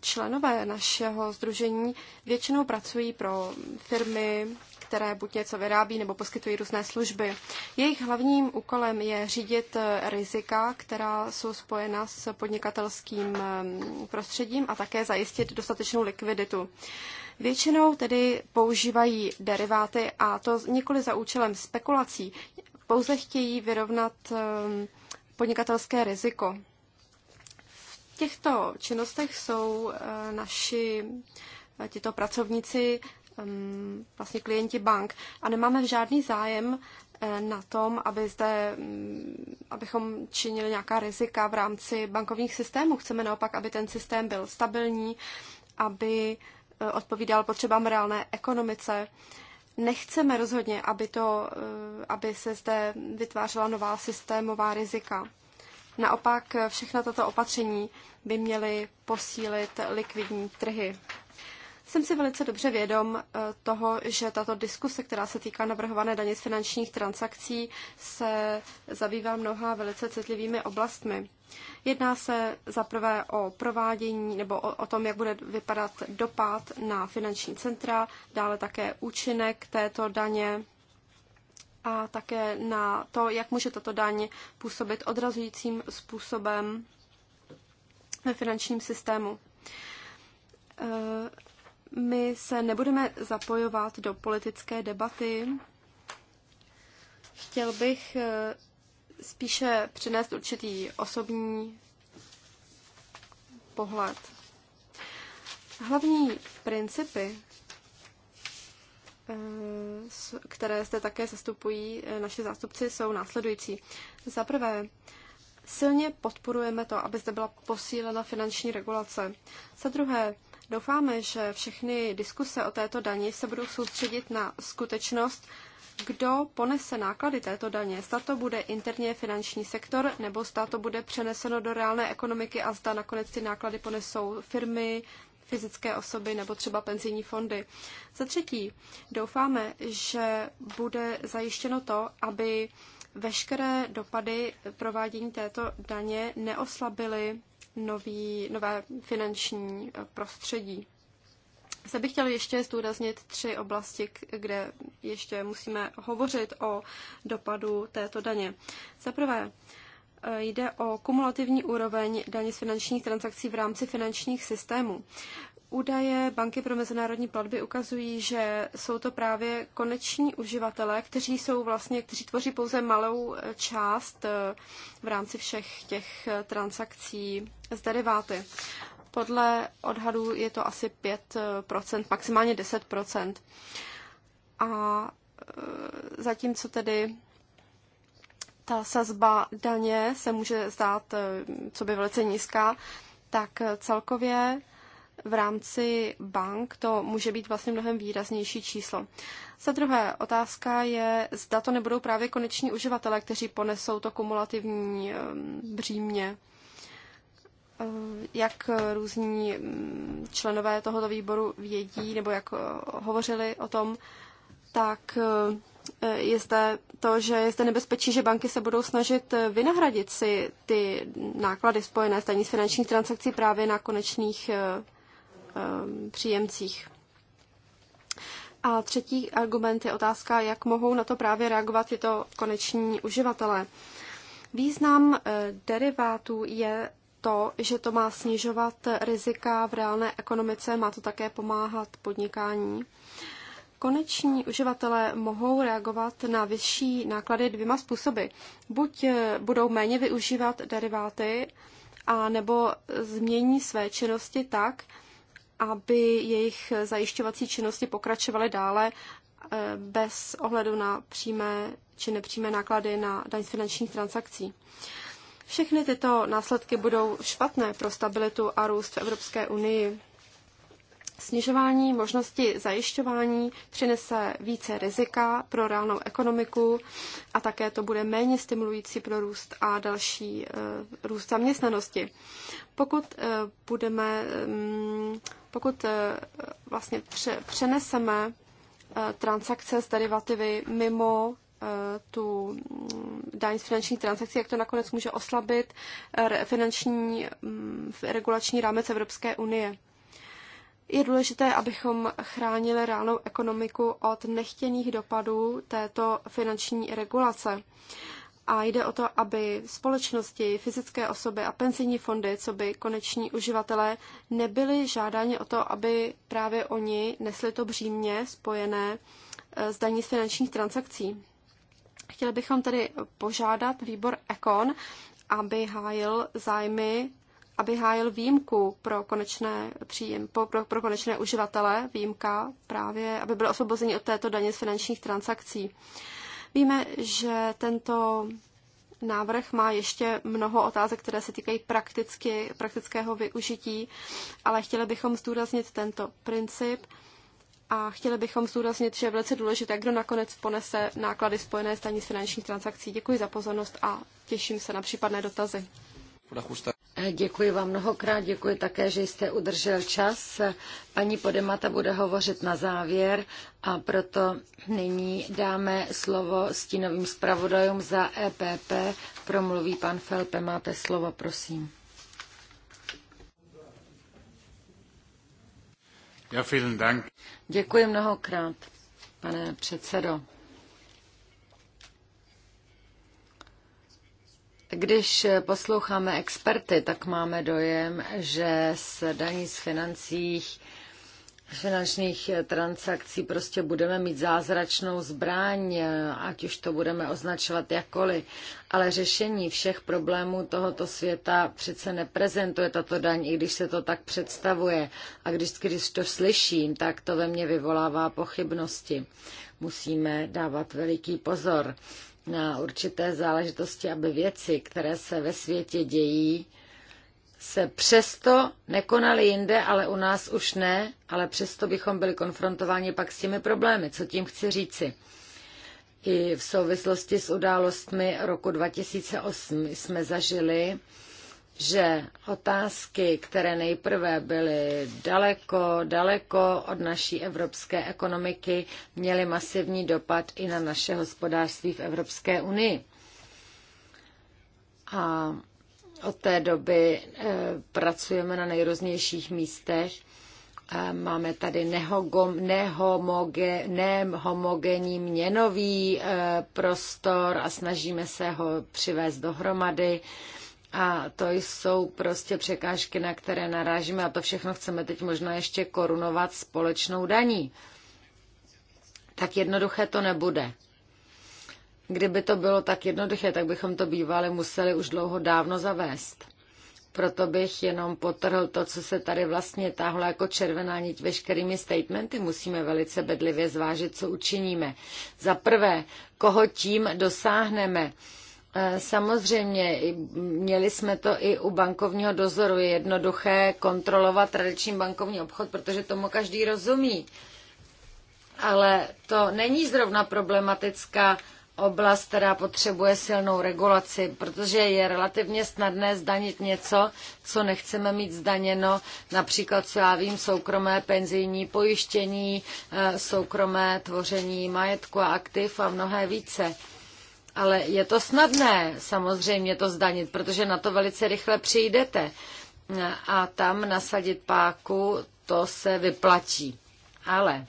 členové našeho združení většinou pracují pro firmy, které buď něco vyrábí nebo poskytují různé služby. Jejich hlavním úkolem je řídit eh, rizika, která jsou spojena s podnikatelským eh, prostředím a také zajistit dostatečnou likviditu. Většinou tedy používají deriváty a to nikoli za účelem spekulací, pouze chtějí vyrovnat podnikatelské riziko těchto činnostech jsou eh, naši eh, tito pracovníci mm, vlastně klienti bank a nemáme žádný zájem eh, na tom, aby zde, mm, abychom činili nějaká rizika v rámci bankovních systémů. Chceme naopak, aby ten systém byl stabilní, aby odpovídal potřebám reálné ekonomice. Nechceme rozhodně, aby, to, aby se zde vytvářela nová systémová rizika. Naopak všechna tato opatření by měly posílit likvidní trhy. Jsem si velice dobře vědom eh, toho, že tato diskuse, která se týká navrhované daně z finančních transakcí, se zabývá mnoha velice citlivými oblastmi. Jedná se zaprvé o provádění nebo o, o tom, jak bude vypadat dopad na finanční centra, dále také účinek této daně a také na to, jak může tato daň působit odrazujícím způsobem ve finančním systému. Eh, my se nebudeme zapojovat do politické debaty. Chtěl bych eh, spíše přinést určitý osobní pohled. Hlavní principy které zde také zastupují eh, naše zástupci, jsou následující. Za prvé, silně podporujeme to, aby zde byla posílena finanční regulace. Za druhé, doufáme, že všechny diskuse o této dani se budou soustředit na skutečnost, kdo ponese náklady této daně. Zda to bude interně finanční sektor, nebo zda to bude přeneseno do reálné ekonomiky a zda nakonec ty náklady ponesou firmy, fyzické osoby nebo třeba penzijní fondy. Za třetí, doufáme, že bude zajištěno to, aby veškeré dopady provádění této daně neoslabily nový, nové finanční eh, prostředí. Se bych chtěla ještě zdůraznit tři oblasti, kde ještě musíme hovořit o dopadu této daně. Za prvé, jde o kumulativní úroveň daně z finančních transakcí v rámci finančních systémů. Údaje Banky pro mezinárodní platby ukazují, že jsou to právě koneční uživatelé, kteří jsou vlastně, kteří tvoří pouze malou eh, část eh, v rámci všech těch eh, transakcí z deriváty. Podle odhadů je to asi 5%, maximálně 10%. A zatímco tedy ta sazba daně se může zdát eh, co by velice nízká, tak eh, celkově v rámci bank to může být vlastně mnohem výraznější číslo. Za druhé, otázka je, zda to nebudou právě koneční uživatelé, kteří ponesou to kumulativní eh, břímě. Jak různí mm, členové tohoto výboru vědí, nebo jak hovořili o tom, tak Eh, je zde to, že je zde nebezpečí, že banky se budou snažit eh, vynahradit si ty náklady spojené s daní z finančních transakcí právě na konečných eh, příjemcích. A třetí argument je otázka, jak mohou na to právě reagovat tyto koneční uživatelé. Význam derivátů je to, že to má snižovat rizika v reálné ekonomice, má to také pomáhat podnikání. Koneční uživatelé mohou reagovat na vyšší náklady dvěma způsoby. Buď eh, budou méně využívat deriváty, a nebo změní své činnosti tak, aby jejich zajišťovací činnosti pokračovaly dále eh, bez ohledu na přímé či nepřímé náklady na daň z finančních transakcí. Všechny tyto následky budou špatné pro stabilitu a růst v Evropské unii. Snižování možnosti zajišťování přinese více rizika pro reálnou ekonomiku a také to bude méně stimulující pro růst a další eh, růst zaměstnanosti. Pokud eh, budeme, mm, pokud eh, vlastně přeneseme transakce s derivativy mimo tu mm, daň z finančních transakcí, jak to nakonec může oslabit finanční mm, regulační rámec Evropské unie. Je důležité, abychom chránili reálnou ekonomiku od nechtěných dopadů této finanční regulace. A jde o to, aby společnosti, fyzické osoby a penzijní fondy, co by koneční uživatelé, nebyli žádáni o to, aby právě oni nesli to břímně spojené eh, s daní z finančních transakcí. Chtěli bychom tedy požádat výbor Econ, aby hájil zájmy aby hájil výjimku pro konečné příjem, pro, pro konečné uživatele, výjimka právě, aby byl osvobozený od této daně z finančních transakcí. Víme, že tento návrh má ještě mnoho otázek, které se týkají prakticky, praktického využití, ale chtěli bychom zdůraznit tento princip a chtěli bychom zdůraznit, že je velice důležité, kdo nakonec ponese náklady spojené s daní z finančních transakcí. Děkuji za pozornost a těším se na případné dotazy. Děkuji vám mnohokrát, děkuji také, že jste udržel čas. Paní Podemata bude hovořit na závěr a proto nyní dáme slovo stínovým zpravodajům za EPP. Promluví pan Felpe, máte slovo, prosím. Ja, vielen Dank. Děkuji mnohokrát, pane předsedo. Když posloucháme experty, tak máme dojem, že s daní z financích finančních transakcí prostě budeme mít zázračnou zbraň, ať už to budeme označovat jakkoliv. Ale řešení všech problémů tohoto světa přece neprezentuje tato daň, i když se to tak představuje. A když, když to slyším, tak to ve mně vyvolává pochybnosti. Musíme dávat veliký pozor na určité záležitosti, aby věci, které se ve světě dějí, se přesto nekonaly jinde, ale u nás už ne, ale přesto bychom byli konfrontováni pak s těmi problémy. Co tím chci říci? I v souvislosti s událostmi roku 2008 jsme zažili že otázky, které nejprve byly daleko, daleko od naší evropské ekonomiky, měly masivní dopad i na naše hospodářství v Evropské unii. A od té doby eh, pracujeme na nejrůznějších místech. Máme tady nehomoge, nehomogenní měnový eh, prostor a snažíme se ho přivést dohromady. A to jsou prostě překážky, na které narážíme a to všechno chceme teď možná ještě korunovat společnou daní. Tak jednoduché to nebude. Kdyby to bylo tak jednoduché, tak bychom to bývali museli už dlouho dávno zavést. Proto bych jenom potrhl to, co se tady vlastně táhlo jako červená niť veškerými statementy. Musíme velice bedlivě zvážit, co učiníme. Za prvé, koho tím dosáhneme E, samozřejmě, měli jsme to i u bankovního dozoru. Je jednoduché kontrolovat tradiční bankovní obchod, protože tomu každý rozumí. Ale to není zrovna problematická oblast, která potřebuje silnou regulaci, protože je relativně snadné zdanit něco, co nechceme mít zdaněno, například, co já vím, soukromé penzijní pojištění, e, soukromé tvoření majetku a aktiv a mnohé více. Ale je to snadné samozřejmě to zdanit, protože na to velice rychle přijdete. A tam nasadit páku, to se vyplatí. Ale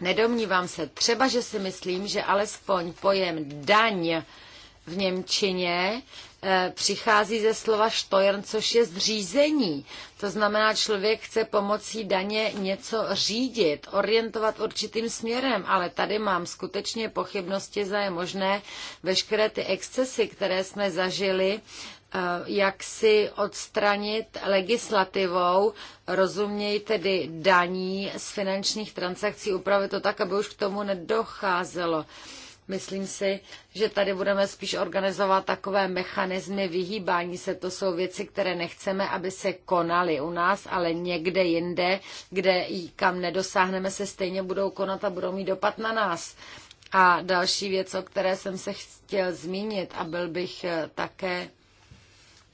nedomnívám se, třeba, že si myslím, že alespoň pojem daň v Němčině Eh, přichází ze slova štojern, což je zřízení. To znamená, člověk chce pomocí daně něco řídit, orientovat určitým směrem, ale tady mám skutečně pochybnosti, za je možné veškeré ty excesy, které jsme zažili, eh, jak si odstranit legislativou, rozuměj tedy daní z finančních transakcí, upravit to tak, aby už k tomu nedocházelo. Myslím si, že tady budeme spíš organizovat takové mechanismy vyhýbání se. To jsou věci, které nechceme, aby se konaly u nás, ale někde jinde, kde kam nedosáhneme, se stejně budou konat a budou mít dopad na nás. A další věc, o které jsem se chtěl zmínit a byl bych eh, také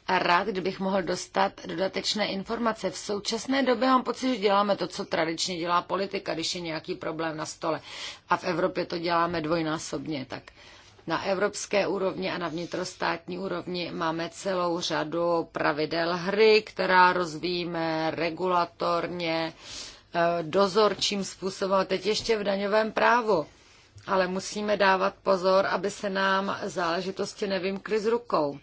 a rád, kdybych mohl dostat dodatečné informace. V současné době mám pocit, že děláme to, co tradičně dělá politika, když je nějaký problém na stole. A v Evropě to děláme dvojnásobně. Tak na evropské úrovni a na vnitrostátní úrovni máme celou řadu pravidel hry, která rozvíjíme regulatorně, eh, dozorčím způsobem, teď ještě v daňovém právu. Ale musíme dávat pozor, aby se nám záležitosti nevymkly z rukou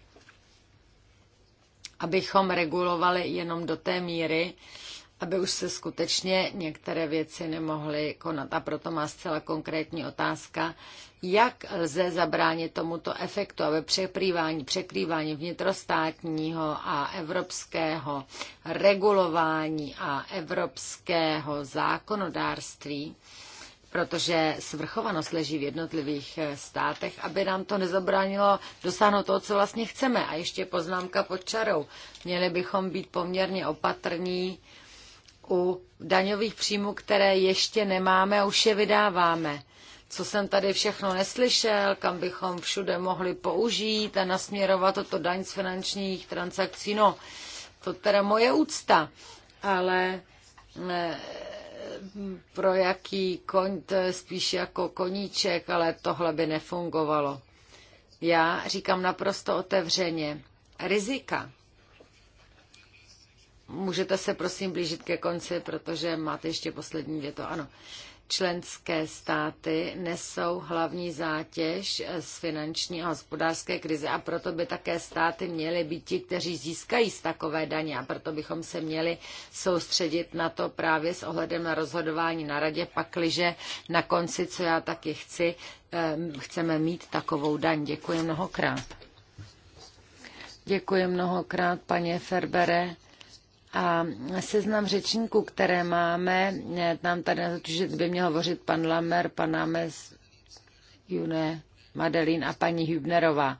abychom regulovali jenom do té míry, aby už se skutečně některé věci nemohly konat. A proto má zcela konkrétní otázka, jak lze zabránit tomuto efektu, aby překrývání, překrývání vnitrostátního a evropského regulování a evropského zákonodárství protože svrchovanost leží v jednotlivých eh, státech, aby nám to nezabránilo dosáhnout toho, co vlastně chceme. A ještě poznámka pod čarou. Měli bychom být poměrně opatrní u daňových příjmů, které ještě nemáme a už je vydáváme. Co jsem tady všechno neslyšel, kam bychom všude mohli použít a nasměrovat toto daň z finančních transakcí. No, to teda moje úcta, ale eh, pro jaký koň, to je spíš jako koníček, ale tohle by nefungovalo. Já říkám naprosto otevřeně, rizika. Můžete se prosím blížit ke konci, protože máte ještě poslední věto. Ano. Uh, členské státy nesou hlavní zátěž z finanční a hospodářské krize a proto by také státy měly být ti, kteří získají z takové daně a proto bychom se měli soustředit na to právě s ohledem na rozhodování na radě, pakliže na konci, co já taky chci, chceme mít takovou daň. Děkuji mnohokrát. Děkuji mnohokrát, paně Ferbere. A seznam řečníků, které máme, nám tady na to, že by měl hovořit pan Lamer, pan Ames, June, Madelín a paní Hübnerová.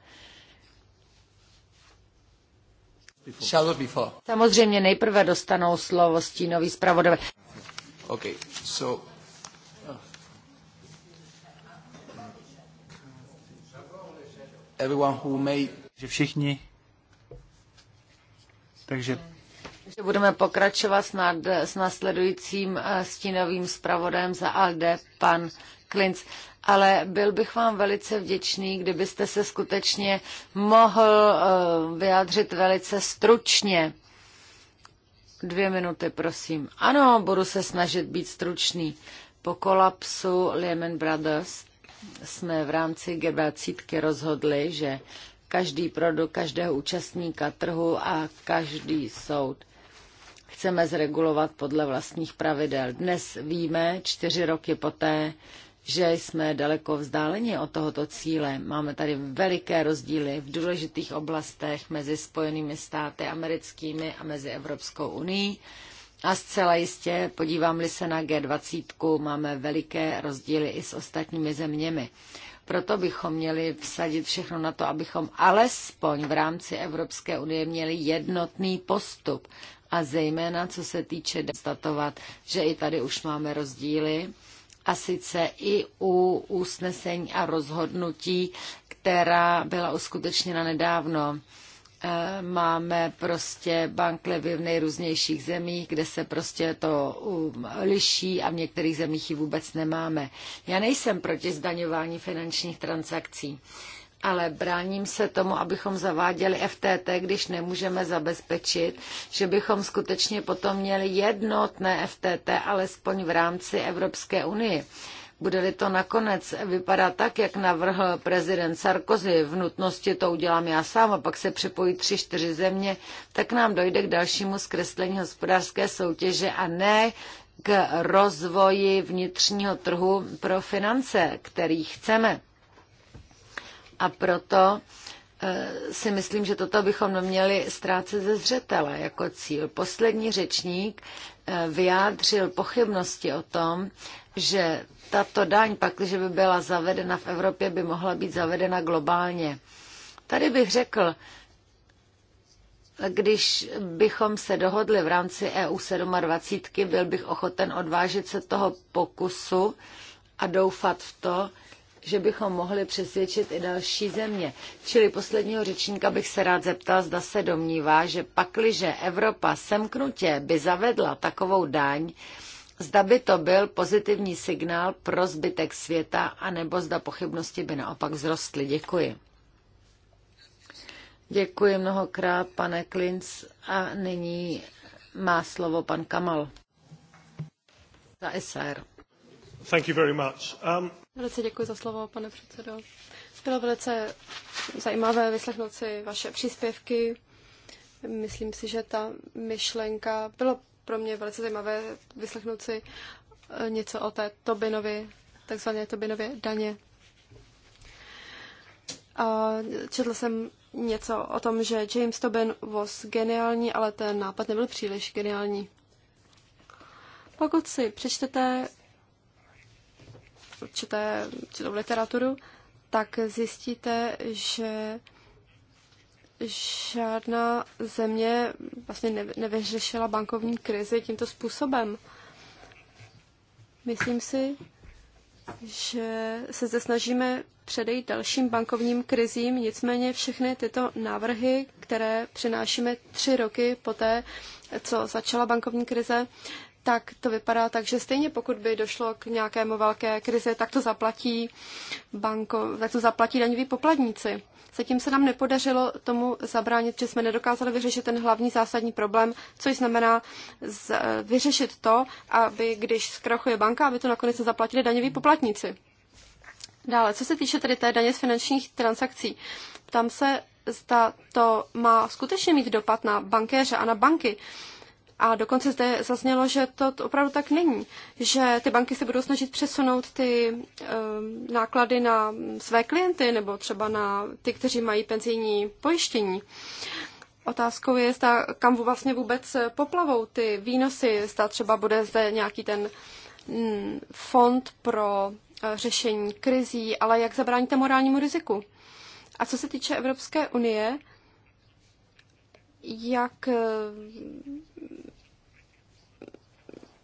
Samozřejmě nejprve dostanou slovo stínový zpravodaj. Okay, so, uh, everyone who may... Že všichni. Takže Budeme pokračovat s, následujícím s nasledujícím eh, stínovým zpravodajem za ALDE, pan Klinc. Ale byl bych vám velice vděčný, kdybyste se skutečně mohl eh, vyjádřit velice stručně. Dvě minuty, prosím. Ano, budu se snažit být stručný. Po kolapsu Lehman Brothers jsme v rámci G20 rozhodli, že každý produkt každého účastníka trhu a každý soud chceme zregulovat podle vlastních pravidel. Dnes víme, čtyři roky poté, že jsme daleko vzdáleni od tohoto cíle. Máme tady veliké rozdíly v důležitých oblastech mezi Spojenými státy americkými a mezi Evropskou unii. A zcela jistě, podívám-li se na G20, máme veliké rozdíly i s ostatními zeměmi. Proto bychom měli vsadit všechno na to, abychom alespoň v rámci Evropské unie měli jednotný postup, a zejména co se týče konstatovat, že i tady už máme rozdíly a sice i u usnesení a rozhodnutí, která byla uskutečněna nedávno. E, máme prostě banklevy v nejrůznějších zemích, kde se prostě to liší a v některých zemích ji vůbec nemáme. Já nejsem proti zdaňování finančních transakcí ale bráním se tomu, abychom zaváděli FTT, když nemůžeme zabezpečit, že bychom skutečně potom měli jednotné FTT, alespoň v rámci Evropské unie. Bude-li to nakonec vypadat tak, jak navrhl prezident Sarkozy, v nutnosti to udělám já sám a pak se připojí tři, čtyři země, tak nám dojde k dalšímu zkreslení hospodářské soutěže a ne k rozvoji vnitřního trhu pro finance, který chceme. A proto eh, si myslím, že toto bychom neměli ztrácet ze zřetele jako cíl. Poslední řečník eh, vyjádřil pochybnosti o tom, že tato daň, pakliže by byla zavedena v Evropě, by mohla být zavedena globálně. Tady bych řekl, když bychom se dohodli v rámci EU 27, byl bych ochoten odvážit se toho pokusu a doufat v to, že bychom mohli přesvědčit i další země. Čili posledního řečníka bych se rád zeptal, zda se domnívá, že pakliže Evropa semknutě by zavedla takovou daň, zda by to byl pozitivní signál pro zbytek světa, anebo zda pochybnosti by naopak vzrostly. Děkuji. Děkuji mnohokrát, pane Klinc. A nyní má slovo pan Kamal za SR. Thank you very much. Um... Velice děkuji za slovo, pane předsedo. Bylo velice zajímavé vyslechnout si vaše příspěvky. Myslím si, že ta myšlenka, bylo pro mě velice zajímavé vyslechnout si eh, něco o té Tobinovi, takzvané Tobinově daně. A četl jsem něco o tom, že James Tobin was geniální, ale ten nápad nebyl příliš geniální. Pokud si přečtete určité, určitou literaturu, tak zjistíte, že žádná země vlastně nevyřešila bankovní krizi tímto způsobem. Myslím si, že se zde snažíme předejít dalším bankovním krizím, nicméně všechny tyto návrhy, které přinášíme tři roky poté, co začala bankovní krize, tak to vypadá tak, že stejně pokud by došlo k nějakému velké krizi, tak to zaplatí banko, tak to zaplatí daňoví poplatníci. Zatím se nám nepodařilo tomu zabránit, že jsme nedokázali vyřešit ten hlavní zásadní problém, což znamená z, e, vyřešit to, aby když zkrachuje banka, aby to nakonec zaplatili daňoví poplatníci. Dále, co se týče tedy té daně z finančních transakcí, tam se, zda to má skutečně mít dopad na bankéře a na banky. Uh, a dokonce zde zaznělo, že to opravdu tak není, že ty banky se budou snažit přesunout ty um, náklady na své klienty nebo třeba na ty, kteří mají penzijní pojištění. Otázkou je, zda, kam vlastně vůbec poplavou ty výnosy, zda třeba bude zde nějaký ten mm, fond pro eh, řešení krizí, ale jak zabráníte morálnímu riziku? A co se týče Evropské unie, jak eh,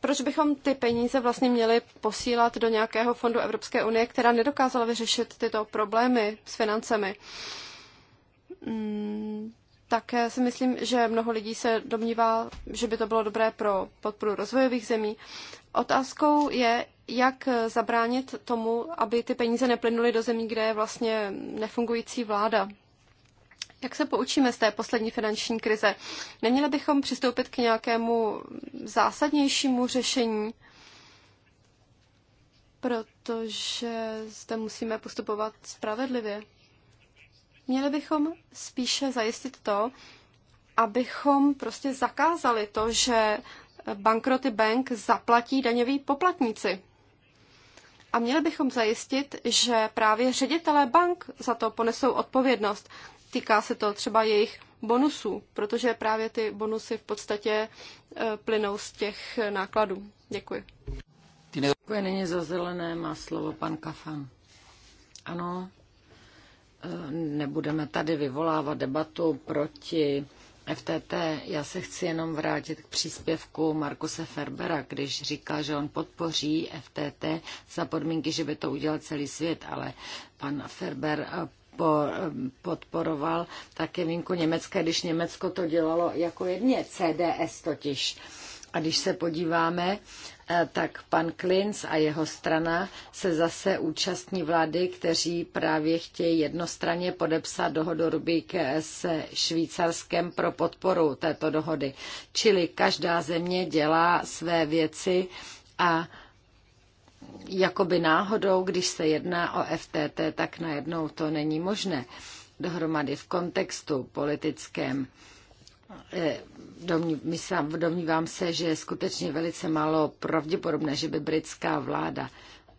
proč bychom ty peníze vlastně měli posílat do nějakého fondu Evropské unie, která nedokázala vyřešit tyto problémy s financemi? Mm, také si myslím, že mnoho lidí se domnívá, že by to bylo dobré pro podporu rozvojových zemí. Otázkou je, jak zabránit tomu, aby ty peníze neplynuly do zemí, kde je vlastně nefungující vláda. Jak se poučíme z té poslední finanční krize? Neměli bychom přistoupit k nějakému zásadnějšímu řešení, protože zde musíme postupovat spravedlivě. Měli bychom spíše zajistit to, abychom prostě zakázali to, že bankroty bank zaplatí daňoví poplatníci. A měli bychom zajistit, že právě ředitelé bank za to ponesou odpovědnost. Týká se to třeba jejich bonusů, protože právě ty bonusy v podstatě e, plynou z těch nákladů. Děkuji. Děkuji, není za zelené, má slovo pan Kafan. Ano, e, nebudeme tady vyvolávat debatu proti FTT. Já se chci jenom vrátit k příspěvku Markuse Ferbera, když říká, že on podpoří FTT za podmínky, že by to udělal celý svět, ale pan Ferber e, podporoval také výjimku Německa, když Německo to dělalo jako jedně, CDS totiž. A když se podíváme, eh, tak pan Klinz a jeho strana se zase účastní vlády, kteří právě chtějí jednostranně podepsat dohodu Rubik s Švýcarskem pro podporu této dohody. Čili každá země dělá své věci a jakoby náhodou, když se jedná o FTT, tak najednou to není možné. Dohromady v kontextu politickém eh, domnívám se, že je skutečně velice málo pravděpodobné, že by britská vláda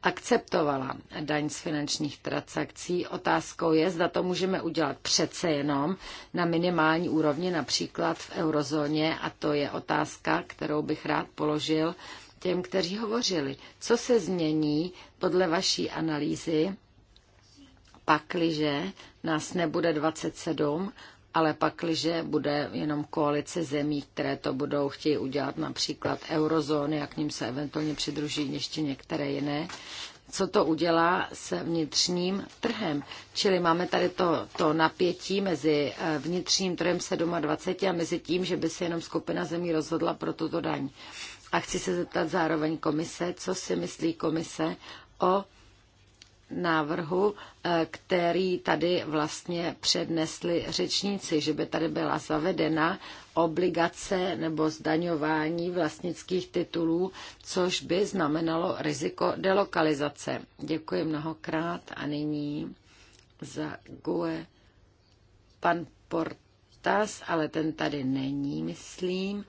akceptovala daň z finančních transakcí. Otázkou je, zda to můžeme udělat přece jenom na minimální úrovni, například v eurozóně, a to je otázka, kterou bych rád položil těm, kteří hovořili. Co se změní podle vaší analýzy, pakliže nás nebude 27, ale pakliže bude jenom koalice zemí, které to budou chtějí udělat, například eurozóny, a k ním se eventuálně přidruží ještě některé jiné, co to udělá s vnitřním trhem. Čili máme tady to, to napětí mezi eh, vnitřním trhem 27 a mezi tím, že by se jenom skupina zemí rozhodla pro tuto daň. A chci se zeptat zároveň komise, co si myslí komise o návrhu, eh, který tady vlastně přednesli řečníci, že by tady byla zavedena obligace nebo zdaňování vlastnických titulů, což by znamenalo riziko delokalizace. Děkuji mnohokrát a nyní za GUE pan Portas, ale ten tady není, myslím.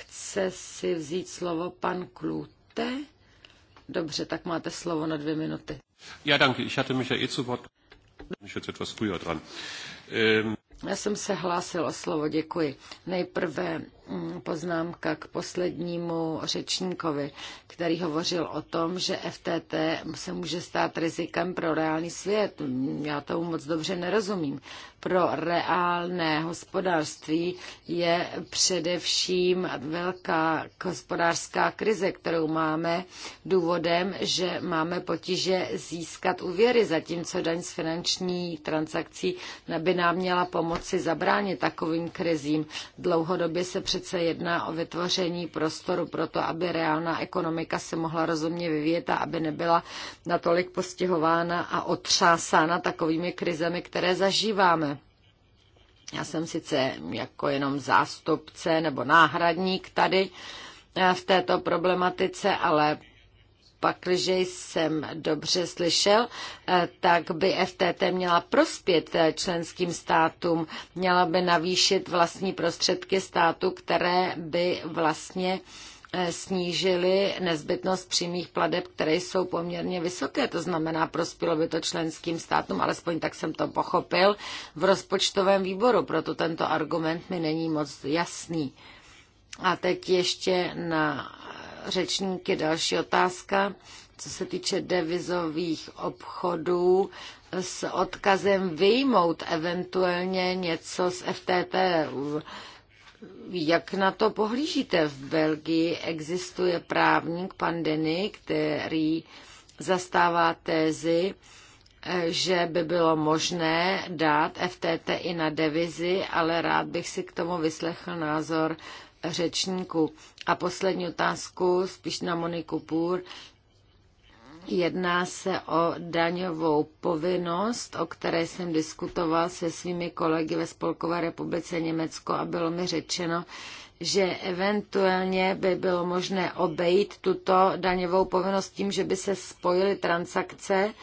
Chce si vzít slovo pan Klute? Dobře, tak máte slovo na dvě minuty. Ja, danke, ich hatte mich ja eh zu Wort. Ich jetzt etwas früher dran. Ähm, Já jsem se hlásil o slovo, děkuji. Nejprve Mm, poznámka k poslednímu řečníkovi, který hovořil o tom, že FTT se může stát rizikem pro reálný svět. Já to moc dobře nerozumím. Pro reálné hospodářství je především velká hospodářská krize, kterou máme důvodem, že máme potíže získat úvěry, zatímco daň z finanční transakcí by nám měla pomoci zabránit takovým krizím. Dlouhodobě se přece jedná o vytvoření prostoru pro to, aby reálná ekonomika se mohla rozumně vyvíjet a aby nebyla natolik postihována a otřásána takovými krizemi, které zažíváme. Já jsem sice jako jenom zástupce nebo náhradník tady eh, v této problematice, ale pakliže jsem dobře slyšel, eh, tak by FTT měla prospět eh, členským státům, měla by navýšit vlastní prostředky státu, které by vlastně eh, snížily nezbytnost přímých pladeb, které jsou poměrně vysoké, to znamená, prospělo by to členským státům, alespoň tak jsem to pochopil, v rozpočtovém výboru, proto tento argument mi není moc jasný. A teď ještě na řečníky. Další otázka, co se týče devizových obchodů s odkazem vyjmout eventuálně něco z FTT. Jak na to pohlížíte? V Belgii existuje právník pan Denny, který zastává tézy, že by bylo možné dát FTT i na devizi, ale rád bych si k tomu vyslechl názor řečníků. A poslední otázku, spíš na Moniku Půr. Jedná se o daňovou povinnost, o které jsem diskutoval se svými kolegy ve Spolkové republice Německo a bylo mi řečeno, že eventuálně by bylo možné obejít tuto daňovou povinnost tím, že by se spojily transakce,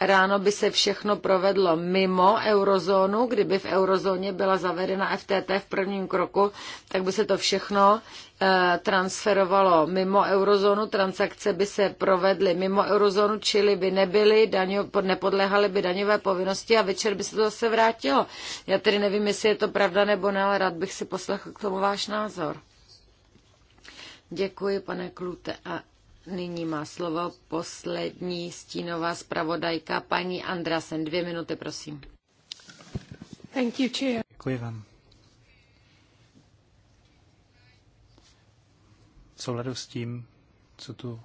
ráno by se všechno provedlo mimo eurozónu, kdyby v eurozóně byla zavedena FTT v prvním kroku, tak by se to všechno eh, transferovalo mimo eurozónu, transakce by se provedly mimo eurozónu, čili by nebyly, daňo, nepodléhaly by daňové povinnosti a večer by se to zase vrátilo. Já tedy nevím, jestli je to pravda nebo ne, ale rád bych si poslechl k tomu váš názor. Děkuji, pane Klute. A Nyní má slovo poslední stínová zpravodajka paní Andrasen. Dvě minuty, prosím. Thank you, chair. Děkuji vám. V souladu s tím, co tu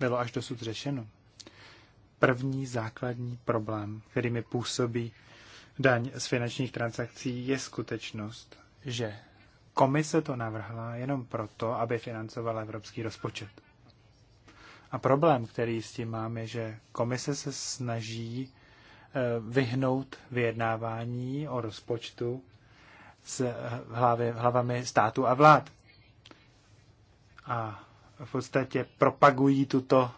bylo až dosud řešeno, první základní problém, který mi působí daň z finančních transakcí, je skutečnost, že komise to navrhla jenom proto, aby financovala evropský rozpočet. A problém, který s tím máme, je, že komise se snaží eh, vyhnout vyjednávání o rozpočtu s eh, hlavy, hlavami státu a vlád. A v podstatě propagují tuto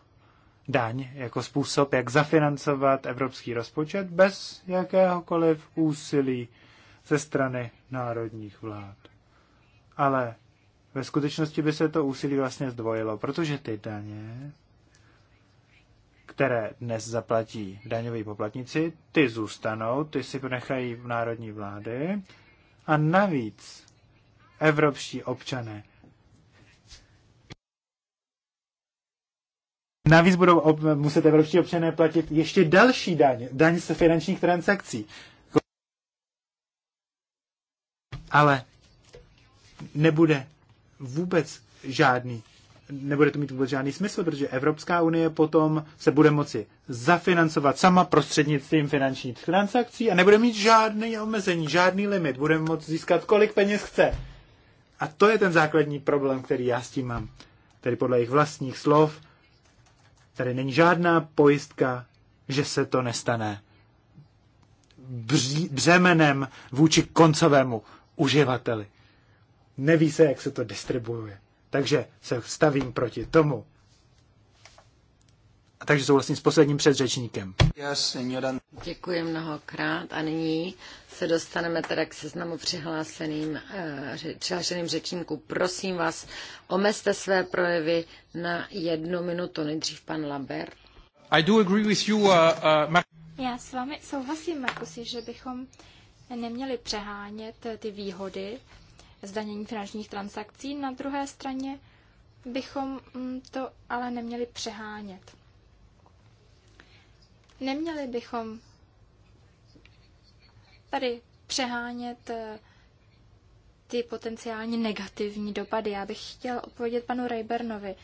daň jako způsob, jak zafinancovat evropský rozpočet bez jakéhokoliv úsilí ze strany národních vlád. Ale ve skutečnosti by se to úsilí vlastně zdvojilo, protože ty daně, které dnes zaplatí daňoví poplatníci, ty zůstanou, ty si ponechají v národní vlády a navíc evropští občané Navíc budou ob, muset evropští občané platit ještě další daň, daň z finančních transakcí. Ale nebude vůbec žádný nebude to mít vůbec žádný smysl, protože Evropská unie potom se bude moci zafinancovat sama prostřednictvím finančních transakcí a nebude mít žádný omezení, žádný limit. Bude moci získat, kolik peněz chce. A to je ten základní problém, který já s tím mám. Tedy podle jejich vlastních slov, tady není žádná pojistka, že se to nestane břemenem vůči koncovému uživateli neví se, jak se to distribuuje. Takže se stavím proti tomu. A takže souhlasím s posledním předřečníkem. Děkuji mnohokrát a nyní se dostaneme teda k seznamu přihlášeným, eh, přihlášeným řečníků. Prosím vás, omezte své projevy na jednu minutu. Nejdřív pan Lambert. I do agree with you, uh, uh, Mar- Já s vámi souhlasím, Markusi, že bychom neměli přehánět ty výhody, zdanění finančních transakcí. Na druhé straně bychom mm, to ale neměli přehánět. Neměli bychom tady přehánět eh, ty potenciálně negativní dopady. Já bych chtěl odpovědět panu Raybernovi.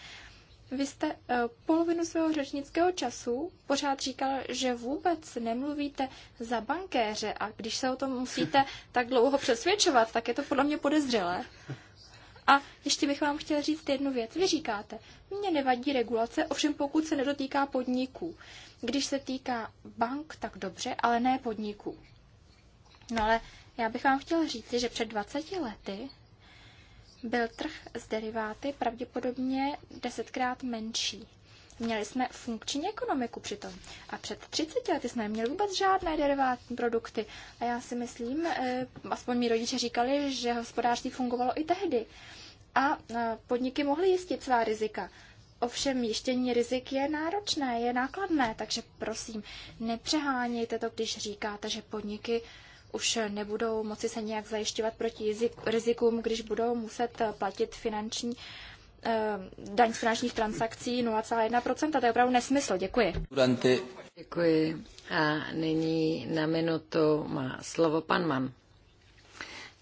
Vy jste eh, polovinu svého řečnického času pořád říkal, že vůbec nemluvíte za bankéře a když se o tom musíte tak dlouho přesvědčovat, tak je to podle mě podezřelé. A ještě bych vám chtěl říct jednu věc. Vy říkáte, mně nevadí regulace, ovšem pokud se nedotýká podniků. Když se týká bank, tak dobře, ale ne podniků. No ale já bych vám chtěl říct, že před 20 lety byl trh s deriváty pravděpodobně desetkrát menší. Měli jsme funkční ekonomiku přitom. A před 30 lety jsme neměli vůbec žádné derivátní produkty. A já si myslím, eh, aspoň mi rodiče říkali, že hospodářství fungovalo i tehdy. A eh, podniky mohly jistit svá rizika. Ovšem jištění rizik je náročné, je nákladné, takže prosím, nepřehánějte to, když říkáte, že podniky už nebudou moci se nějak zajišťovat proti rizikům, když budou muset eh, platit finanční eh, daň z finančních transakcí 0,1%. To je opravdu nesmysl. Děkuji. Durante. Děkuji. A nyní na minutu má slovo pan Mann.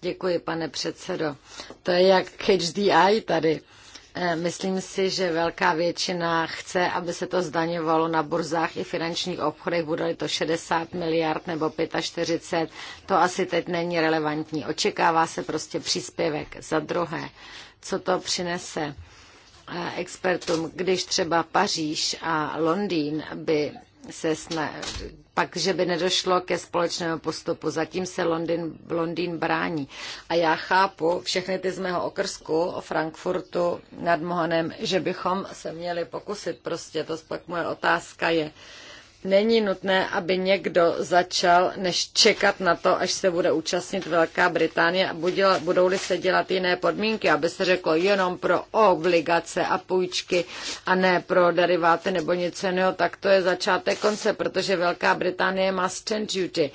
Děkuji, pane předsedo. To je jak catch the eye tady. Eh, myslím si, že velká většina chce, aby se to zdaňovalo na burzách i finančních obchodech, bude to 60 miliard nebo 45, to asi teď není relevantní. Očekává se prostě příspěvek. Za druhé, co to přinese eh, expertům, když třeba Paříž a Londýn by se sna- pak, že by nedošlo ke společnému postupu. Zatím se Londýn, Londýn brání. A já chápu všechny ty z mého okrsku o Frankfurtu nad Mohanem, že bychom se měli pokusit prostě. To pak moje otázka je, Není nutné, aby někdo začal, než čekat na to, až se bude účastnit Velká Británie a budou-li se dělat jiné podmínky, aby se řeklo jenom pro obligace a půjčky a ne pro deriváty nebo něco jiného, tak to je začátek konce, protože Velká Británie má stand duty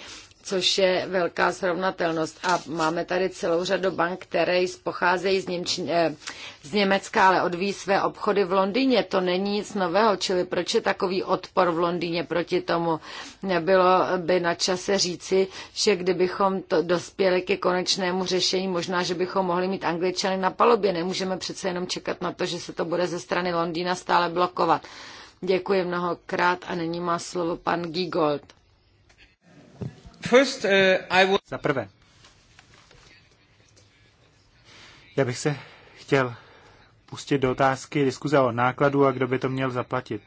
což je velká srovnatelnost. A máme tady celou řadu bank, které pocházejí z, Němčin, eh, z Německa, ale odvíjí své obchody v Londýně. To není nic nového, čili proč je takový odpor v Londýně proti tomu? Nebylo by na čase říci, že kdybychom to dospěli ke konečnému řešení, možná, že bychom mohli mít angličany na palubě. Nemůžeme přece jenom čekat na to, že se to bude ze strany Londýna stále blokovat. Děkuji mnohokrát a nyní má slovo pan Gigold. Uh, Za prvé, já bych se chtěl pustit do otázky diskuze o nákladu a kdo by to měl zaplatit.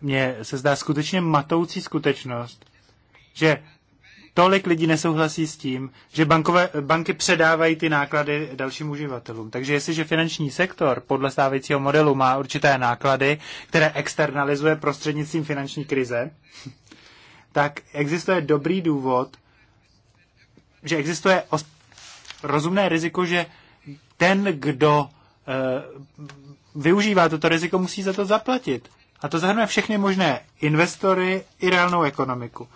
Mně se zdá skutečně matoucí skutečnost, že tolik lidí nesouhlasí s tím, že bankové, banky předávají ty náklady dalším uživatelům. Takže jestliže finanční sektor podle stávajícího modelu má určité náklady, které externalizuje prostřednictvím finanční krize, tak existuje dobrý důvod, že existuje rozumné riziko, že ten, kdo e, využívá toto riziko, musí za to zaplatit. A to zahrnuje všechny možné investory i reálnou ekonomiku.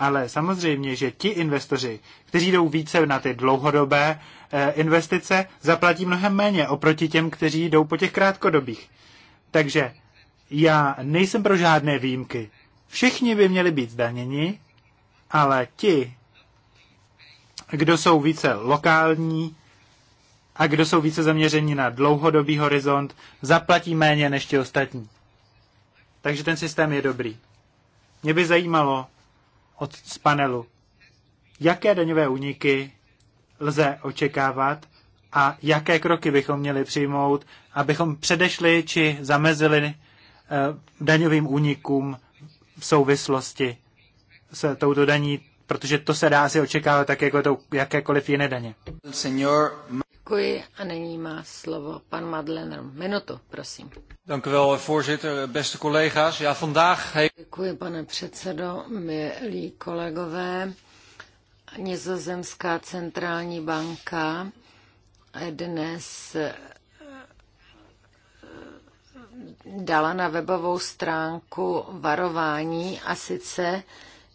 Ale samozřejmě, že ti investoři, kteří jdou více na ty dlouhodobé e, investice, zaplatí mnohem méně oproti těm, kteří jdou po těch krátkodobých. Takže já nejsem pro žádné výjimky. Všichni by měli být zdaněni, ale ti, kdo jsou více lokální a kdo jsou více zaměřeni na dlouhodobý horizont, zaplatí méně než ti ostatní. Takže ten systém je dobrý. Mě by zajímalo od z panelu, jaké daňové úniky lze očekávat a jaké kroky bychom měli přijmout, abychom předešli či zamezili eh, daňovým únikům v souvislosti s touto daní, protože to se dá si očekávat tak jako to, jakékoliv jiné daně. Senior... Děkuji a nyní má slovo pan Madlener. Minutu, prosím. Děkuji, pane předsedo, milí kolegové. Nizozemská centrální banka dnes dala na webovou stránku varování a sice,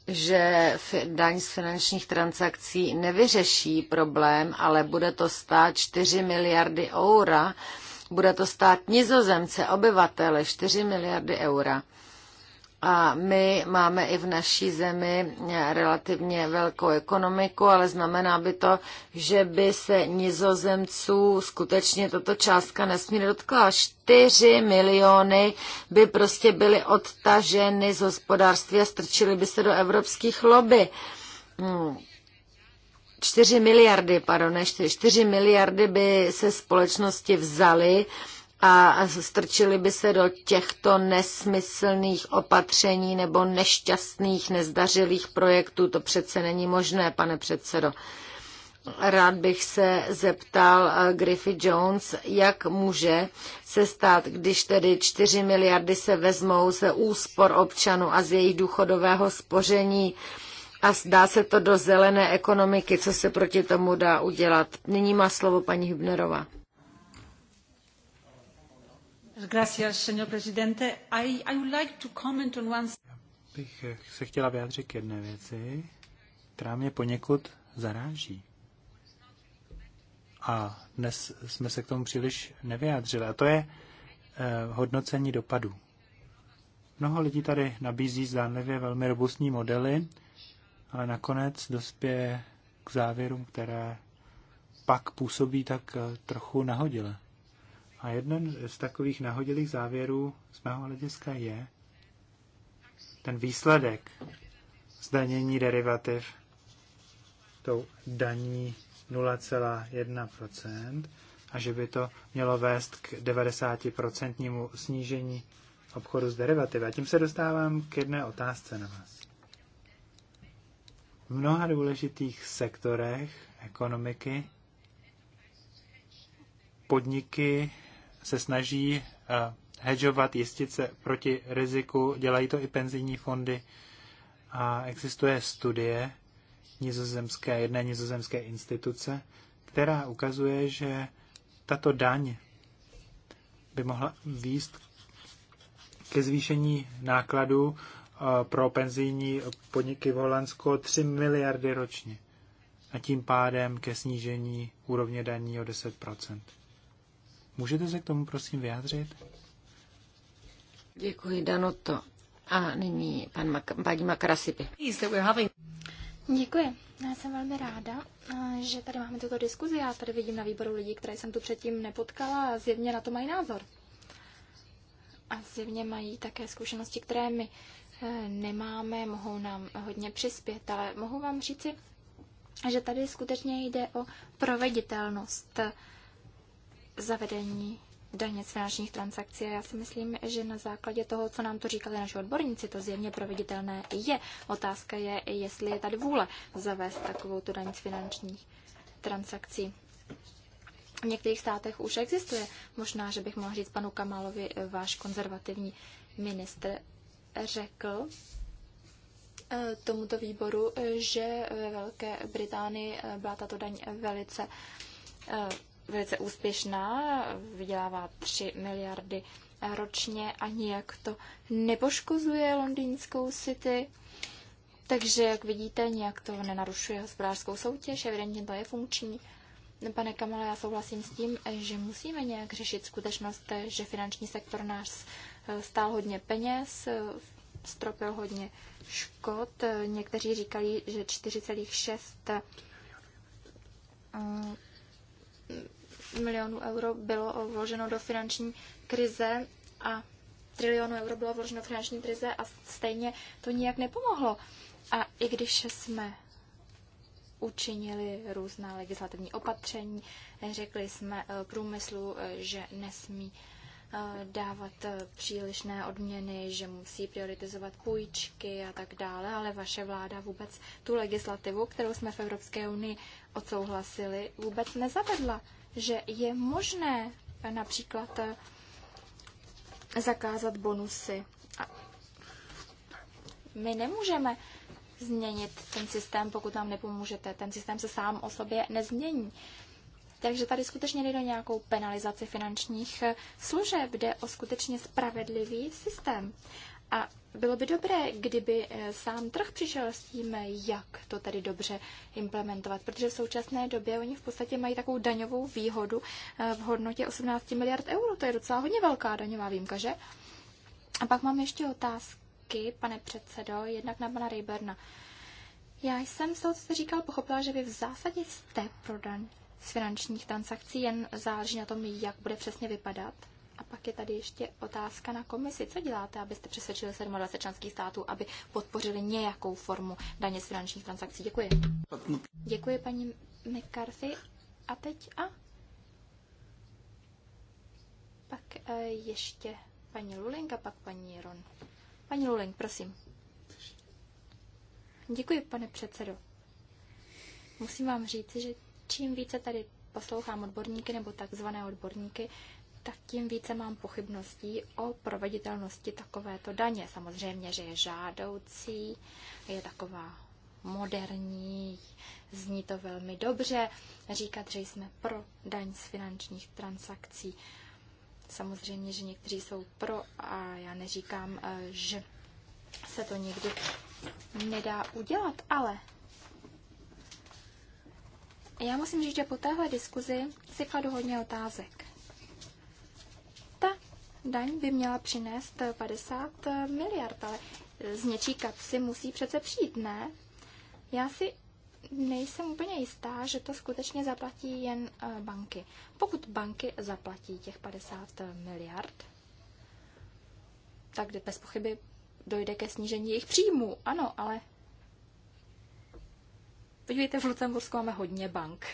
že daň z finančních transakcí nevyřeší problém, ale bude to stát 4 miliardy eura, bude to stát nizozemce, obyvatele 4 miliardy eura. A my máme i v naší zemi relativně velkou ekonomiku, ale znamená by to, že by se nizozemců skutečně tato částka nesmírně dotkla. 4 miliony by prostě byly odtaženy z hospodářství a strčily by se do evropských lobby. Hmm. 4 miliardy, pardon, ne 4, 4 miliardy by se společnosti vzaly a strčili by se do těchto nesmyslných opatření nebo nešťastných, nezdařilých projektů. To přece není možné, pane předsedo. Rád bych se zeptal eh, Griffy Jones, jak může se stát, když tedy 4 miliardy se vezmou ze úspor občanů a z jejich důchodového spoření a dá se to do zelené ekonomiky, co se proti tomu dá udělat. Nyní má slovo paní Hübnerová bych se chtěla vyjádřit k jedné věci, která mě poněkud zaráží. A dnes jsme se k tomu příliš nevyjádřili. A to je eh, hodnocení dopadů. Mnoho lidí tady nabízí zdánlivě velmi robustní modely, ale nakonec dospěje k závěrům, které pak působí tak eh, trochu nahodile. A jeden z takových nahodilých závěrů z mého hlediska je ten výsledek zdanění derivativ tou daní 0,1% a že by to mělo vést k 90% snížení obchodu s derivativy. A tím se dostávám k jedné otázce na vás. V mnoha důležitých sektorech ekonomiky podniky se snaží eh, hedžovat, jistice proti riziku, dělají to i penzijní fondy a existuje studie nizozemské, jedné nizozemské instituce, která ukazuje, že tato daň by mohla výst ke zvýšení nákladů eh, pro penzijní podniky v Holandsku 3 miliardy ročně a tím pádem ke snížení úrovně daní o 10 Můžete se k tomu prosím vyjádřit? Děkuji, Danoto A nyní pan Mak- paní Makrasipy. Děkuji. Já jsem velmi ráda, že tady máme tuto diskuzi. Já tady vidím na výboru lidí, které jsem tu předtím nepotkala a zjevně na to mají názor. A zjevně mají také zkušenosti, které my e, nemáme, mohou nám hodně přispět, ale mohu vám říci, že tady skutečně jde o proveditelnost zavedení daně z finančních transakcí. A já si myslím, že na základě toho, co nám to říkali naši odborníci, to zjevně proveditelné je. Otázka je, jestli je tady vůle zavést takovou tu daň z finančních transakcí. V některých státech už existuje. Možná, že bych mohla říct panu Kamalovi, váš konzervativní ministr řekl eh, tomuto výboru, že ve Velké Británii eh, byla tato daň velice eh, velice úspěšná, vydělává 3 miliardy ročně a nijak to nepoškozuje londýnskou city. Takže, jak vidíte, nějak to nenarušuje hospodářskou soutěž, evidentně to je funkční. Pane Kamale, já souhlasím s tím, že musíme nějak řešit skutečnost, že finanční sektor nás stál hodně peněz, stropil hodně škod. Někteří říkali, že 4,6 milionů euro bylo vloženo do finanční krize a trilionů euro bylo vloženo do finanční krize a stejně to nijak nepomohlo. A i když jsme učinili různá legislativní opatření, řekli jsme eh, průmyslu, eh, že nesmí eh, dávat přílišné odměny, že musí prioritizovat půjčky a tak dále, ale vaše vláda vůbec tu legislativu, kterou jsme v Evropské unii odsouhlasili, vůbec nezavedla, že je možné například eh, zakázat bonusy. A my nemůžeme změnit ten systém, pokud nám nepomůžete. Ten systém se sám o sobě nezmění. Takže tady skutečně jde o nějakou penalizaci finančních eh, služeb, jde o skutečně spravedlivý systém. A bylo by dobré, kdyby eh, sám trh přišel s tím, jak to tady dobře implementovat, protože v současné době oni v podstatě mají takovou daňovou výhodu eh, v hodnotě 18 miliard euro. To je docela hodně velká daňová výjimka, že? A pak mám ještě otázky, pane předsedo, jednak na pana Rejberna. Já jsem z toho, co jste říkal, pochopila, že vy v zásadě jste pro z finančních transakcí, jen záleží na tom, jak bude přesně vypadat. A pak je tady ještě otázka na komisi. Co děláte, abyste přesvědčili 27 členských států, aby podpořili nějakou formu daně z finančních transakcí? Děkuji. Děkuji, paní McCarthy. A teď a? Pak eh, ještě paní Luling a pak paní Ron. Paní Luling, prosím. Děkuji, pane předsedo. Musím vám říct, že čím více tady poslouchám odborníky nebo takzvané odborníky, tak tím více mám pochybností o proveditelnosti takovéto daně. Samozřejmě, že je žádoucí, je taková moderní, zní to velmi dobře, říkat, že jsme pro daň z finančních transakcí. Samozřejmě, že někteří jsou pro a já neříkám, eh, že se to nikdy nedá udělat, ale já musím říct, že po téhle diskuzi si kladu hodně otázek daň by měla přinést 50 miliard, ale z něčí kapsy musí přece přijít, ne? Já si nejsem úplně jistá, že to skutečně zaplatí jen eh, banky. Pokud banky zaplatí těch 50 eh, miliard, tak bez pochyby dojde ke snížení jejich příjmů. Ano, ale podívejte, v Lucembursku máme hodně bank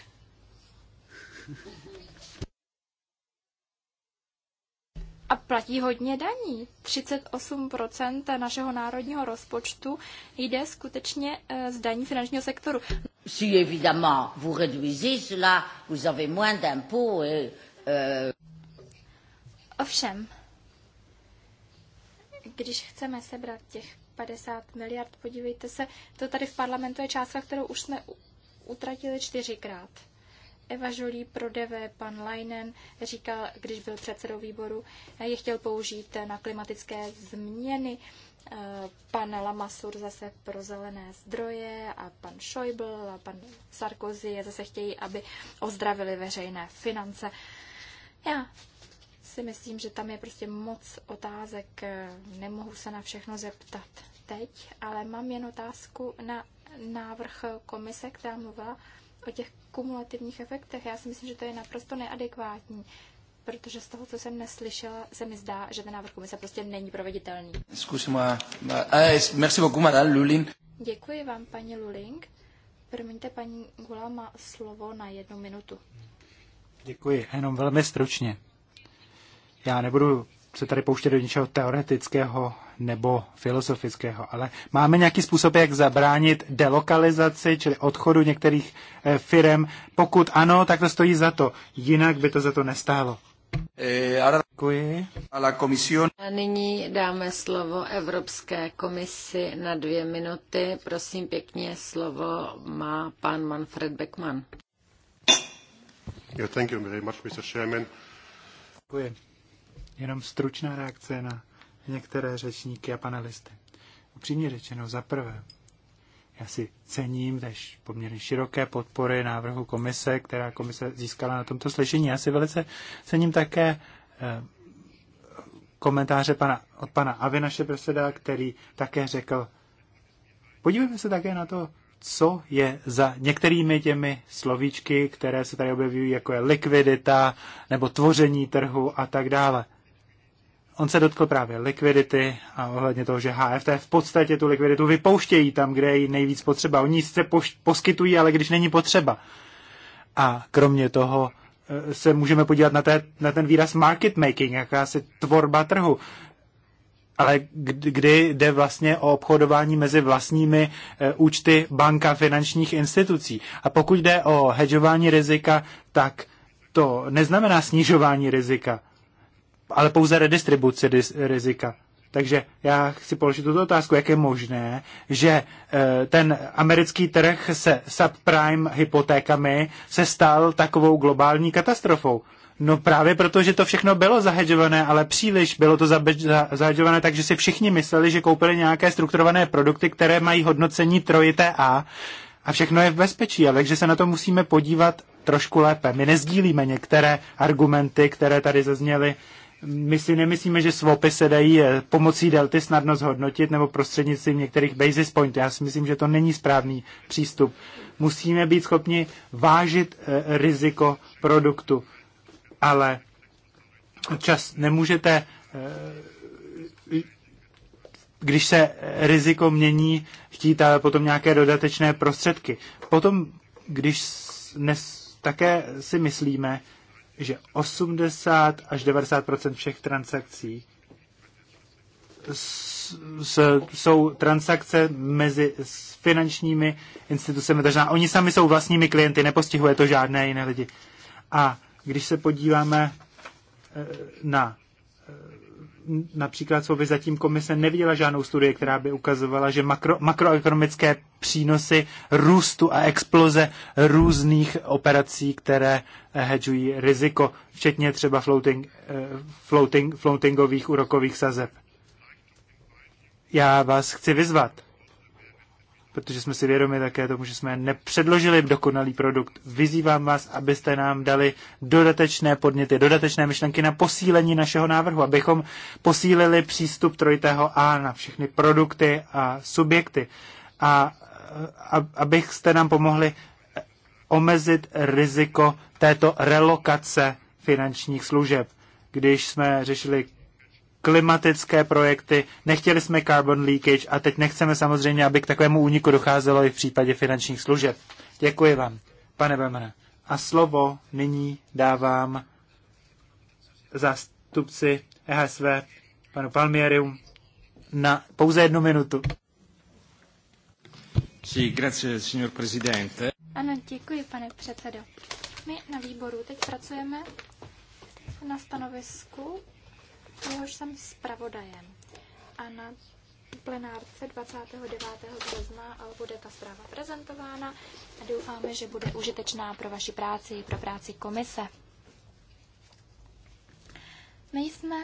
platí hodně daní. 38% našeho národního rozpočtu jde skutečně eh, z daní finančního sektoru. Si évidemment vous réduisez cela, vous avez moins d'impôts et, euh, Ovšem, když chceme sebrat těch 50 miliard, podívejte se, to tady v parlamentu je částka, kterou už jsme utratili čtyřikrát. Eva Žolí pro DV, pan Leinen říkal, když byl předsedou výboru, je chtěl použít na klimatické změny, eh, pan Lamasur zase pro zelené zdroje a pan Schäuble a pan Sarkozy je zase chtějí, aby ozdravili veřejné finance. Já si myslím, že tam je prostě moc otázek, eh, nemohu se na všechno zeptat teď, ale mám jen otázku na návrh komise, která mluvila o těch kumulativních efektech. Já si myslím, že to je naprosto neadekvátní, protože z toho, co jsem neslyšela, se mi zdá, že ten návrh komise prostě není proveditelný. Eh, eh, Děkuji vám, paní Luling. Promiňte, paní Gula má slovo na jednu minutu. Děkuji, jenom velmi stručně. Já nebudu se tady pouštět do něčeho teoretického, nebo filozofického, ale máme nějaký způsob, jak zabránit delokalizaci, čili odchodu některých eh, firm. Pokud ano, tak to stojí za to, jinak by to za to nestálo. Eh, Děkuji. A nyní dáme slovo Evropské komisi na dvě minuty. Prosím pěkně, slovo má pan Manfred Beckmann. Yeah, thank you very much, Mr. Chairman. Děkuji. Jenom stručná reakce na některé řečníky a panelisty. Upřímně řečeno, za prvé, já si cením tež poměrně široké podpory návrhu komise, která komise získala na tomto slyšení. Já si velice cením také eh, komentáře pana, od pana Avinaše Preseda, který také řekl, podívejme se také na to, co je za některými těmi slovíčky, které se tady objevují, jako je likvidita nebo tvoření trhu a tak dále. On se dotkl právě likvidity a ohledně toho, že HFT v podstatě tu likviditu vypouštějí tam, kde je nejvíc potřeba. Oni ji sice poskytují, ale když není potřeba. A kromě toho eh, se můžeme podívat na, té, na ten výraz market making, jakási tvorba trhu. Ale kdy jde vlastně o obchodování mezi vlastními eh, účty banka finančních institucí. A pokud jde o hedžování rizika, tak to neznamená snižování rizika ale pouze redistribuci rizika. Takže já chci položit tuto otázku, jak je možné, že eh, ten americký trh se subprime hypotékami se stal takovou globální katastrofou. No právě proto, že to všechno bylo zahedžované, ale příliš bylo to zahedžované, takže si všichni mysleli, že koupili nějaké strukturované produkty, které mají hodnocení trojité A a všechno je v bezpečí, ale takže se na to musíme podívat trošku lépe. My nezdílíme některé argumenty, které tady zazněly my si nemyslíme, že swapy se dají eh, pomocí delty snadno zhodnotit nebo prostřednictvím některých basis pointů. Já si myslím, že to není správný přístup. Musíme být schopni vážit eh, riziko produktu, ale čas nemůžete eh, když se riziko mění, chtít ale potom nějaké dodatečné prostředky. Potom, když dnes také si myslíme, že 80 až 90 všech transakcí s, s, jsou transakce mezi s finančními institucemi, takže oni sami jsou vlastními klienty, nepostihuje to žádné jiné lidi. A když se podíváme eh, na například by zatím komise neviděla žádnou studii, která by ukazovala, že makro, makroekonomické přínosy růstu a exploze různých operací, které eh, hedžují riziko, včetně třeba floating, eh, floating, floatingových úrokových sazeb. Já vás chci vyzvat, protože jsme si vědomi také tomu, že jsme nepředložili dokonalý produkt. Vyzývám vás, abyste nám dali dodatečné podněty, dodatečné myšlenky na posílení našeho návrhu, abychom posílili přístup trojitého A na všechny produkty a subjekty a, abychste abyste nám pomohli omezit riziko této relokace finančních služeb. Když jsme řešili klimatické projekty, nechtěli jsme carbon leakage a teď nechceme samozřejmě, aby k takovému úniku docházelo i v případě finančních služeb. Děkuji vám, pane Bemre. A slovo nyní dávám zástupci EHSV, panu Palmierium, na pouze jednu minutu. Sí, grazie, signor presidente. Ano, děkuji, pane předsedo. My na výboru teď pracujeme na stanovisku jehož jsem zpravodajem. A na plenárce 29. března eh, bude ta zpráva prezentována a doufáme, že bude užitečná pro vaši práci i pro práci komise. My jsme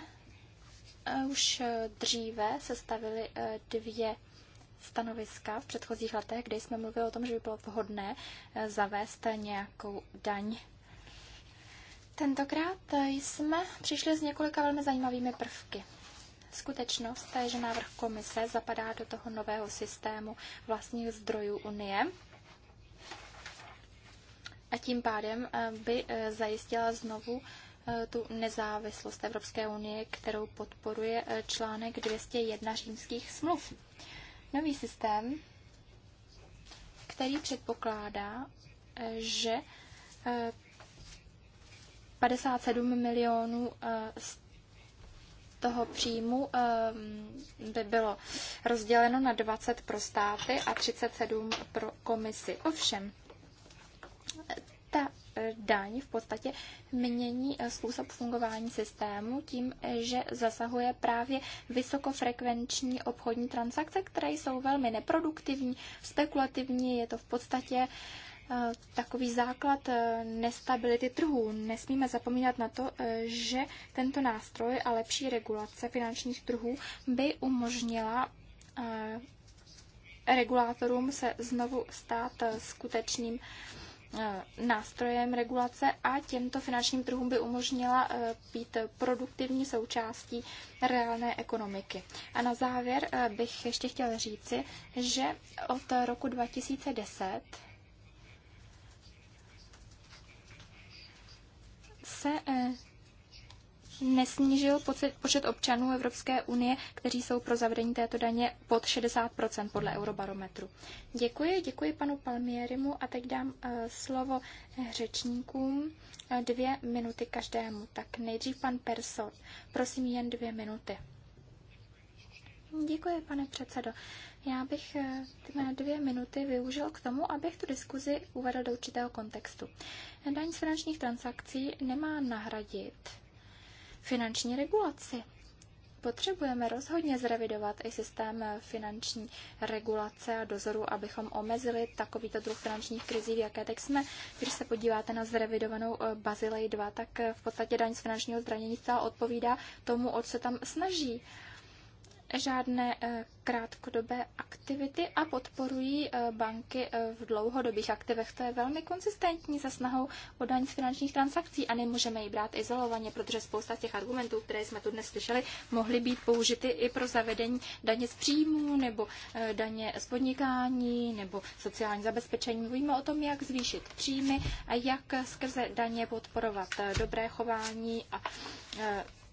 eh, už eh, dříve sestavili dvě stanoviska v předchozích letech, kde jsme mluvili o tom, že by bylo vhodné zavést nějakou daň Tentokrát jsme přišli s několika velmi zajímavými prvky. Skutečnost je, že návrh komise zapadá do toho nového systému vlastních zdrojů Unie a tím pádem eh, by eh, zajistila znovu eh, tu nezávislost Evropské unie, kterou podporuje článek 201 římských smluv. Nový systém, který předpokládá, že 57 milionů eh, z toho příjmu eh, by bylo rozděleno na 20 pro státy a 37 pro komisi. Ovšem, ta eh, daň v podstatě mění způsob fungování systému tím, že zasahuje právě vysokofrekvenční obchodní transakce, které jsou velmi neproduktivní, spekulativní, je to v podstatě Eh, takový základ eh, nestability trhů. Nesmíme zapomínat na to, eh, že tento nástroj a lepší regulace finančních trhů by umožnila regulátorům se znovu stát skutečným nástrojem regulace a těmto finančním trhům by umožnila být produktivní součástí reálné ekonomiky. A na závěr bych ještě chtěla říci, že od roku 2010 se eh, nesnížil počet občanů Evropské unie, kteří jsou pro zavedení této daně pod 60% podle Eurobarometru. Děkuji, děkuji panu Palmierimu a teď dám eh, slovo řečníkům. Eh, dvě minuty každému. Tak nejdřív pan Persot. Prosím jen dvě minuty. Děkuji, pane předsedo. Já bych eh, ty mé dvě minuty využil k tomu, abych tu diskuzi uvedl do určitého kontextu. Daň z finančních transakcí nemá nahradit finanční regulaci. Potřebujeme rozhodně zrevidovat i systém eh, finanční regulace a dozoru, abychom omezili takovýto druh finančních krizí, v jaké teď jsme. Když se podíváte na zrevidovanou eh, Bazilej 2, tak v podstatě daň z finančního zranění zcela odpovídá tomu, o co tam snaží žádné eh, krátkodobé aktivity a podporují eh, banky eh, v dlouhodobých aktivech. To je velmi konsistentní se snahou o daň z finančních transakcí a nemůžeme ji brát izolovaně, protože spousta těch argumentů, které jsme tu dnes slyšeli, mohly být použity i pro zavedení daně z příjmů nebo daně z podnikání nebo sociální zabezpečení. Mluvíme o tom, jak zvýšit příjmy a jak skrze daně podporovat dobré chování a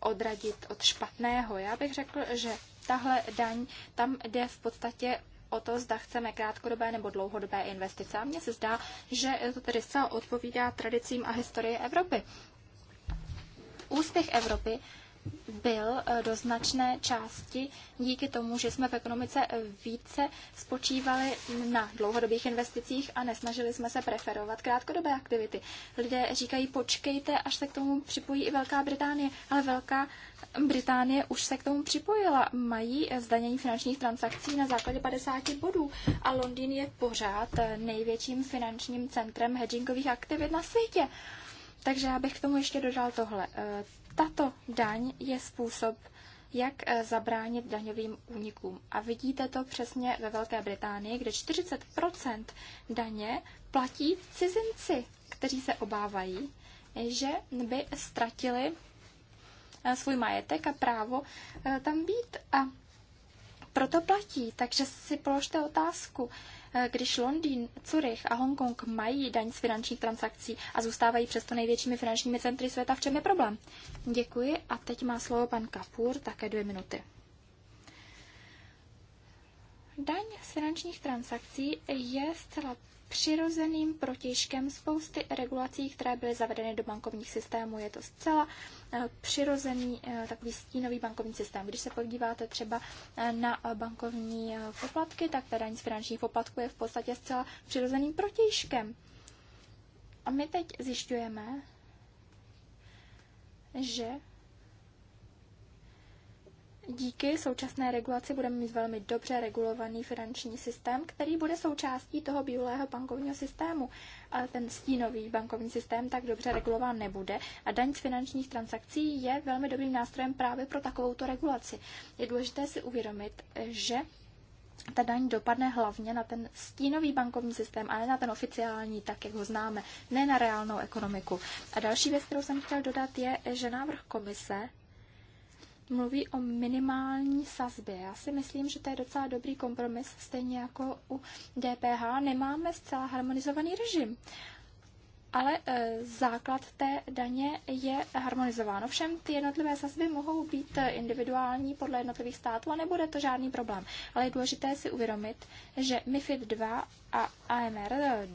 odradit od špatného. Já bych řekl, že tahle daň, tam jde v podstatě o to, zda chceme krátkodobé nebo dlouhodobé investice. A mně se zdá, že to tedy zcela odpovídá tradicím a historii Evropy. Úspěch Evropy byl e, do značné části díky tomu, že jsme v ekonomice e, více spočívali na dlouhodobých investicích a nesnažili jsme se preferovat krátkodobé aktivity. Lidé říkají, počkejte, až se k tomu připojí i Velká Británie, ale Velká Británie už se k tomu připojila. Mají e, zdanění finančních transakcí na základě 50 bodů a Londýn je pořád největším finančním centrem hedgingových aktivit na světě. Takže já bych k tomu ještě dodal tohle. Tato daň je způsob, jak eh, zabránit daňovým únikům. A vidíte to přesně ve Velké Británii, kde 40 daně platí cizinci, kteří se obávají, že by ztratili eh, svůj majetek a právo eh, tam být. A proto platí. Takže si položte otázku, Eh, když Londýn, Curych a Hongkong mají daň z finančních transakcí a zůstávají přesto největšími finančními centry světa, v čem je problém? Děkuji a teď má slovo pan Kapur, také dvě minuty. Daň z finančních transakcí je zcela přirozeným protižkem spousty regulací, které byly zavedeny do bankovních systémů. Je to zcela eh, přirozený eh, takový stínový bankovní systém. Když se podíváte třeba eh, na bankovní poplatky, tak teda daň z finančních poplatků je v podstatě zcela přirozeným protižkem. A my teď zjišťujeme, že Díky současné regulaci budeme mít velmi dobře regulovaný finanční systém, který bude součástí toho bílého bankovního systému, ale ten stínový bankovní systém tak dobře regulován nebude a daň z finančních transakcí je velmi dobrým nástrojem právě pro takovouto regulaci. Je důležité si uvědomit, že ta daň dopadne hlavně na ten stínový bankovní systém, ale na ten oficiální, tak jak ho známe, ne na reálnou ekonomiku. A další věc, kterou jsem chtěl dodat, je, že návrh komise mluví o minimální sazbě. Já si myslím, že to je docela dobrý kompromis, stejně jako u DPH. Nemáme zcela harmonizovaný režim, ale e, základ té daně je harmonizován. Ovšem ty jednotlivé sazby mohou být e, individuální podle jednotlivých států a nebude to žádný problém. Ale je důležité si uvědomit, že MIFID 2 a AMR 2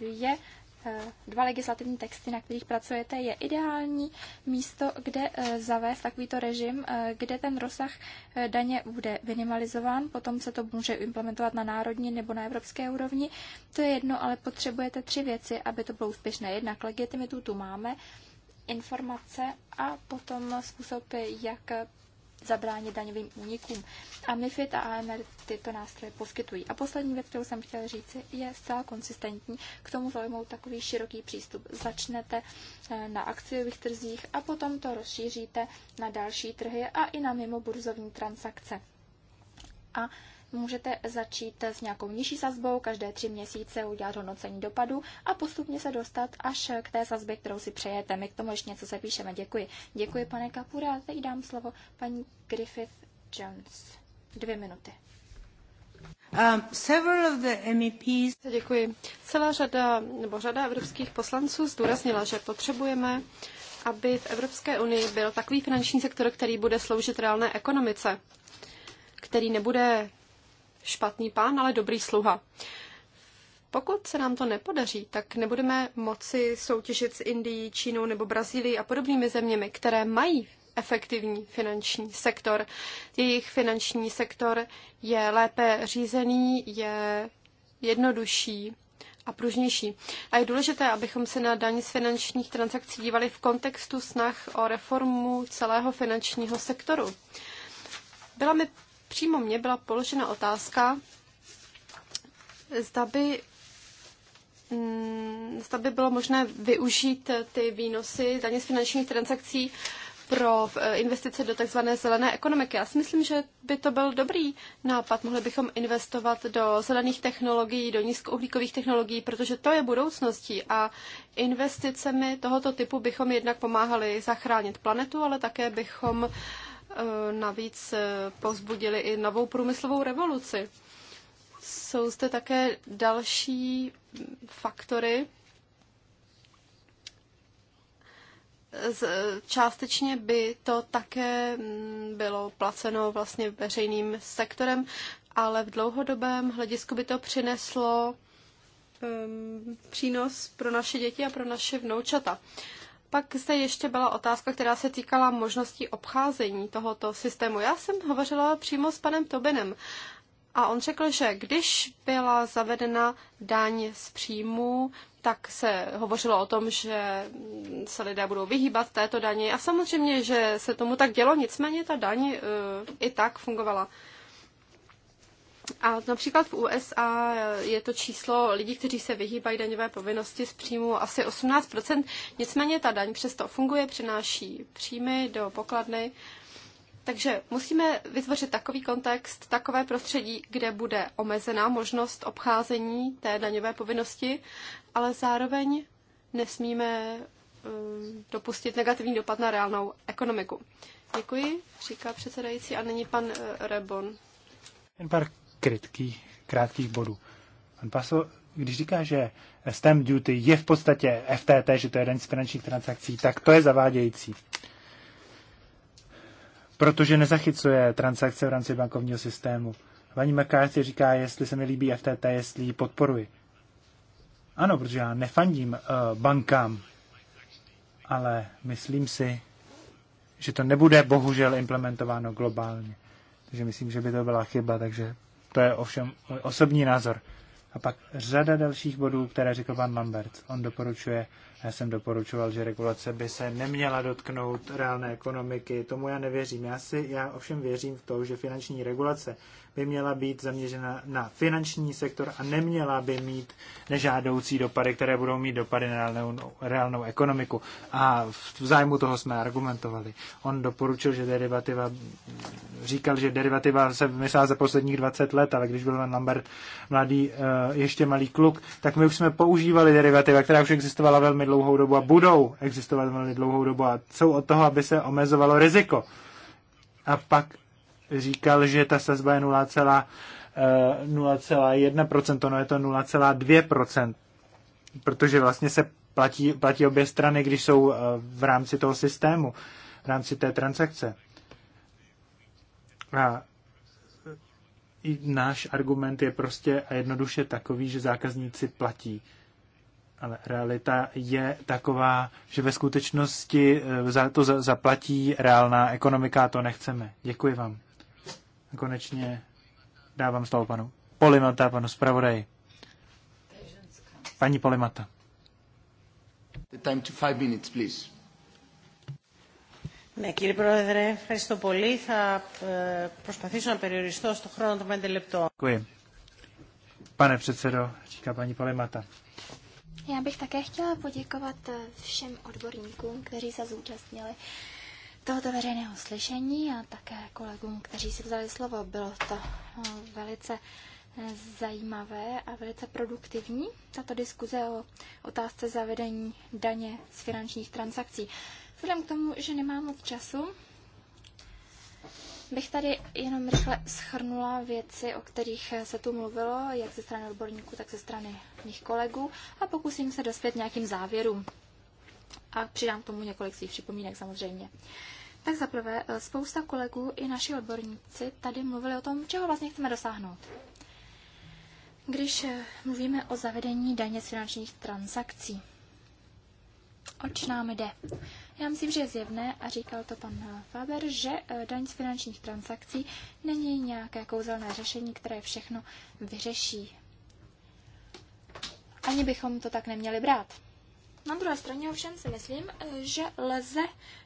e, Eh, dva legislativní texty, na kterých pracujete, je ideální místo, kde eh, zavést takovýto režim, eh, kde ten rozsah daně bude minimalizován, potom se to může implementovat na národní nebo na evropské úrovni. To je jedno, ale potřebujete tři věci, aby to bylo úspěšné. Jednak legitimitu tu máme, informace a potom způsob, jak zabránit daňovým únikům. A MIFID a AMR tyto nástroje poskytují. A poslední věc, kterou jsem chtěla říct, je zcela konsistentní. K tomu zaujmout takový široký přístup. Začnete eh, na akciových trzích a potom to rozšíříte na další trhy a i na mimo burzovní transakce. A Můžete začít s nějakou nižší sazbou, každé tři měsíce udělat hodnocení dopadu a postupně se dostat až k té sazbě, kterou si přejete. My k tomu ještě něco zapíšeme. Děkuji. Děkuji, pane Kapura. teď dám slovo paní Griffith Jones. Dvě minuty. Um, several of the MEPs... Děkuji. Celá řada nebo řada evropských poslanců zdůraznila, že potřebujeme aby v Evropské unii byl takový finanční sektor, který bude sloužit reálné ekonomice, který nebude špatný pán, ale dobrý sluha. Pokud se nám to nepodaří, tak nebudeme moci soutěžit s Indií, Čínou nebo Brazílií a podobnými zeměmi, které mají efektivní finanční sektor. Jejich finanční sektor je lépe řízený, je jednodušší a pružnější. A je důležité, abychom se na daň z finančních transakcí dívali v kontextu snah o reformu celého finančního sektoru. Byla mi přímo mně byla položena otázka, zda by, mm, zda by bylo možné využít ty výnosy daně z finančních transakcí pro eh, investice do tzv. zelené ekonomiky. Já si myslím, že by to byl dobrý nápad. Mohli bychom investovat do zelených technologií, do nízkouhlíkových technologií, protože to je budoucností a investicemi tohoto typu bychom jednak pomáhali zachránit planetu, ale také bychom uh, Eh, navíc eh, povzbudili i novou průmyslovou revoluci. Jsou zde také další faktory, eh, částečně by to také mm, bylo placeno vlastně veřejným sektorem, ale v dlouhodobém hledisku by to přineslo ehm, přínos pro naše děti a pro naše vnoučata. Pak se ještě byla otázka, která se týkala možností obcházení tohoto systému. Já jsem hovořila přímo s panem Tobinem a on řekl, že když byla zavedena daň z příjmů, tak se hovořilo o tom, že se lidé budou vyhýbat této daně a samozřejmě, že se tomu tak dělo, nicméně ta daň uh, i tak fungovala. A například v USA je to číslo lidí, kteří se vyhýbají daňové povinnosti z příjmu asi 18%. Nicméně ta daň přesto funguje, přináší příjmy do pokladny. Takže musíme vytvořit takový kontext, takové prostředí, kde bude omezená možnost obcházení té daňové povinnosti, ale zároveň nesmíme eh, dopustit negativní dopad na reálnou ekonomiku. Děkuji, říká předsedající a není pan eh, Rebon. Jen pár krytkých, krátkých bodů. Pan Paso, když říká, že stamp duty je v podstatě FTT, že to je daň z finančních transakcí, tak to je zavádějící. Protože nezachycuje transakce v rámci bankovního systému. Paní McCarthy říká, jestli se mi líbí FTT, jestli ji podporuji. Ano, protože já nefandím uh, bankám, ale myslím si, že to nebude bohužel implementováno globálně. Takže myslím, že by to byla chyba, takže to je ovšem osobní názor. A pak řada dalších bodů, které řekl pan Lambert. On doporučuje já jsem doporučoval, že regulace by se neměla dotknout reálné ekonomiky. Tomu já nevěřím. Já, si, já ovšem věřím v to, že finanční regulace by měla být zaměřena na finanční sektor a neměla by mít nežádoucí dopady, které budou mít dopady na reálnou, reálnou ekonomiku. A v zájmu toho jsme argumentovali. On doporučil, že derivativa, říkal, že derivativa se vymyslela za posledních 20 let, ale když byl Van Lambert mladý, eh, ještě malý kluk, tak my už jsme používali derivativa, která už existovala velmi dlouhou dobu a budou existovat velmi dlouhou dobu a jsou od toho, aby se omezovalo riziko. A pak říkal, že ta sazba je 0,1%, eh, no je to 0,2%, protože vlastně se platí, platí obě strany, když jsou eh, v rámci toho systému, v rámci té transakce. A náš argument je prostě a jednoduše takový, že zákazníci platí ale realita je taková, že ve skutečnosti eh, za to zaplatí reálná ekonomika a to nechceme. Děkuji vám. A konečně dávám slovo panu Polimata, panu zpravodaji. Paní Polimata. The time to five minutes, please. Ναι, κύριε Πρόεδρε, ευχαριστώ πολύ. Θα προσπαθήσω να περιοριστώ στο χρόνο των 5 λεπτών. Děkuji. Pane předsedo, říká paní Polimata. Vlastně já bych také chtěla poděkovat eh, všem odborníkům, kteří se zúčastnili tohoto veřejného slyšení a také kolegům, kteří si vzali slovo. Bylo to eh, velice eh, zajímavé a velice produktivní, tato diskuze o otázce zavedení daně z finančních transakcí. Vzhledem k tomu, že nemám moc času, bych tady jenom rychle schrnula věci, o kterých se tu mluvilo, jak ze strany odborníků, tak ze strany mých kolegů a pokusím se dospět nějakým závěrům. A přidám k tomu několik svých připomínek samozřejmě. Tak zaprvé, eh, spousta kolegů i naši odborníci tady mluvili o tom, čeho vlastně chceme dosáhnout. Když eh, mluvíme o zavedení daně z finančních transakcí, oč nám jde? Já myslím, že je zjevné, a říkal to pan eh, Faber, že daň z finančních transakcí není nějaké kouzelné řešení, které všechno vyřeší ani bychom to tak neměli brát. Na druhé straně ovšem si myslím, že lze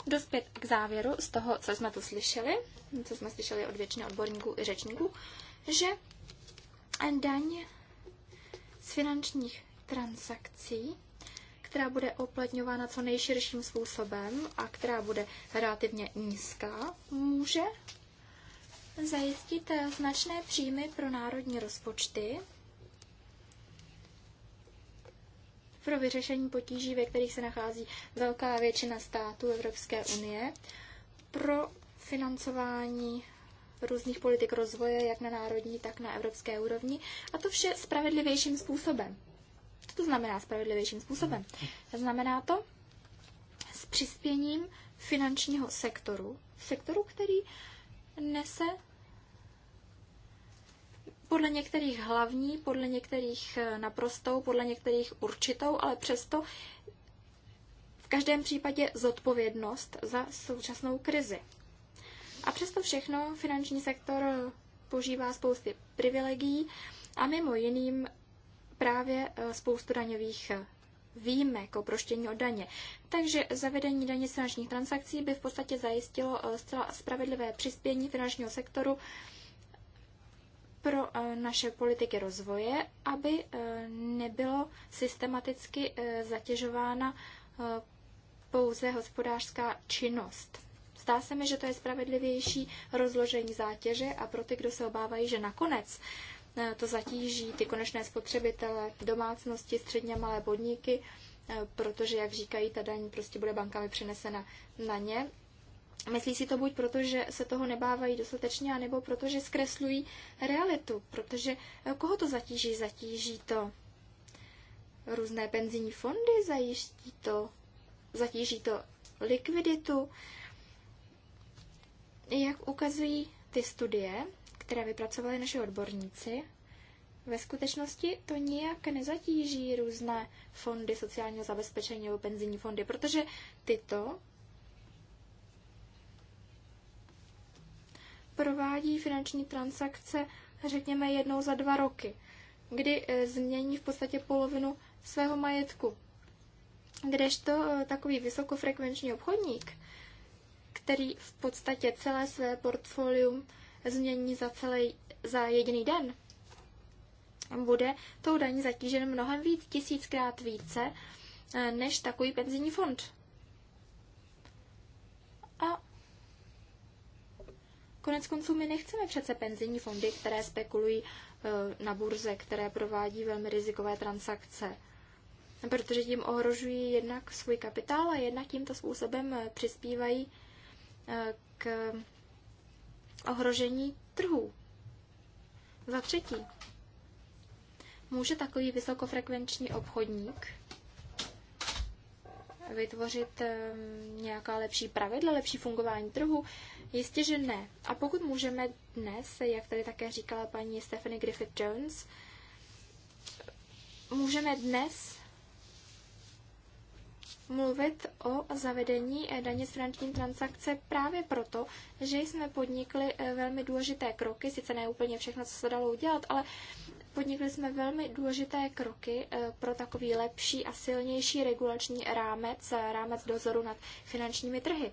dospět k závěru z toho, co jsme tu slyšeli, co jsme slyšeli od většiny odborníků i řečníků, že daň z finančních transakcí, která bude oplatňována co nejširším způsobem a která bude relativně nízká, může zajistit značné příjmy pro národní rozpočty pro vyřešení potíží, ve kterých se nachází velká většina států Evropské unie, pro financování různých politik rozvoje, jak na národní, tak na evropské úrovni, a to vše spravedlivějším způsobem. Co to znamená spravedlivějším způsobem? Znamená to s přispěním finančního sektoru, sektoru, který nese podle některých hlavní, podle některých eh, naprostou, podle některých určitou, ale přesto v každém případě zodpovědnost za současnou krizi. A přesto všechno finanční sektor eh, požívá spousty privilegií a mimo jiným právě eh, spoustu daňových výjimek o od daně. Takže zavedení daně finančních transakcí by v podstatě zajistilo zcela spravedlivé přispění finančního sektoru pro eh, naše politiky rozvoje, aby eh, nebylo systematicky eh, zatěžována pouze hospodářská činnost. Zdá se mi, že to je spravedlivější rozložení zátěže a pro ty, kdo se obávají, že nakonec to zatíží ty konečné spotřebitele, domácnosti, středně malé podniky, protože, jak říkají, ta daň prostě bude bankami přenesena na ně, Myslí si to buď proto, že se toho nebávají dostatečně, anebo proto, že zkreslují realitu, protože eh, koho to zatíží? Zatíží to různé penzijní fondy, zajistí to, zatíží to likviditu. Jak ukazují ty studie, které vypracovali naši odborníci, ve skutečnosti to nijak nezatíží různé fondy sociálního zabezpečení nebo penzijní fondy, protože tyto provádí finanční transakce, řekněme, jednou za dva roky, kdy eh, změní v podstatě polovinu svého majetku. Kdežto eh, takový vysokofrekvenční obchodník, který v podstatě celé své portfolium změní za, celý, za jediný den, bude tou daní zatížen mnohem víc, tisíckrát více, eh, než takový penzijní fond. A Konec konců my nechceme přece penzijní fondy, které spekulují e, na burze, které provádí velmi rizikové transakce. Protože tím ohrožují jednak svůj kapitál a jednak tímto způsobem e, přispívají e, k ohrožení trhů. Za třetí, může takový vysokofrekvenční obchodník vytvořit eh, nějaká lepší pravidla, lepší fungování trhu? Jistě, že ne. A pokud můžeme dnes, jak tady také říkala paní Stephanie Griffith-Jones, můžeme dnes mluvit o zavedení eh, daně z finanční transakce právě proto, že jsme podnikli eh, velmi důležité kroky, sice ne úplně všechno, co se dalo udělat, ale Podnikli jsme velmi důležité kroky eh, pro takový lepší a silnější regulační rámec, eh, rámec dozoru nad finančními trhy.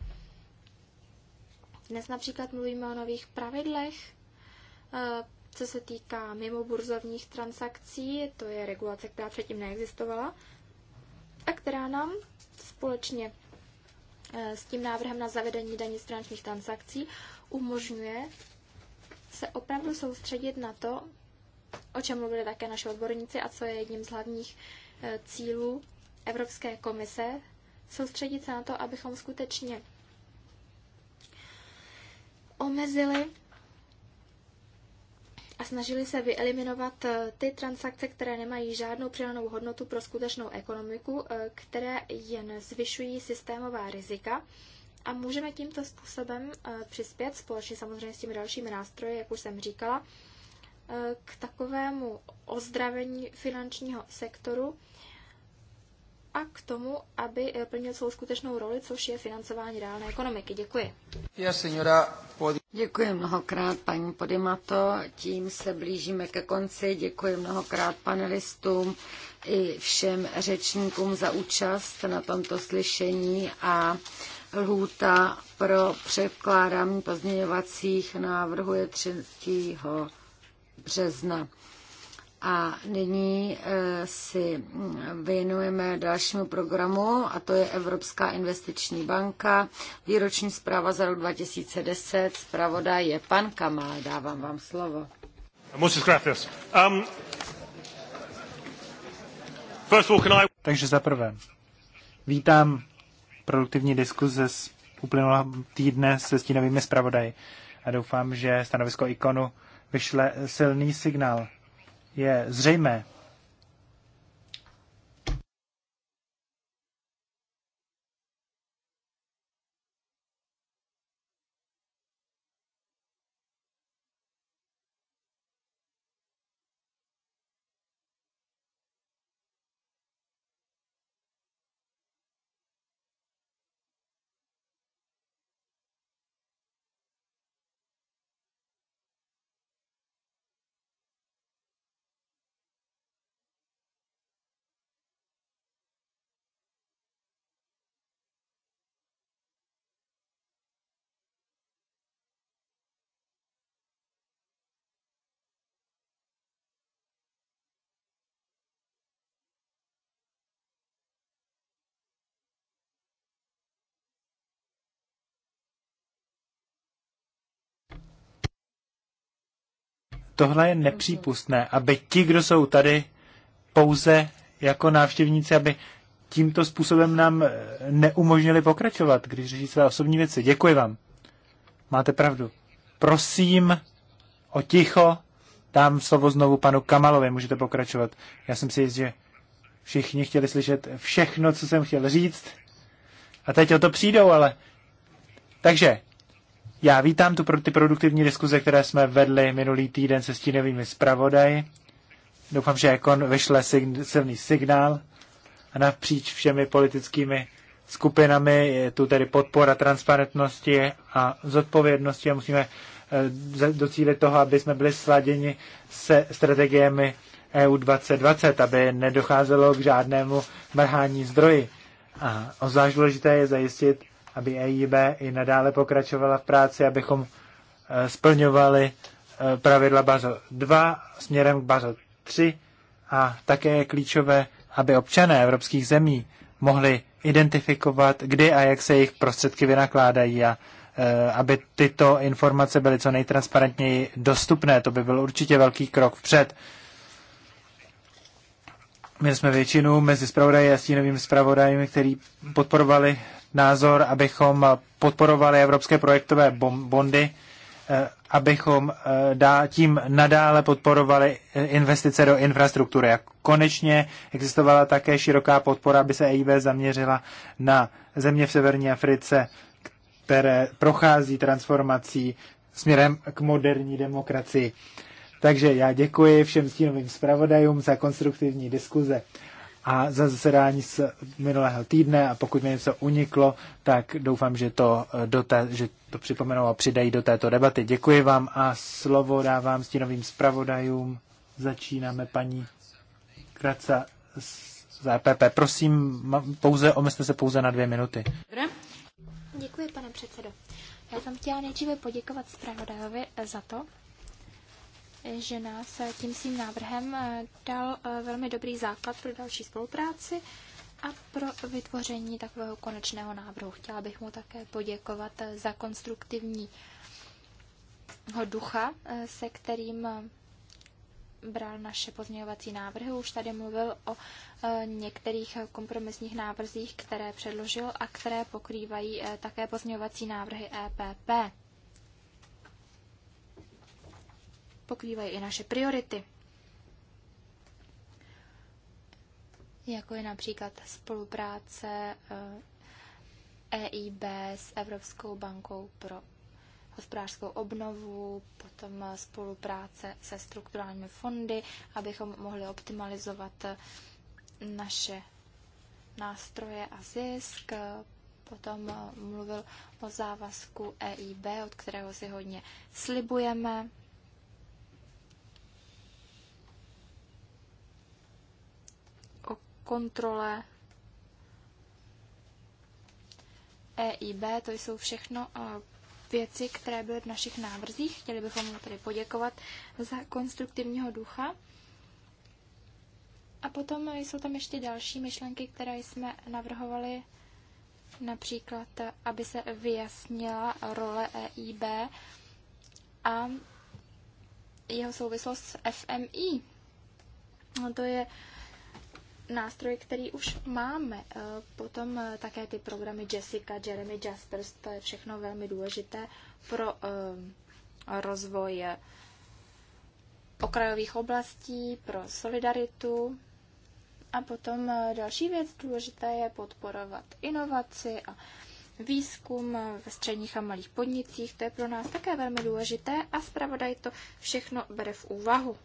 Dnes například mluvíme o nových pravidlech, eh, co se týká mimoburzovních transakcí, to je regulace, která předtím neexistovala, a která nám společně s tím návrhem na zavedení daní z finančních transakcí umožňuje se opravdu soustředit na to, o čem mluvili také naši odborníci a co je jedním z hlavních eh, cílů Evropské komise, soustředit se na to, abychom skutečně omezili a snažili se vyeliminovat eh, ty transakce, které nemají žádnou přidanou hodnotu pro skutečnou ekonomiku, eh, které jen zvyšují systémová rizika. A můžeme tímto způsobem přispět, společně samozřejmě s těmi dalšími nástroji, jak už jsem říkala, k takovému ozdravení finančního sektoru a k tomu, aby eh, plnil svou skutečnou roli, což je financování reálné ekonomiky. Děkuji. Děkuji mnohokrát, paní Podimato. Tím se blížíme ke konci. Děkuji mnohokrát panelistům i všem řečníkům za účast na tomto slyšení a lhůta pro překládání pozměňovacích návrhů je 3 března. A nyní eh, si věnujeme dalšímu programu, a to je Evropská investiční banka, výroční zpráva za rok 2010. Zpravoda je pan Kamal, dávám vám slovo. Um, Takže za prvé, vítám produktivní diskuze z uplynulého týdne se stínovými zpravodaji a doufám, že stanovisko ikonu vyšle silný signál. Je zřejmé, tohle je nepřípustné, aby ti, kdo jsou tady pouze jako návštěvníci, aby tímto způsobem nám eh, neumožnili pokračovat, když řeší své osobní věci. Děkuji vám. Máte pravdu. Prosím o ticho. Dám slovo znovu panu Kamalovi, můžete pokračovat. Já jsem si jist, že všichni chtěli slyšet všechno, co jsem chtěl říct. A teď o to přijdou, ale... Takže, já vítám tu, pro ty produktivní diskuze, které jsme vedli minulý týden se stínovými zpravodaji. Doufám, že Ekon vyšle sign, silný signál a napříč všemi politickými skupinami je tu tedy podpora transparentnosti a zodpovědnosti a musíme eh, docílit toho, aby jsme byli sladěni se strategiemi EU 2020, aby nedocházelo k žádnému mrhání zdroji. A zvlášť důležité je zajistit, aby EIB i nadále pokračovala v práci, abychom eh, splňovali eh, pravidla Basel 2 směrem k Basel 3 a také je klíčové, aby občané evropských zemí mohli identifikovat, kdy a jak se jejich prostředky vynakládají a eh, aby tyto informace byly co nejtransparentněji dostupné. To by byl určitě velký krok vpřed. Měli jsme většinu mezi zpravodaji a stínovými zpravodajmi, který podporovali názor, abychom podporovali evropské projektové bondy, eh, abychom eh, tím nadále podporovali eh, investice do infrastruktury. A konečně existovala také široká podpora, aby se EIB zaměřila na země v severní Africe, které prochází transformací směrem k moderní demokracii. Takže já děkuji všem stínovým zpravodajům za konstruktivní diskuze a za zasedání z minulého týdne a pokud mi něco uniklo, tak doufám, že to, eh, do té, že to připomenou a přidají do této debaty. Děkuji vám a slovo dávám stínovým zpravodajům. Začínáme paní Kraca z EPP. Prosím, pouze, omezte se pouze na dvě minuty. Děkuji, pane předsedo. Já jsem chtěla nejdříve poděkovat zpravodajovi za to, že nás tím svým návrhem eh, dal eh, velmi dobrý základ pro další spolupráci a pro vytvoření takového konečného návrhu. Chtěla bych mu také poděkovat eh, za konstruktivní ducha, se kterým bral naše pozměňovací návrhy. Už tady mluvil o některých kompromisních návrzích, které předložil a které pokrývají také pozměňovací návrhy EPP. pokrývají i naše priority. Jako je například spolupráce EIB eh, e s Evropskou bankou pro hospodářskou obnovu, potom spolupráce se strukturálními fondy, abychom mohli optimalizovat eh, naše nástroje a zisk. Potom eh, mluvil o závazku EIB, od kterého si hodně slibujeme. kontrole, EIB, to jsou všechno e, věci, které byly v našich návrzích. Chtěli bychom mu tedy poděkovat za konstruktivního ducha. A potom jsou tam ještě další myšlenky, které jsme navrhovali, například, aby se vyjasnila role EIB a jeho souvislost s FMI. No to je Nástroje, který už máme. Eh, potom eh, také ty programy Jessica, Jeremy Jaspers, to je všechno velmi důležité pro eh, rozvoj okrajových oblastí, pro solidaritu. A potom další věc důležité je podporovat inovaci a výzkum ve středních a malých podnicích. To je pro nás také velmi důležité a zpravodaj to všechno bere v úvahu.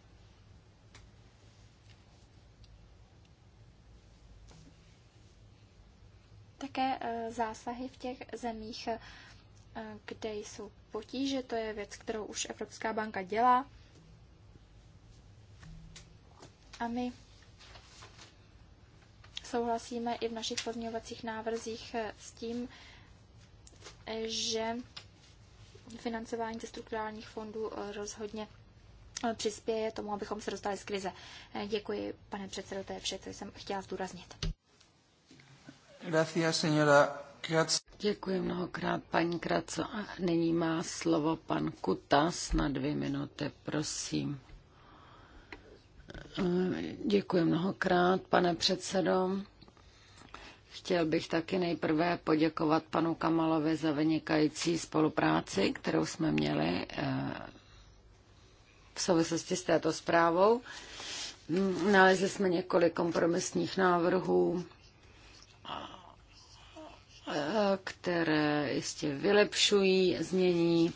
Také eh, zásahy v těch zemích, eh, kde jsou potíže, to je věc, kterou už Evropská banka dělá. A my souhlasíme i v našich pozměňovacích návrzích eh, s tím, že financování ze strukturálních fondů rozhodně přispěje tomu, abychom se dostali z krize. Děkuji, pane předsedo, to je vše, co jsem chtěla zdůraznit. Děkuji mnohokrát, paní Kraco. A nyní má slovo pan Kutas na dvě minuty, prosím. Děkuji mnohokrát, pane předsedo. Chtěl bych taky nejprve poděkovat panu Kamalovi za vynikající spolupráci, kterou jsme měli eh, v souvislosti s této zprávou. Nalezli jsme několik kompromisních návrhů které jistě vylepšují znění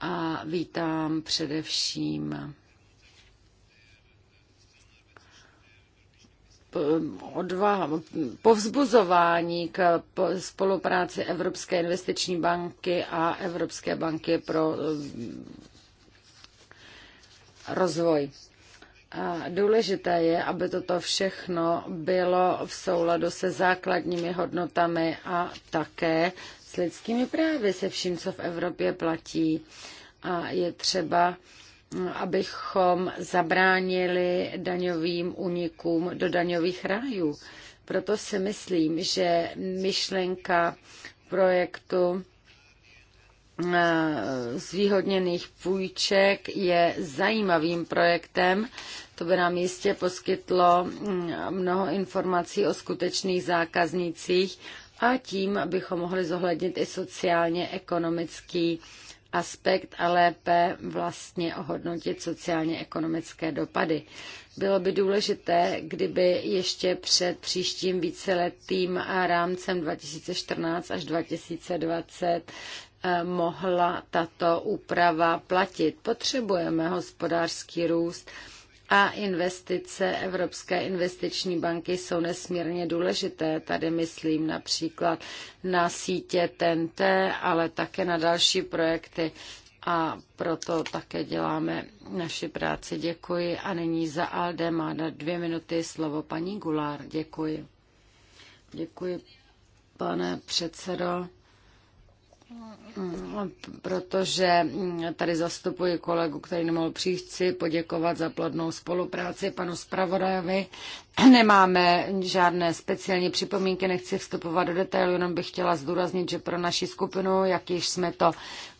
a vítám především eh, odvaha, povzbuzování k spolupráci Evropské investiční banky a Evropské banky pro eh, rozvoj. Důležité je, aby toto všechno bylo v souladu se základními hodnotami a také s lidskými právy, se vším, co v Evropě platí. A je třeba, abychom zabránili daňovým unikům do daňových rájů. Proto si myslím, že myšlenka projektu Eh, zvýhodněných půjček je zajímavým projektem. To by nám jistě poskytlo mm, mnoho informací o skutečných zákaznících a tím bychom mohli zohlednit i sociálně-ekonomický aspekt a lépe vlastně ohodnotit sociálně-ekonomické dopady. Bylo by důležité, kdyby ještě před příštím víceletým rámcem 2014 až 2020 mohla tato úprava platit. Potřebujeme hospodářský růst a investice Evropské investiční banky jsou nesmírně důležité. Tady myslím například na sítě TNT, ale také na další projekty. A proto také děláme naši práci. Děkuji. A nyní za Alde má na dvě minuty slovo paní Gulár. Děkuji. Děkuji, pane předsedo. Mm, protože mm, tady zastupuji kolegu, který nemohl přijít, chci poděkovat za plodnou spolupráci panu zpravodajovi. Nemáme žádné speciální připomínky, nechci vstupovat do detailu, jenom bych chtěla zdůraznit, že pro naši skupinu, jak již jsme to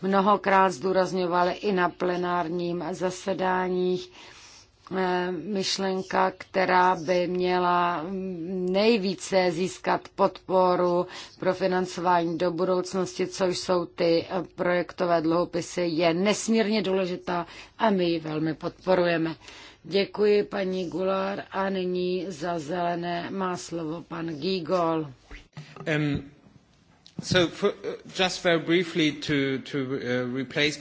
mnohokrát zdůrazňovali i na plenárním zasedáních, Eh, myšlenka, která by měla nejvíce získat podporu pro financování do budoucnosti, což jsou ty projektové dluhopisy, je nesmírně důležitá a my ji velmi podporujeme. Děkuji paní Gular a nyní za zelené má slovo pan Gigol. Um, so for, uh, just very briefly to, to uh, replace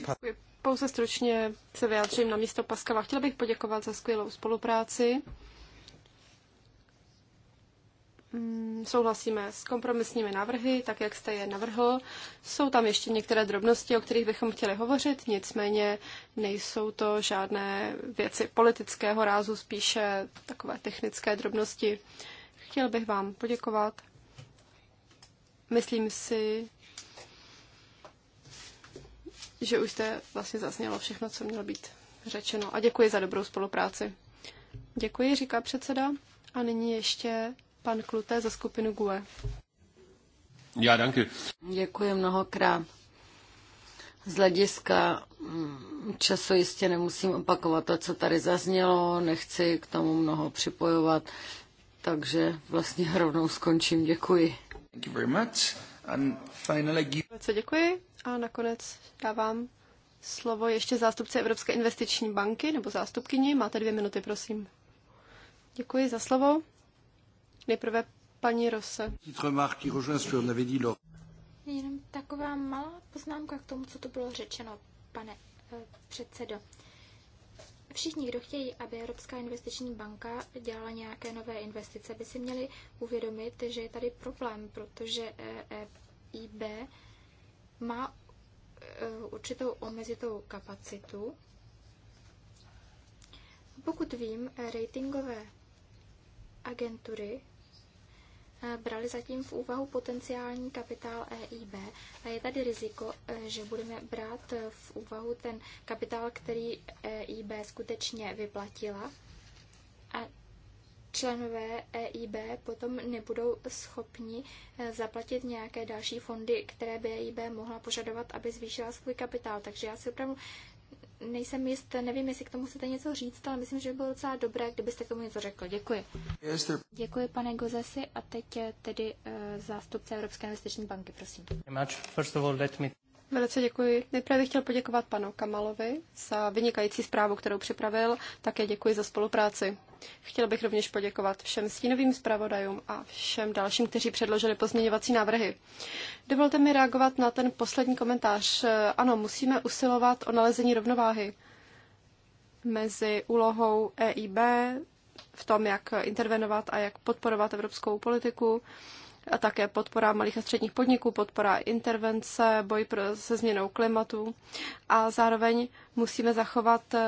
pouze stručně se vyjádřím na místo Paskava. Chtěla bych poděkovat za skvělou spolupráci. Mm, souhlasíme s kompromisními návrhy, tak jak jste je navrhl. Jsou tam ještě některé drobnosti, o kterých bychom chtěli hovořit, nicméně nejsou to žádné věci politického rázu, spíše takové technické drobnosti. Chtěl bych vám poděkovat. Myslím si, že už jste vlastně zasnělo všechno, co mělo být řečeno. A děkuji za dobrou spolupráci. Děkuji, říká předseda. A nyní ještě pan Kluté za skupinu GUE. Já, danke. Děkuji mnohokrát. Z hlediska mm, času jistě nemusím opakovat to, co tady zaznělo, nechci k tomu mnoho připojovat, takže vlastně rovnou skončím. Děkuji. Thank you very much. And finally... Děkuji. A nakonec dávám slovo ještě zástupce Evropské investiční banky nebo zástupkyni. Máte dvě minuty, prosím. Děkuji za slovo. Nejprve paní Rose. Jenom taková malá poznámka k tomu, co to bylo řečeno, pane eh, předsedo. Všichni, kdo chtějí, aby Evropská investiční banka dělala nějaké nové investice, by si měli uvědomit, že je tady problém, protože EIB e má eh, určitou omezitou kapacitu. Pokud vím, ratingové agentury eh, brali zatím v úvahu potenciální kapitál EIB a je tady riziko, eh, že budeme brát v úvahu ten kapitál, který EIB skutečně vyplatila a členové EIB potom nebudou schopni eh, zaplatit nějaké další fondy, které by EIB mohla požadovat, aby zvýšila svůj kapitál. Takže já si opravdu nejsem jist, nevím, jestli k tomu chcete něco říct, ale myslím, že by bylo docela dobré, kdybyste k tomu něco řekl. Děkuji. Děkuji, pane Gozesi, a teď eh, tedy eh, zástupce Evropské investiční banky, prosím. First of all, let me... Velice děkuji. Nejprve bych chtěl poděkovat panu Kamalovi za vynikající zprávu, kterou připravil. Také děkuji za spolupráci. Chtěl bych rovněž poděkovat všem stínovým zpravodajům a všem dalším, kteří předložili pozměňovací návrhy. Dovolte mi reagovat na ten poslední komentář. Ano, musíme usilovat o nalezení rovnováhy mezi úlohou EIB v tom, jak intervenovat a jak podporovat evropskou politiku a také podpora malých a středních podniků, podpora intervence, boj pro, se změnou klimatu a zároveň musíme zachovat eh,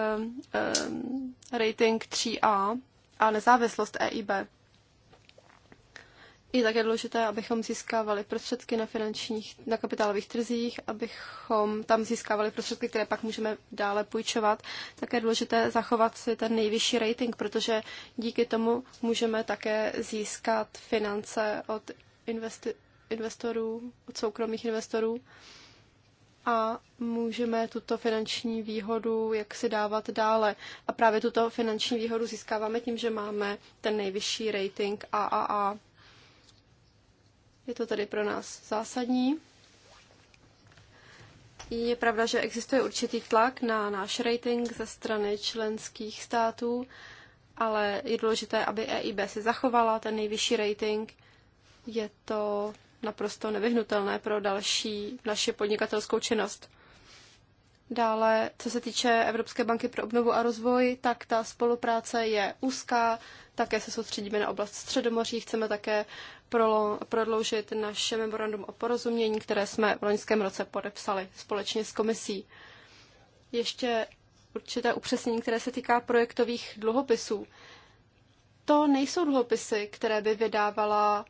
eh, rating 3A a nezávislost EIB. I tak je důležité, abychom získávali prostředky na finančních, na kapitálových trzích, abychom tam získávali prostředky, které pak můžeme dále půjčovat. Také je důležité zachovat si ten nejvyšší rating, protože díky tomu můžeme také získat finance od investi- investorů, od soukromých investorů a můžeme tuto finanční výhodu jak si dávat dále. A právě tuto finanční výhodu získáváme tím, že máme ten nejvyšší rating AAA. Je to tedy pro nás zásadní. Je pravda, že existuje určitý tlak na náš rating ze strany členských států, ale je důležité, aby EIB si zachovala ten nejvyšší rating – je to naprosto nevyhnutelné pro další naše podnikatelskou činnost. Dále, co se týče Evropské banky pro obnovu a rozvoj, tak ta spolupráce je úzká, také se soustředíme na oblast Středomoří, chceme také prodloužit naše memorandum o porozumění, které jsme v loňském roce podepsali společně s komisí. Ještě určité upřesnění, které se týká projektových dluhopisů. To nejsou dluhopisy, které by vydávala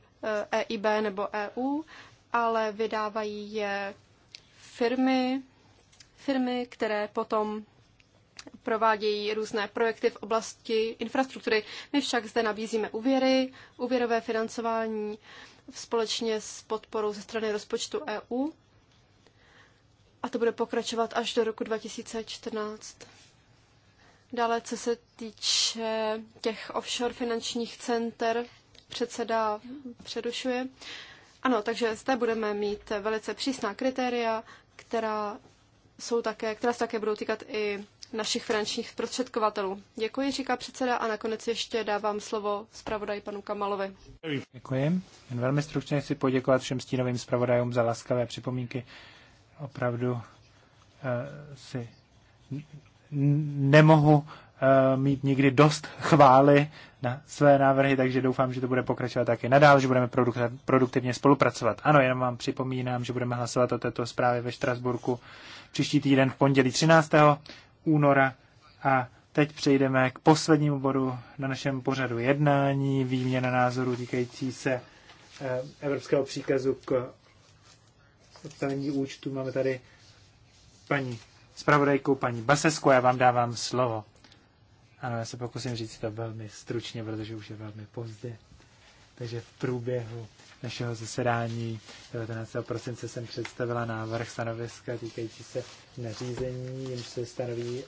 EIB eh, e nebo EU, ale vydávají je firmy, firmy, které potom provádějí různé projekty v oblasti infrastruktury. My však zde nabízíme úvěry, úvěrové financování společně s podporou ze strany rozpočtu EU a to bude pokračovat až do roku 2014. Dále, co se týče těch offshore finančních center, Předseda předušuje. Ano, takže zde budeme mít velice přísná kritéria, která, jsou také, která se také budou týkat i našich finančních zprostředkovatelů. Děkuji, říká předseda a nakonec ještě dávám slovo zpravodaji panu Kamalovi. Děkuji. Jen velmi stručně chci poděkovat všem stínovým zpravodajům za laskavé připomínky. Opravdu uh, si nemohu Eh, mít nikdy dost chvály na své návrhy, takže doufám, že to bude pokračovat taky nadále, že budeme produktivně spolupracovat. Ano, jenom vám připomínám, že budeme hlasovat o této zprávě ve Štrasburku příští týden v pondělí 13. února a teď přejdeme k poslednímu bodu na našem pořadu jednání, výměna názorů týkající se eh, evropského příkazu k odstavení účtu. Máme tady paní zpravodajkou, paní Basesko, já vám dávám slovo. Ano, já se pokusím říct to velmi stručně, protože už je velmi pozdě. Takže v průběhu našeho zasedání 19. prosince jsem představila návrh stanoviska týkající se nařízení, jimž se stanoví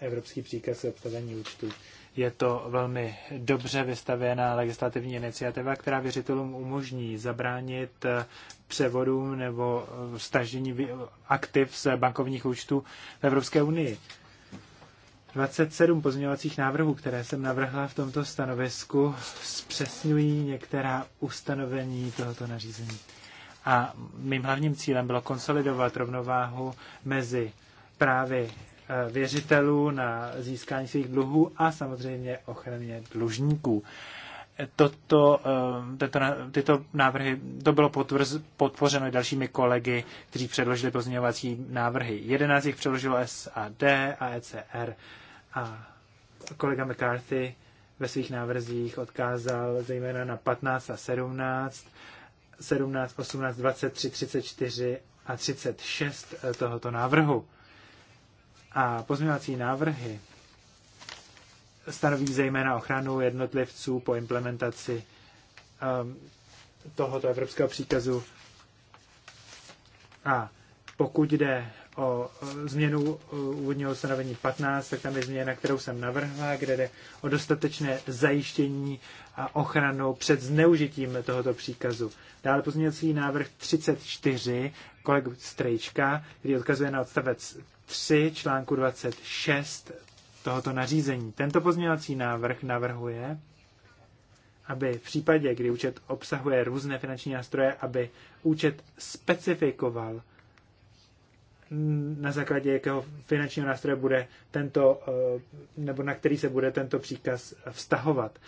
Evropský příkaz o obstavení účtu. Je to velmi dobře vystavěná legislativní iniciativa, která věřitelům umožní zabránit převodům nebo stažení aktiv z bankovních účtů v Evropské unii. 27 pozměňovacích návrhů, které jsem navrhla v tomto stanovisku, zpřesňují některá ustanovení tohoto nařízení. A mým hlavním cílem bylo konsolidovat rovnováhu mezi právy eh, věřitelů na získání svých dluhů a samozřejmě ochraně dlužníků. Toto, eh, tato, tyto návrhy, to bylo potvrz, podpořeno dalšími kolegy, kteří předložili pozměňovací návrhy. Jedenáct jich předložilo SAD a ECR. A kolega McCarthy ve svých návrzích odkázal zejména na 15 a 17, 17, 18, 23, 34 a 36 eh, tohoto návrhu. A pozměňovací návrhy stanoví zejména ochranu jednotlivců po implementaci um, tohoto evropského příkazu. A pokud jde o e, změnu e, úvodního ustanovení 15, tak tam je změna, kterou jsem navrhla, kde jde o dostatečné zajištění a ochranu před zneužitím tohoto příkazu. Dále pozměňovací návrh 34 kolegu Strejčka, který odkazuje na odstavec 3 článku 26 tohoto nařízení. Tento pozměňovací návrh navrhuje, aby v případě, kdy účet obsahuje různé finanční nástroje, aby účet specifikoval na základě jakého finančního nástroje bude tento, eh, nebo na který se bude tento příkaz vztahovat.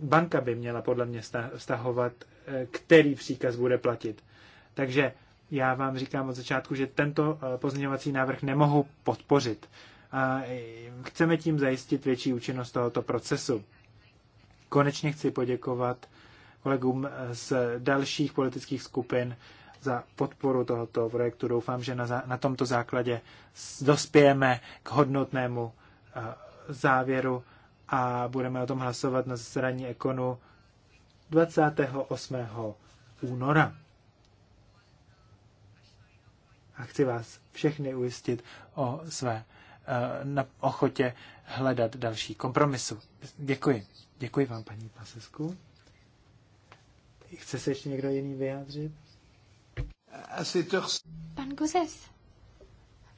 Banka by měla podle mě vztahovat, eh, který příkaz bude platit. Takže já vám říkám od začátku, že tento eh, pozměňovací návrh nemohu podpořit. A chceme tím zajistit větší účinnost tohoto procesu. Konečně chci poděkovat kolegům z dalších politických skupin, za podporu tohoto projektu. Doufám, že na, na tomto základě dospějeme k hodnotnému eh, závěru a budeme o tom hlasovat na zasedání Ekonu 28. února. A chci vás všechny ujistit o své eh, na ochotě hledat další kompromisu. Děkuji. Děkuji vám, paní Pasesku. Chce se ještě někdo jiný vyjádřit? Pan Gozef,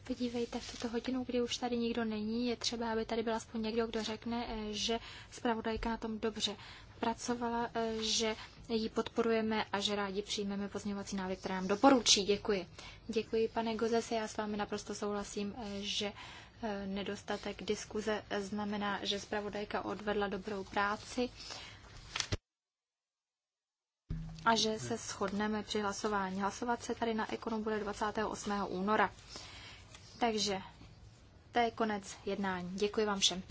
podívejte, v tuto hodinu, kdy už tady nikdo není, je třeba, aby tady byl aspoň někdo, kdo řekne, eh, že zpravodajka na tom dobře pracovala, eh, že ji podporujeme a že rádi přijmeme pozměňovací návrh, které nám doporučí. Děkuji. Děkuji, pane Gozese, já s vámi naprosto souhlasím, eh, že nedostatek diskuze znamená, že zpravodajka odvedla dobrou práci a že se shodneme při hlasování. Hlasovat se tady na ekonu bude 28. února. Takže to je konec jednání. Děkuji vám všem.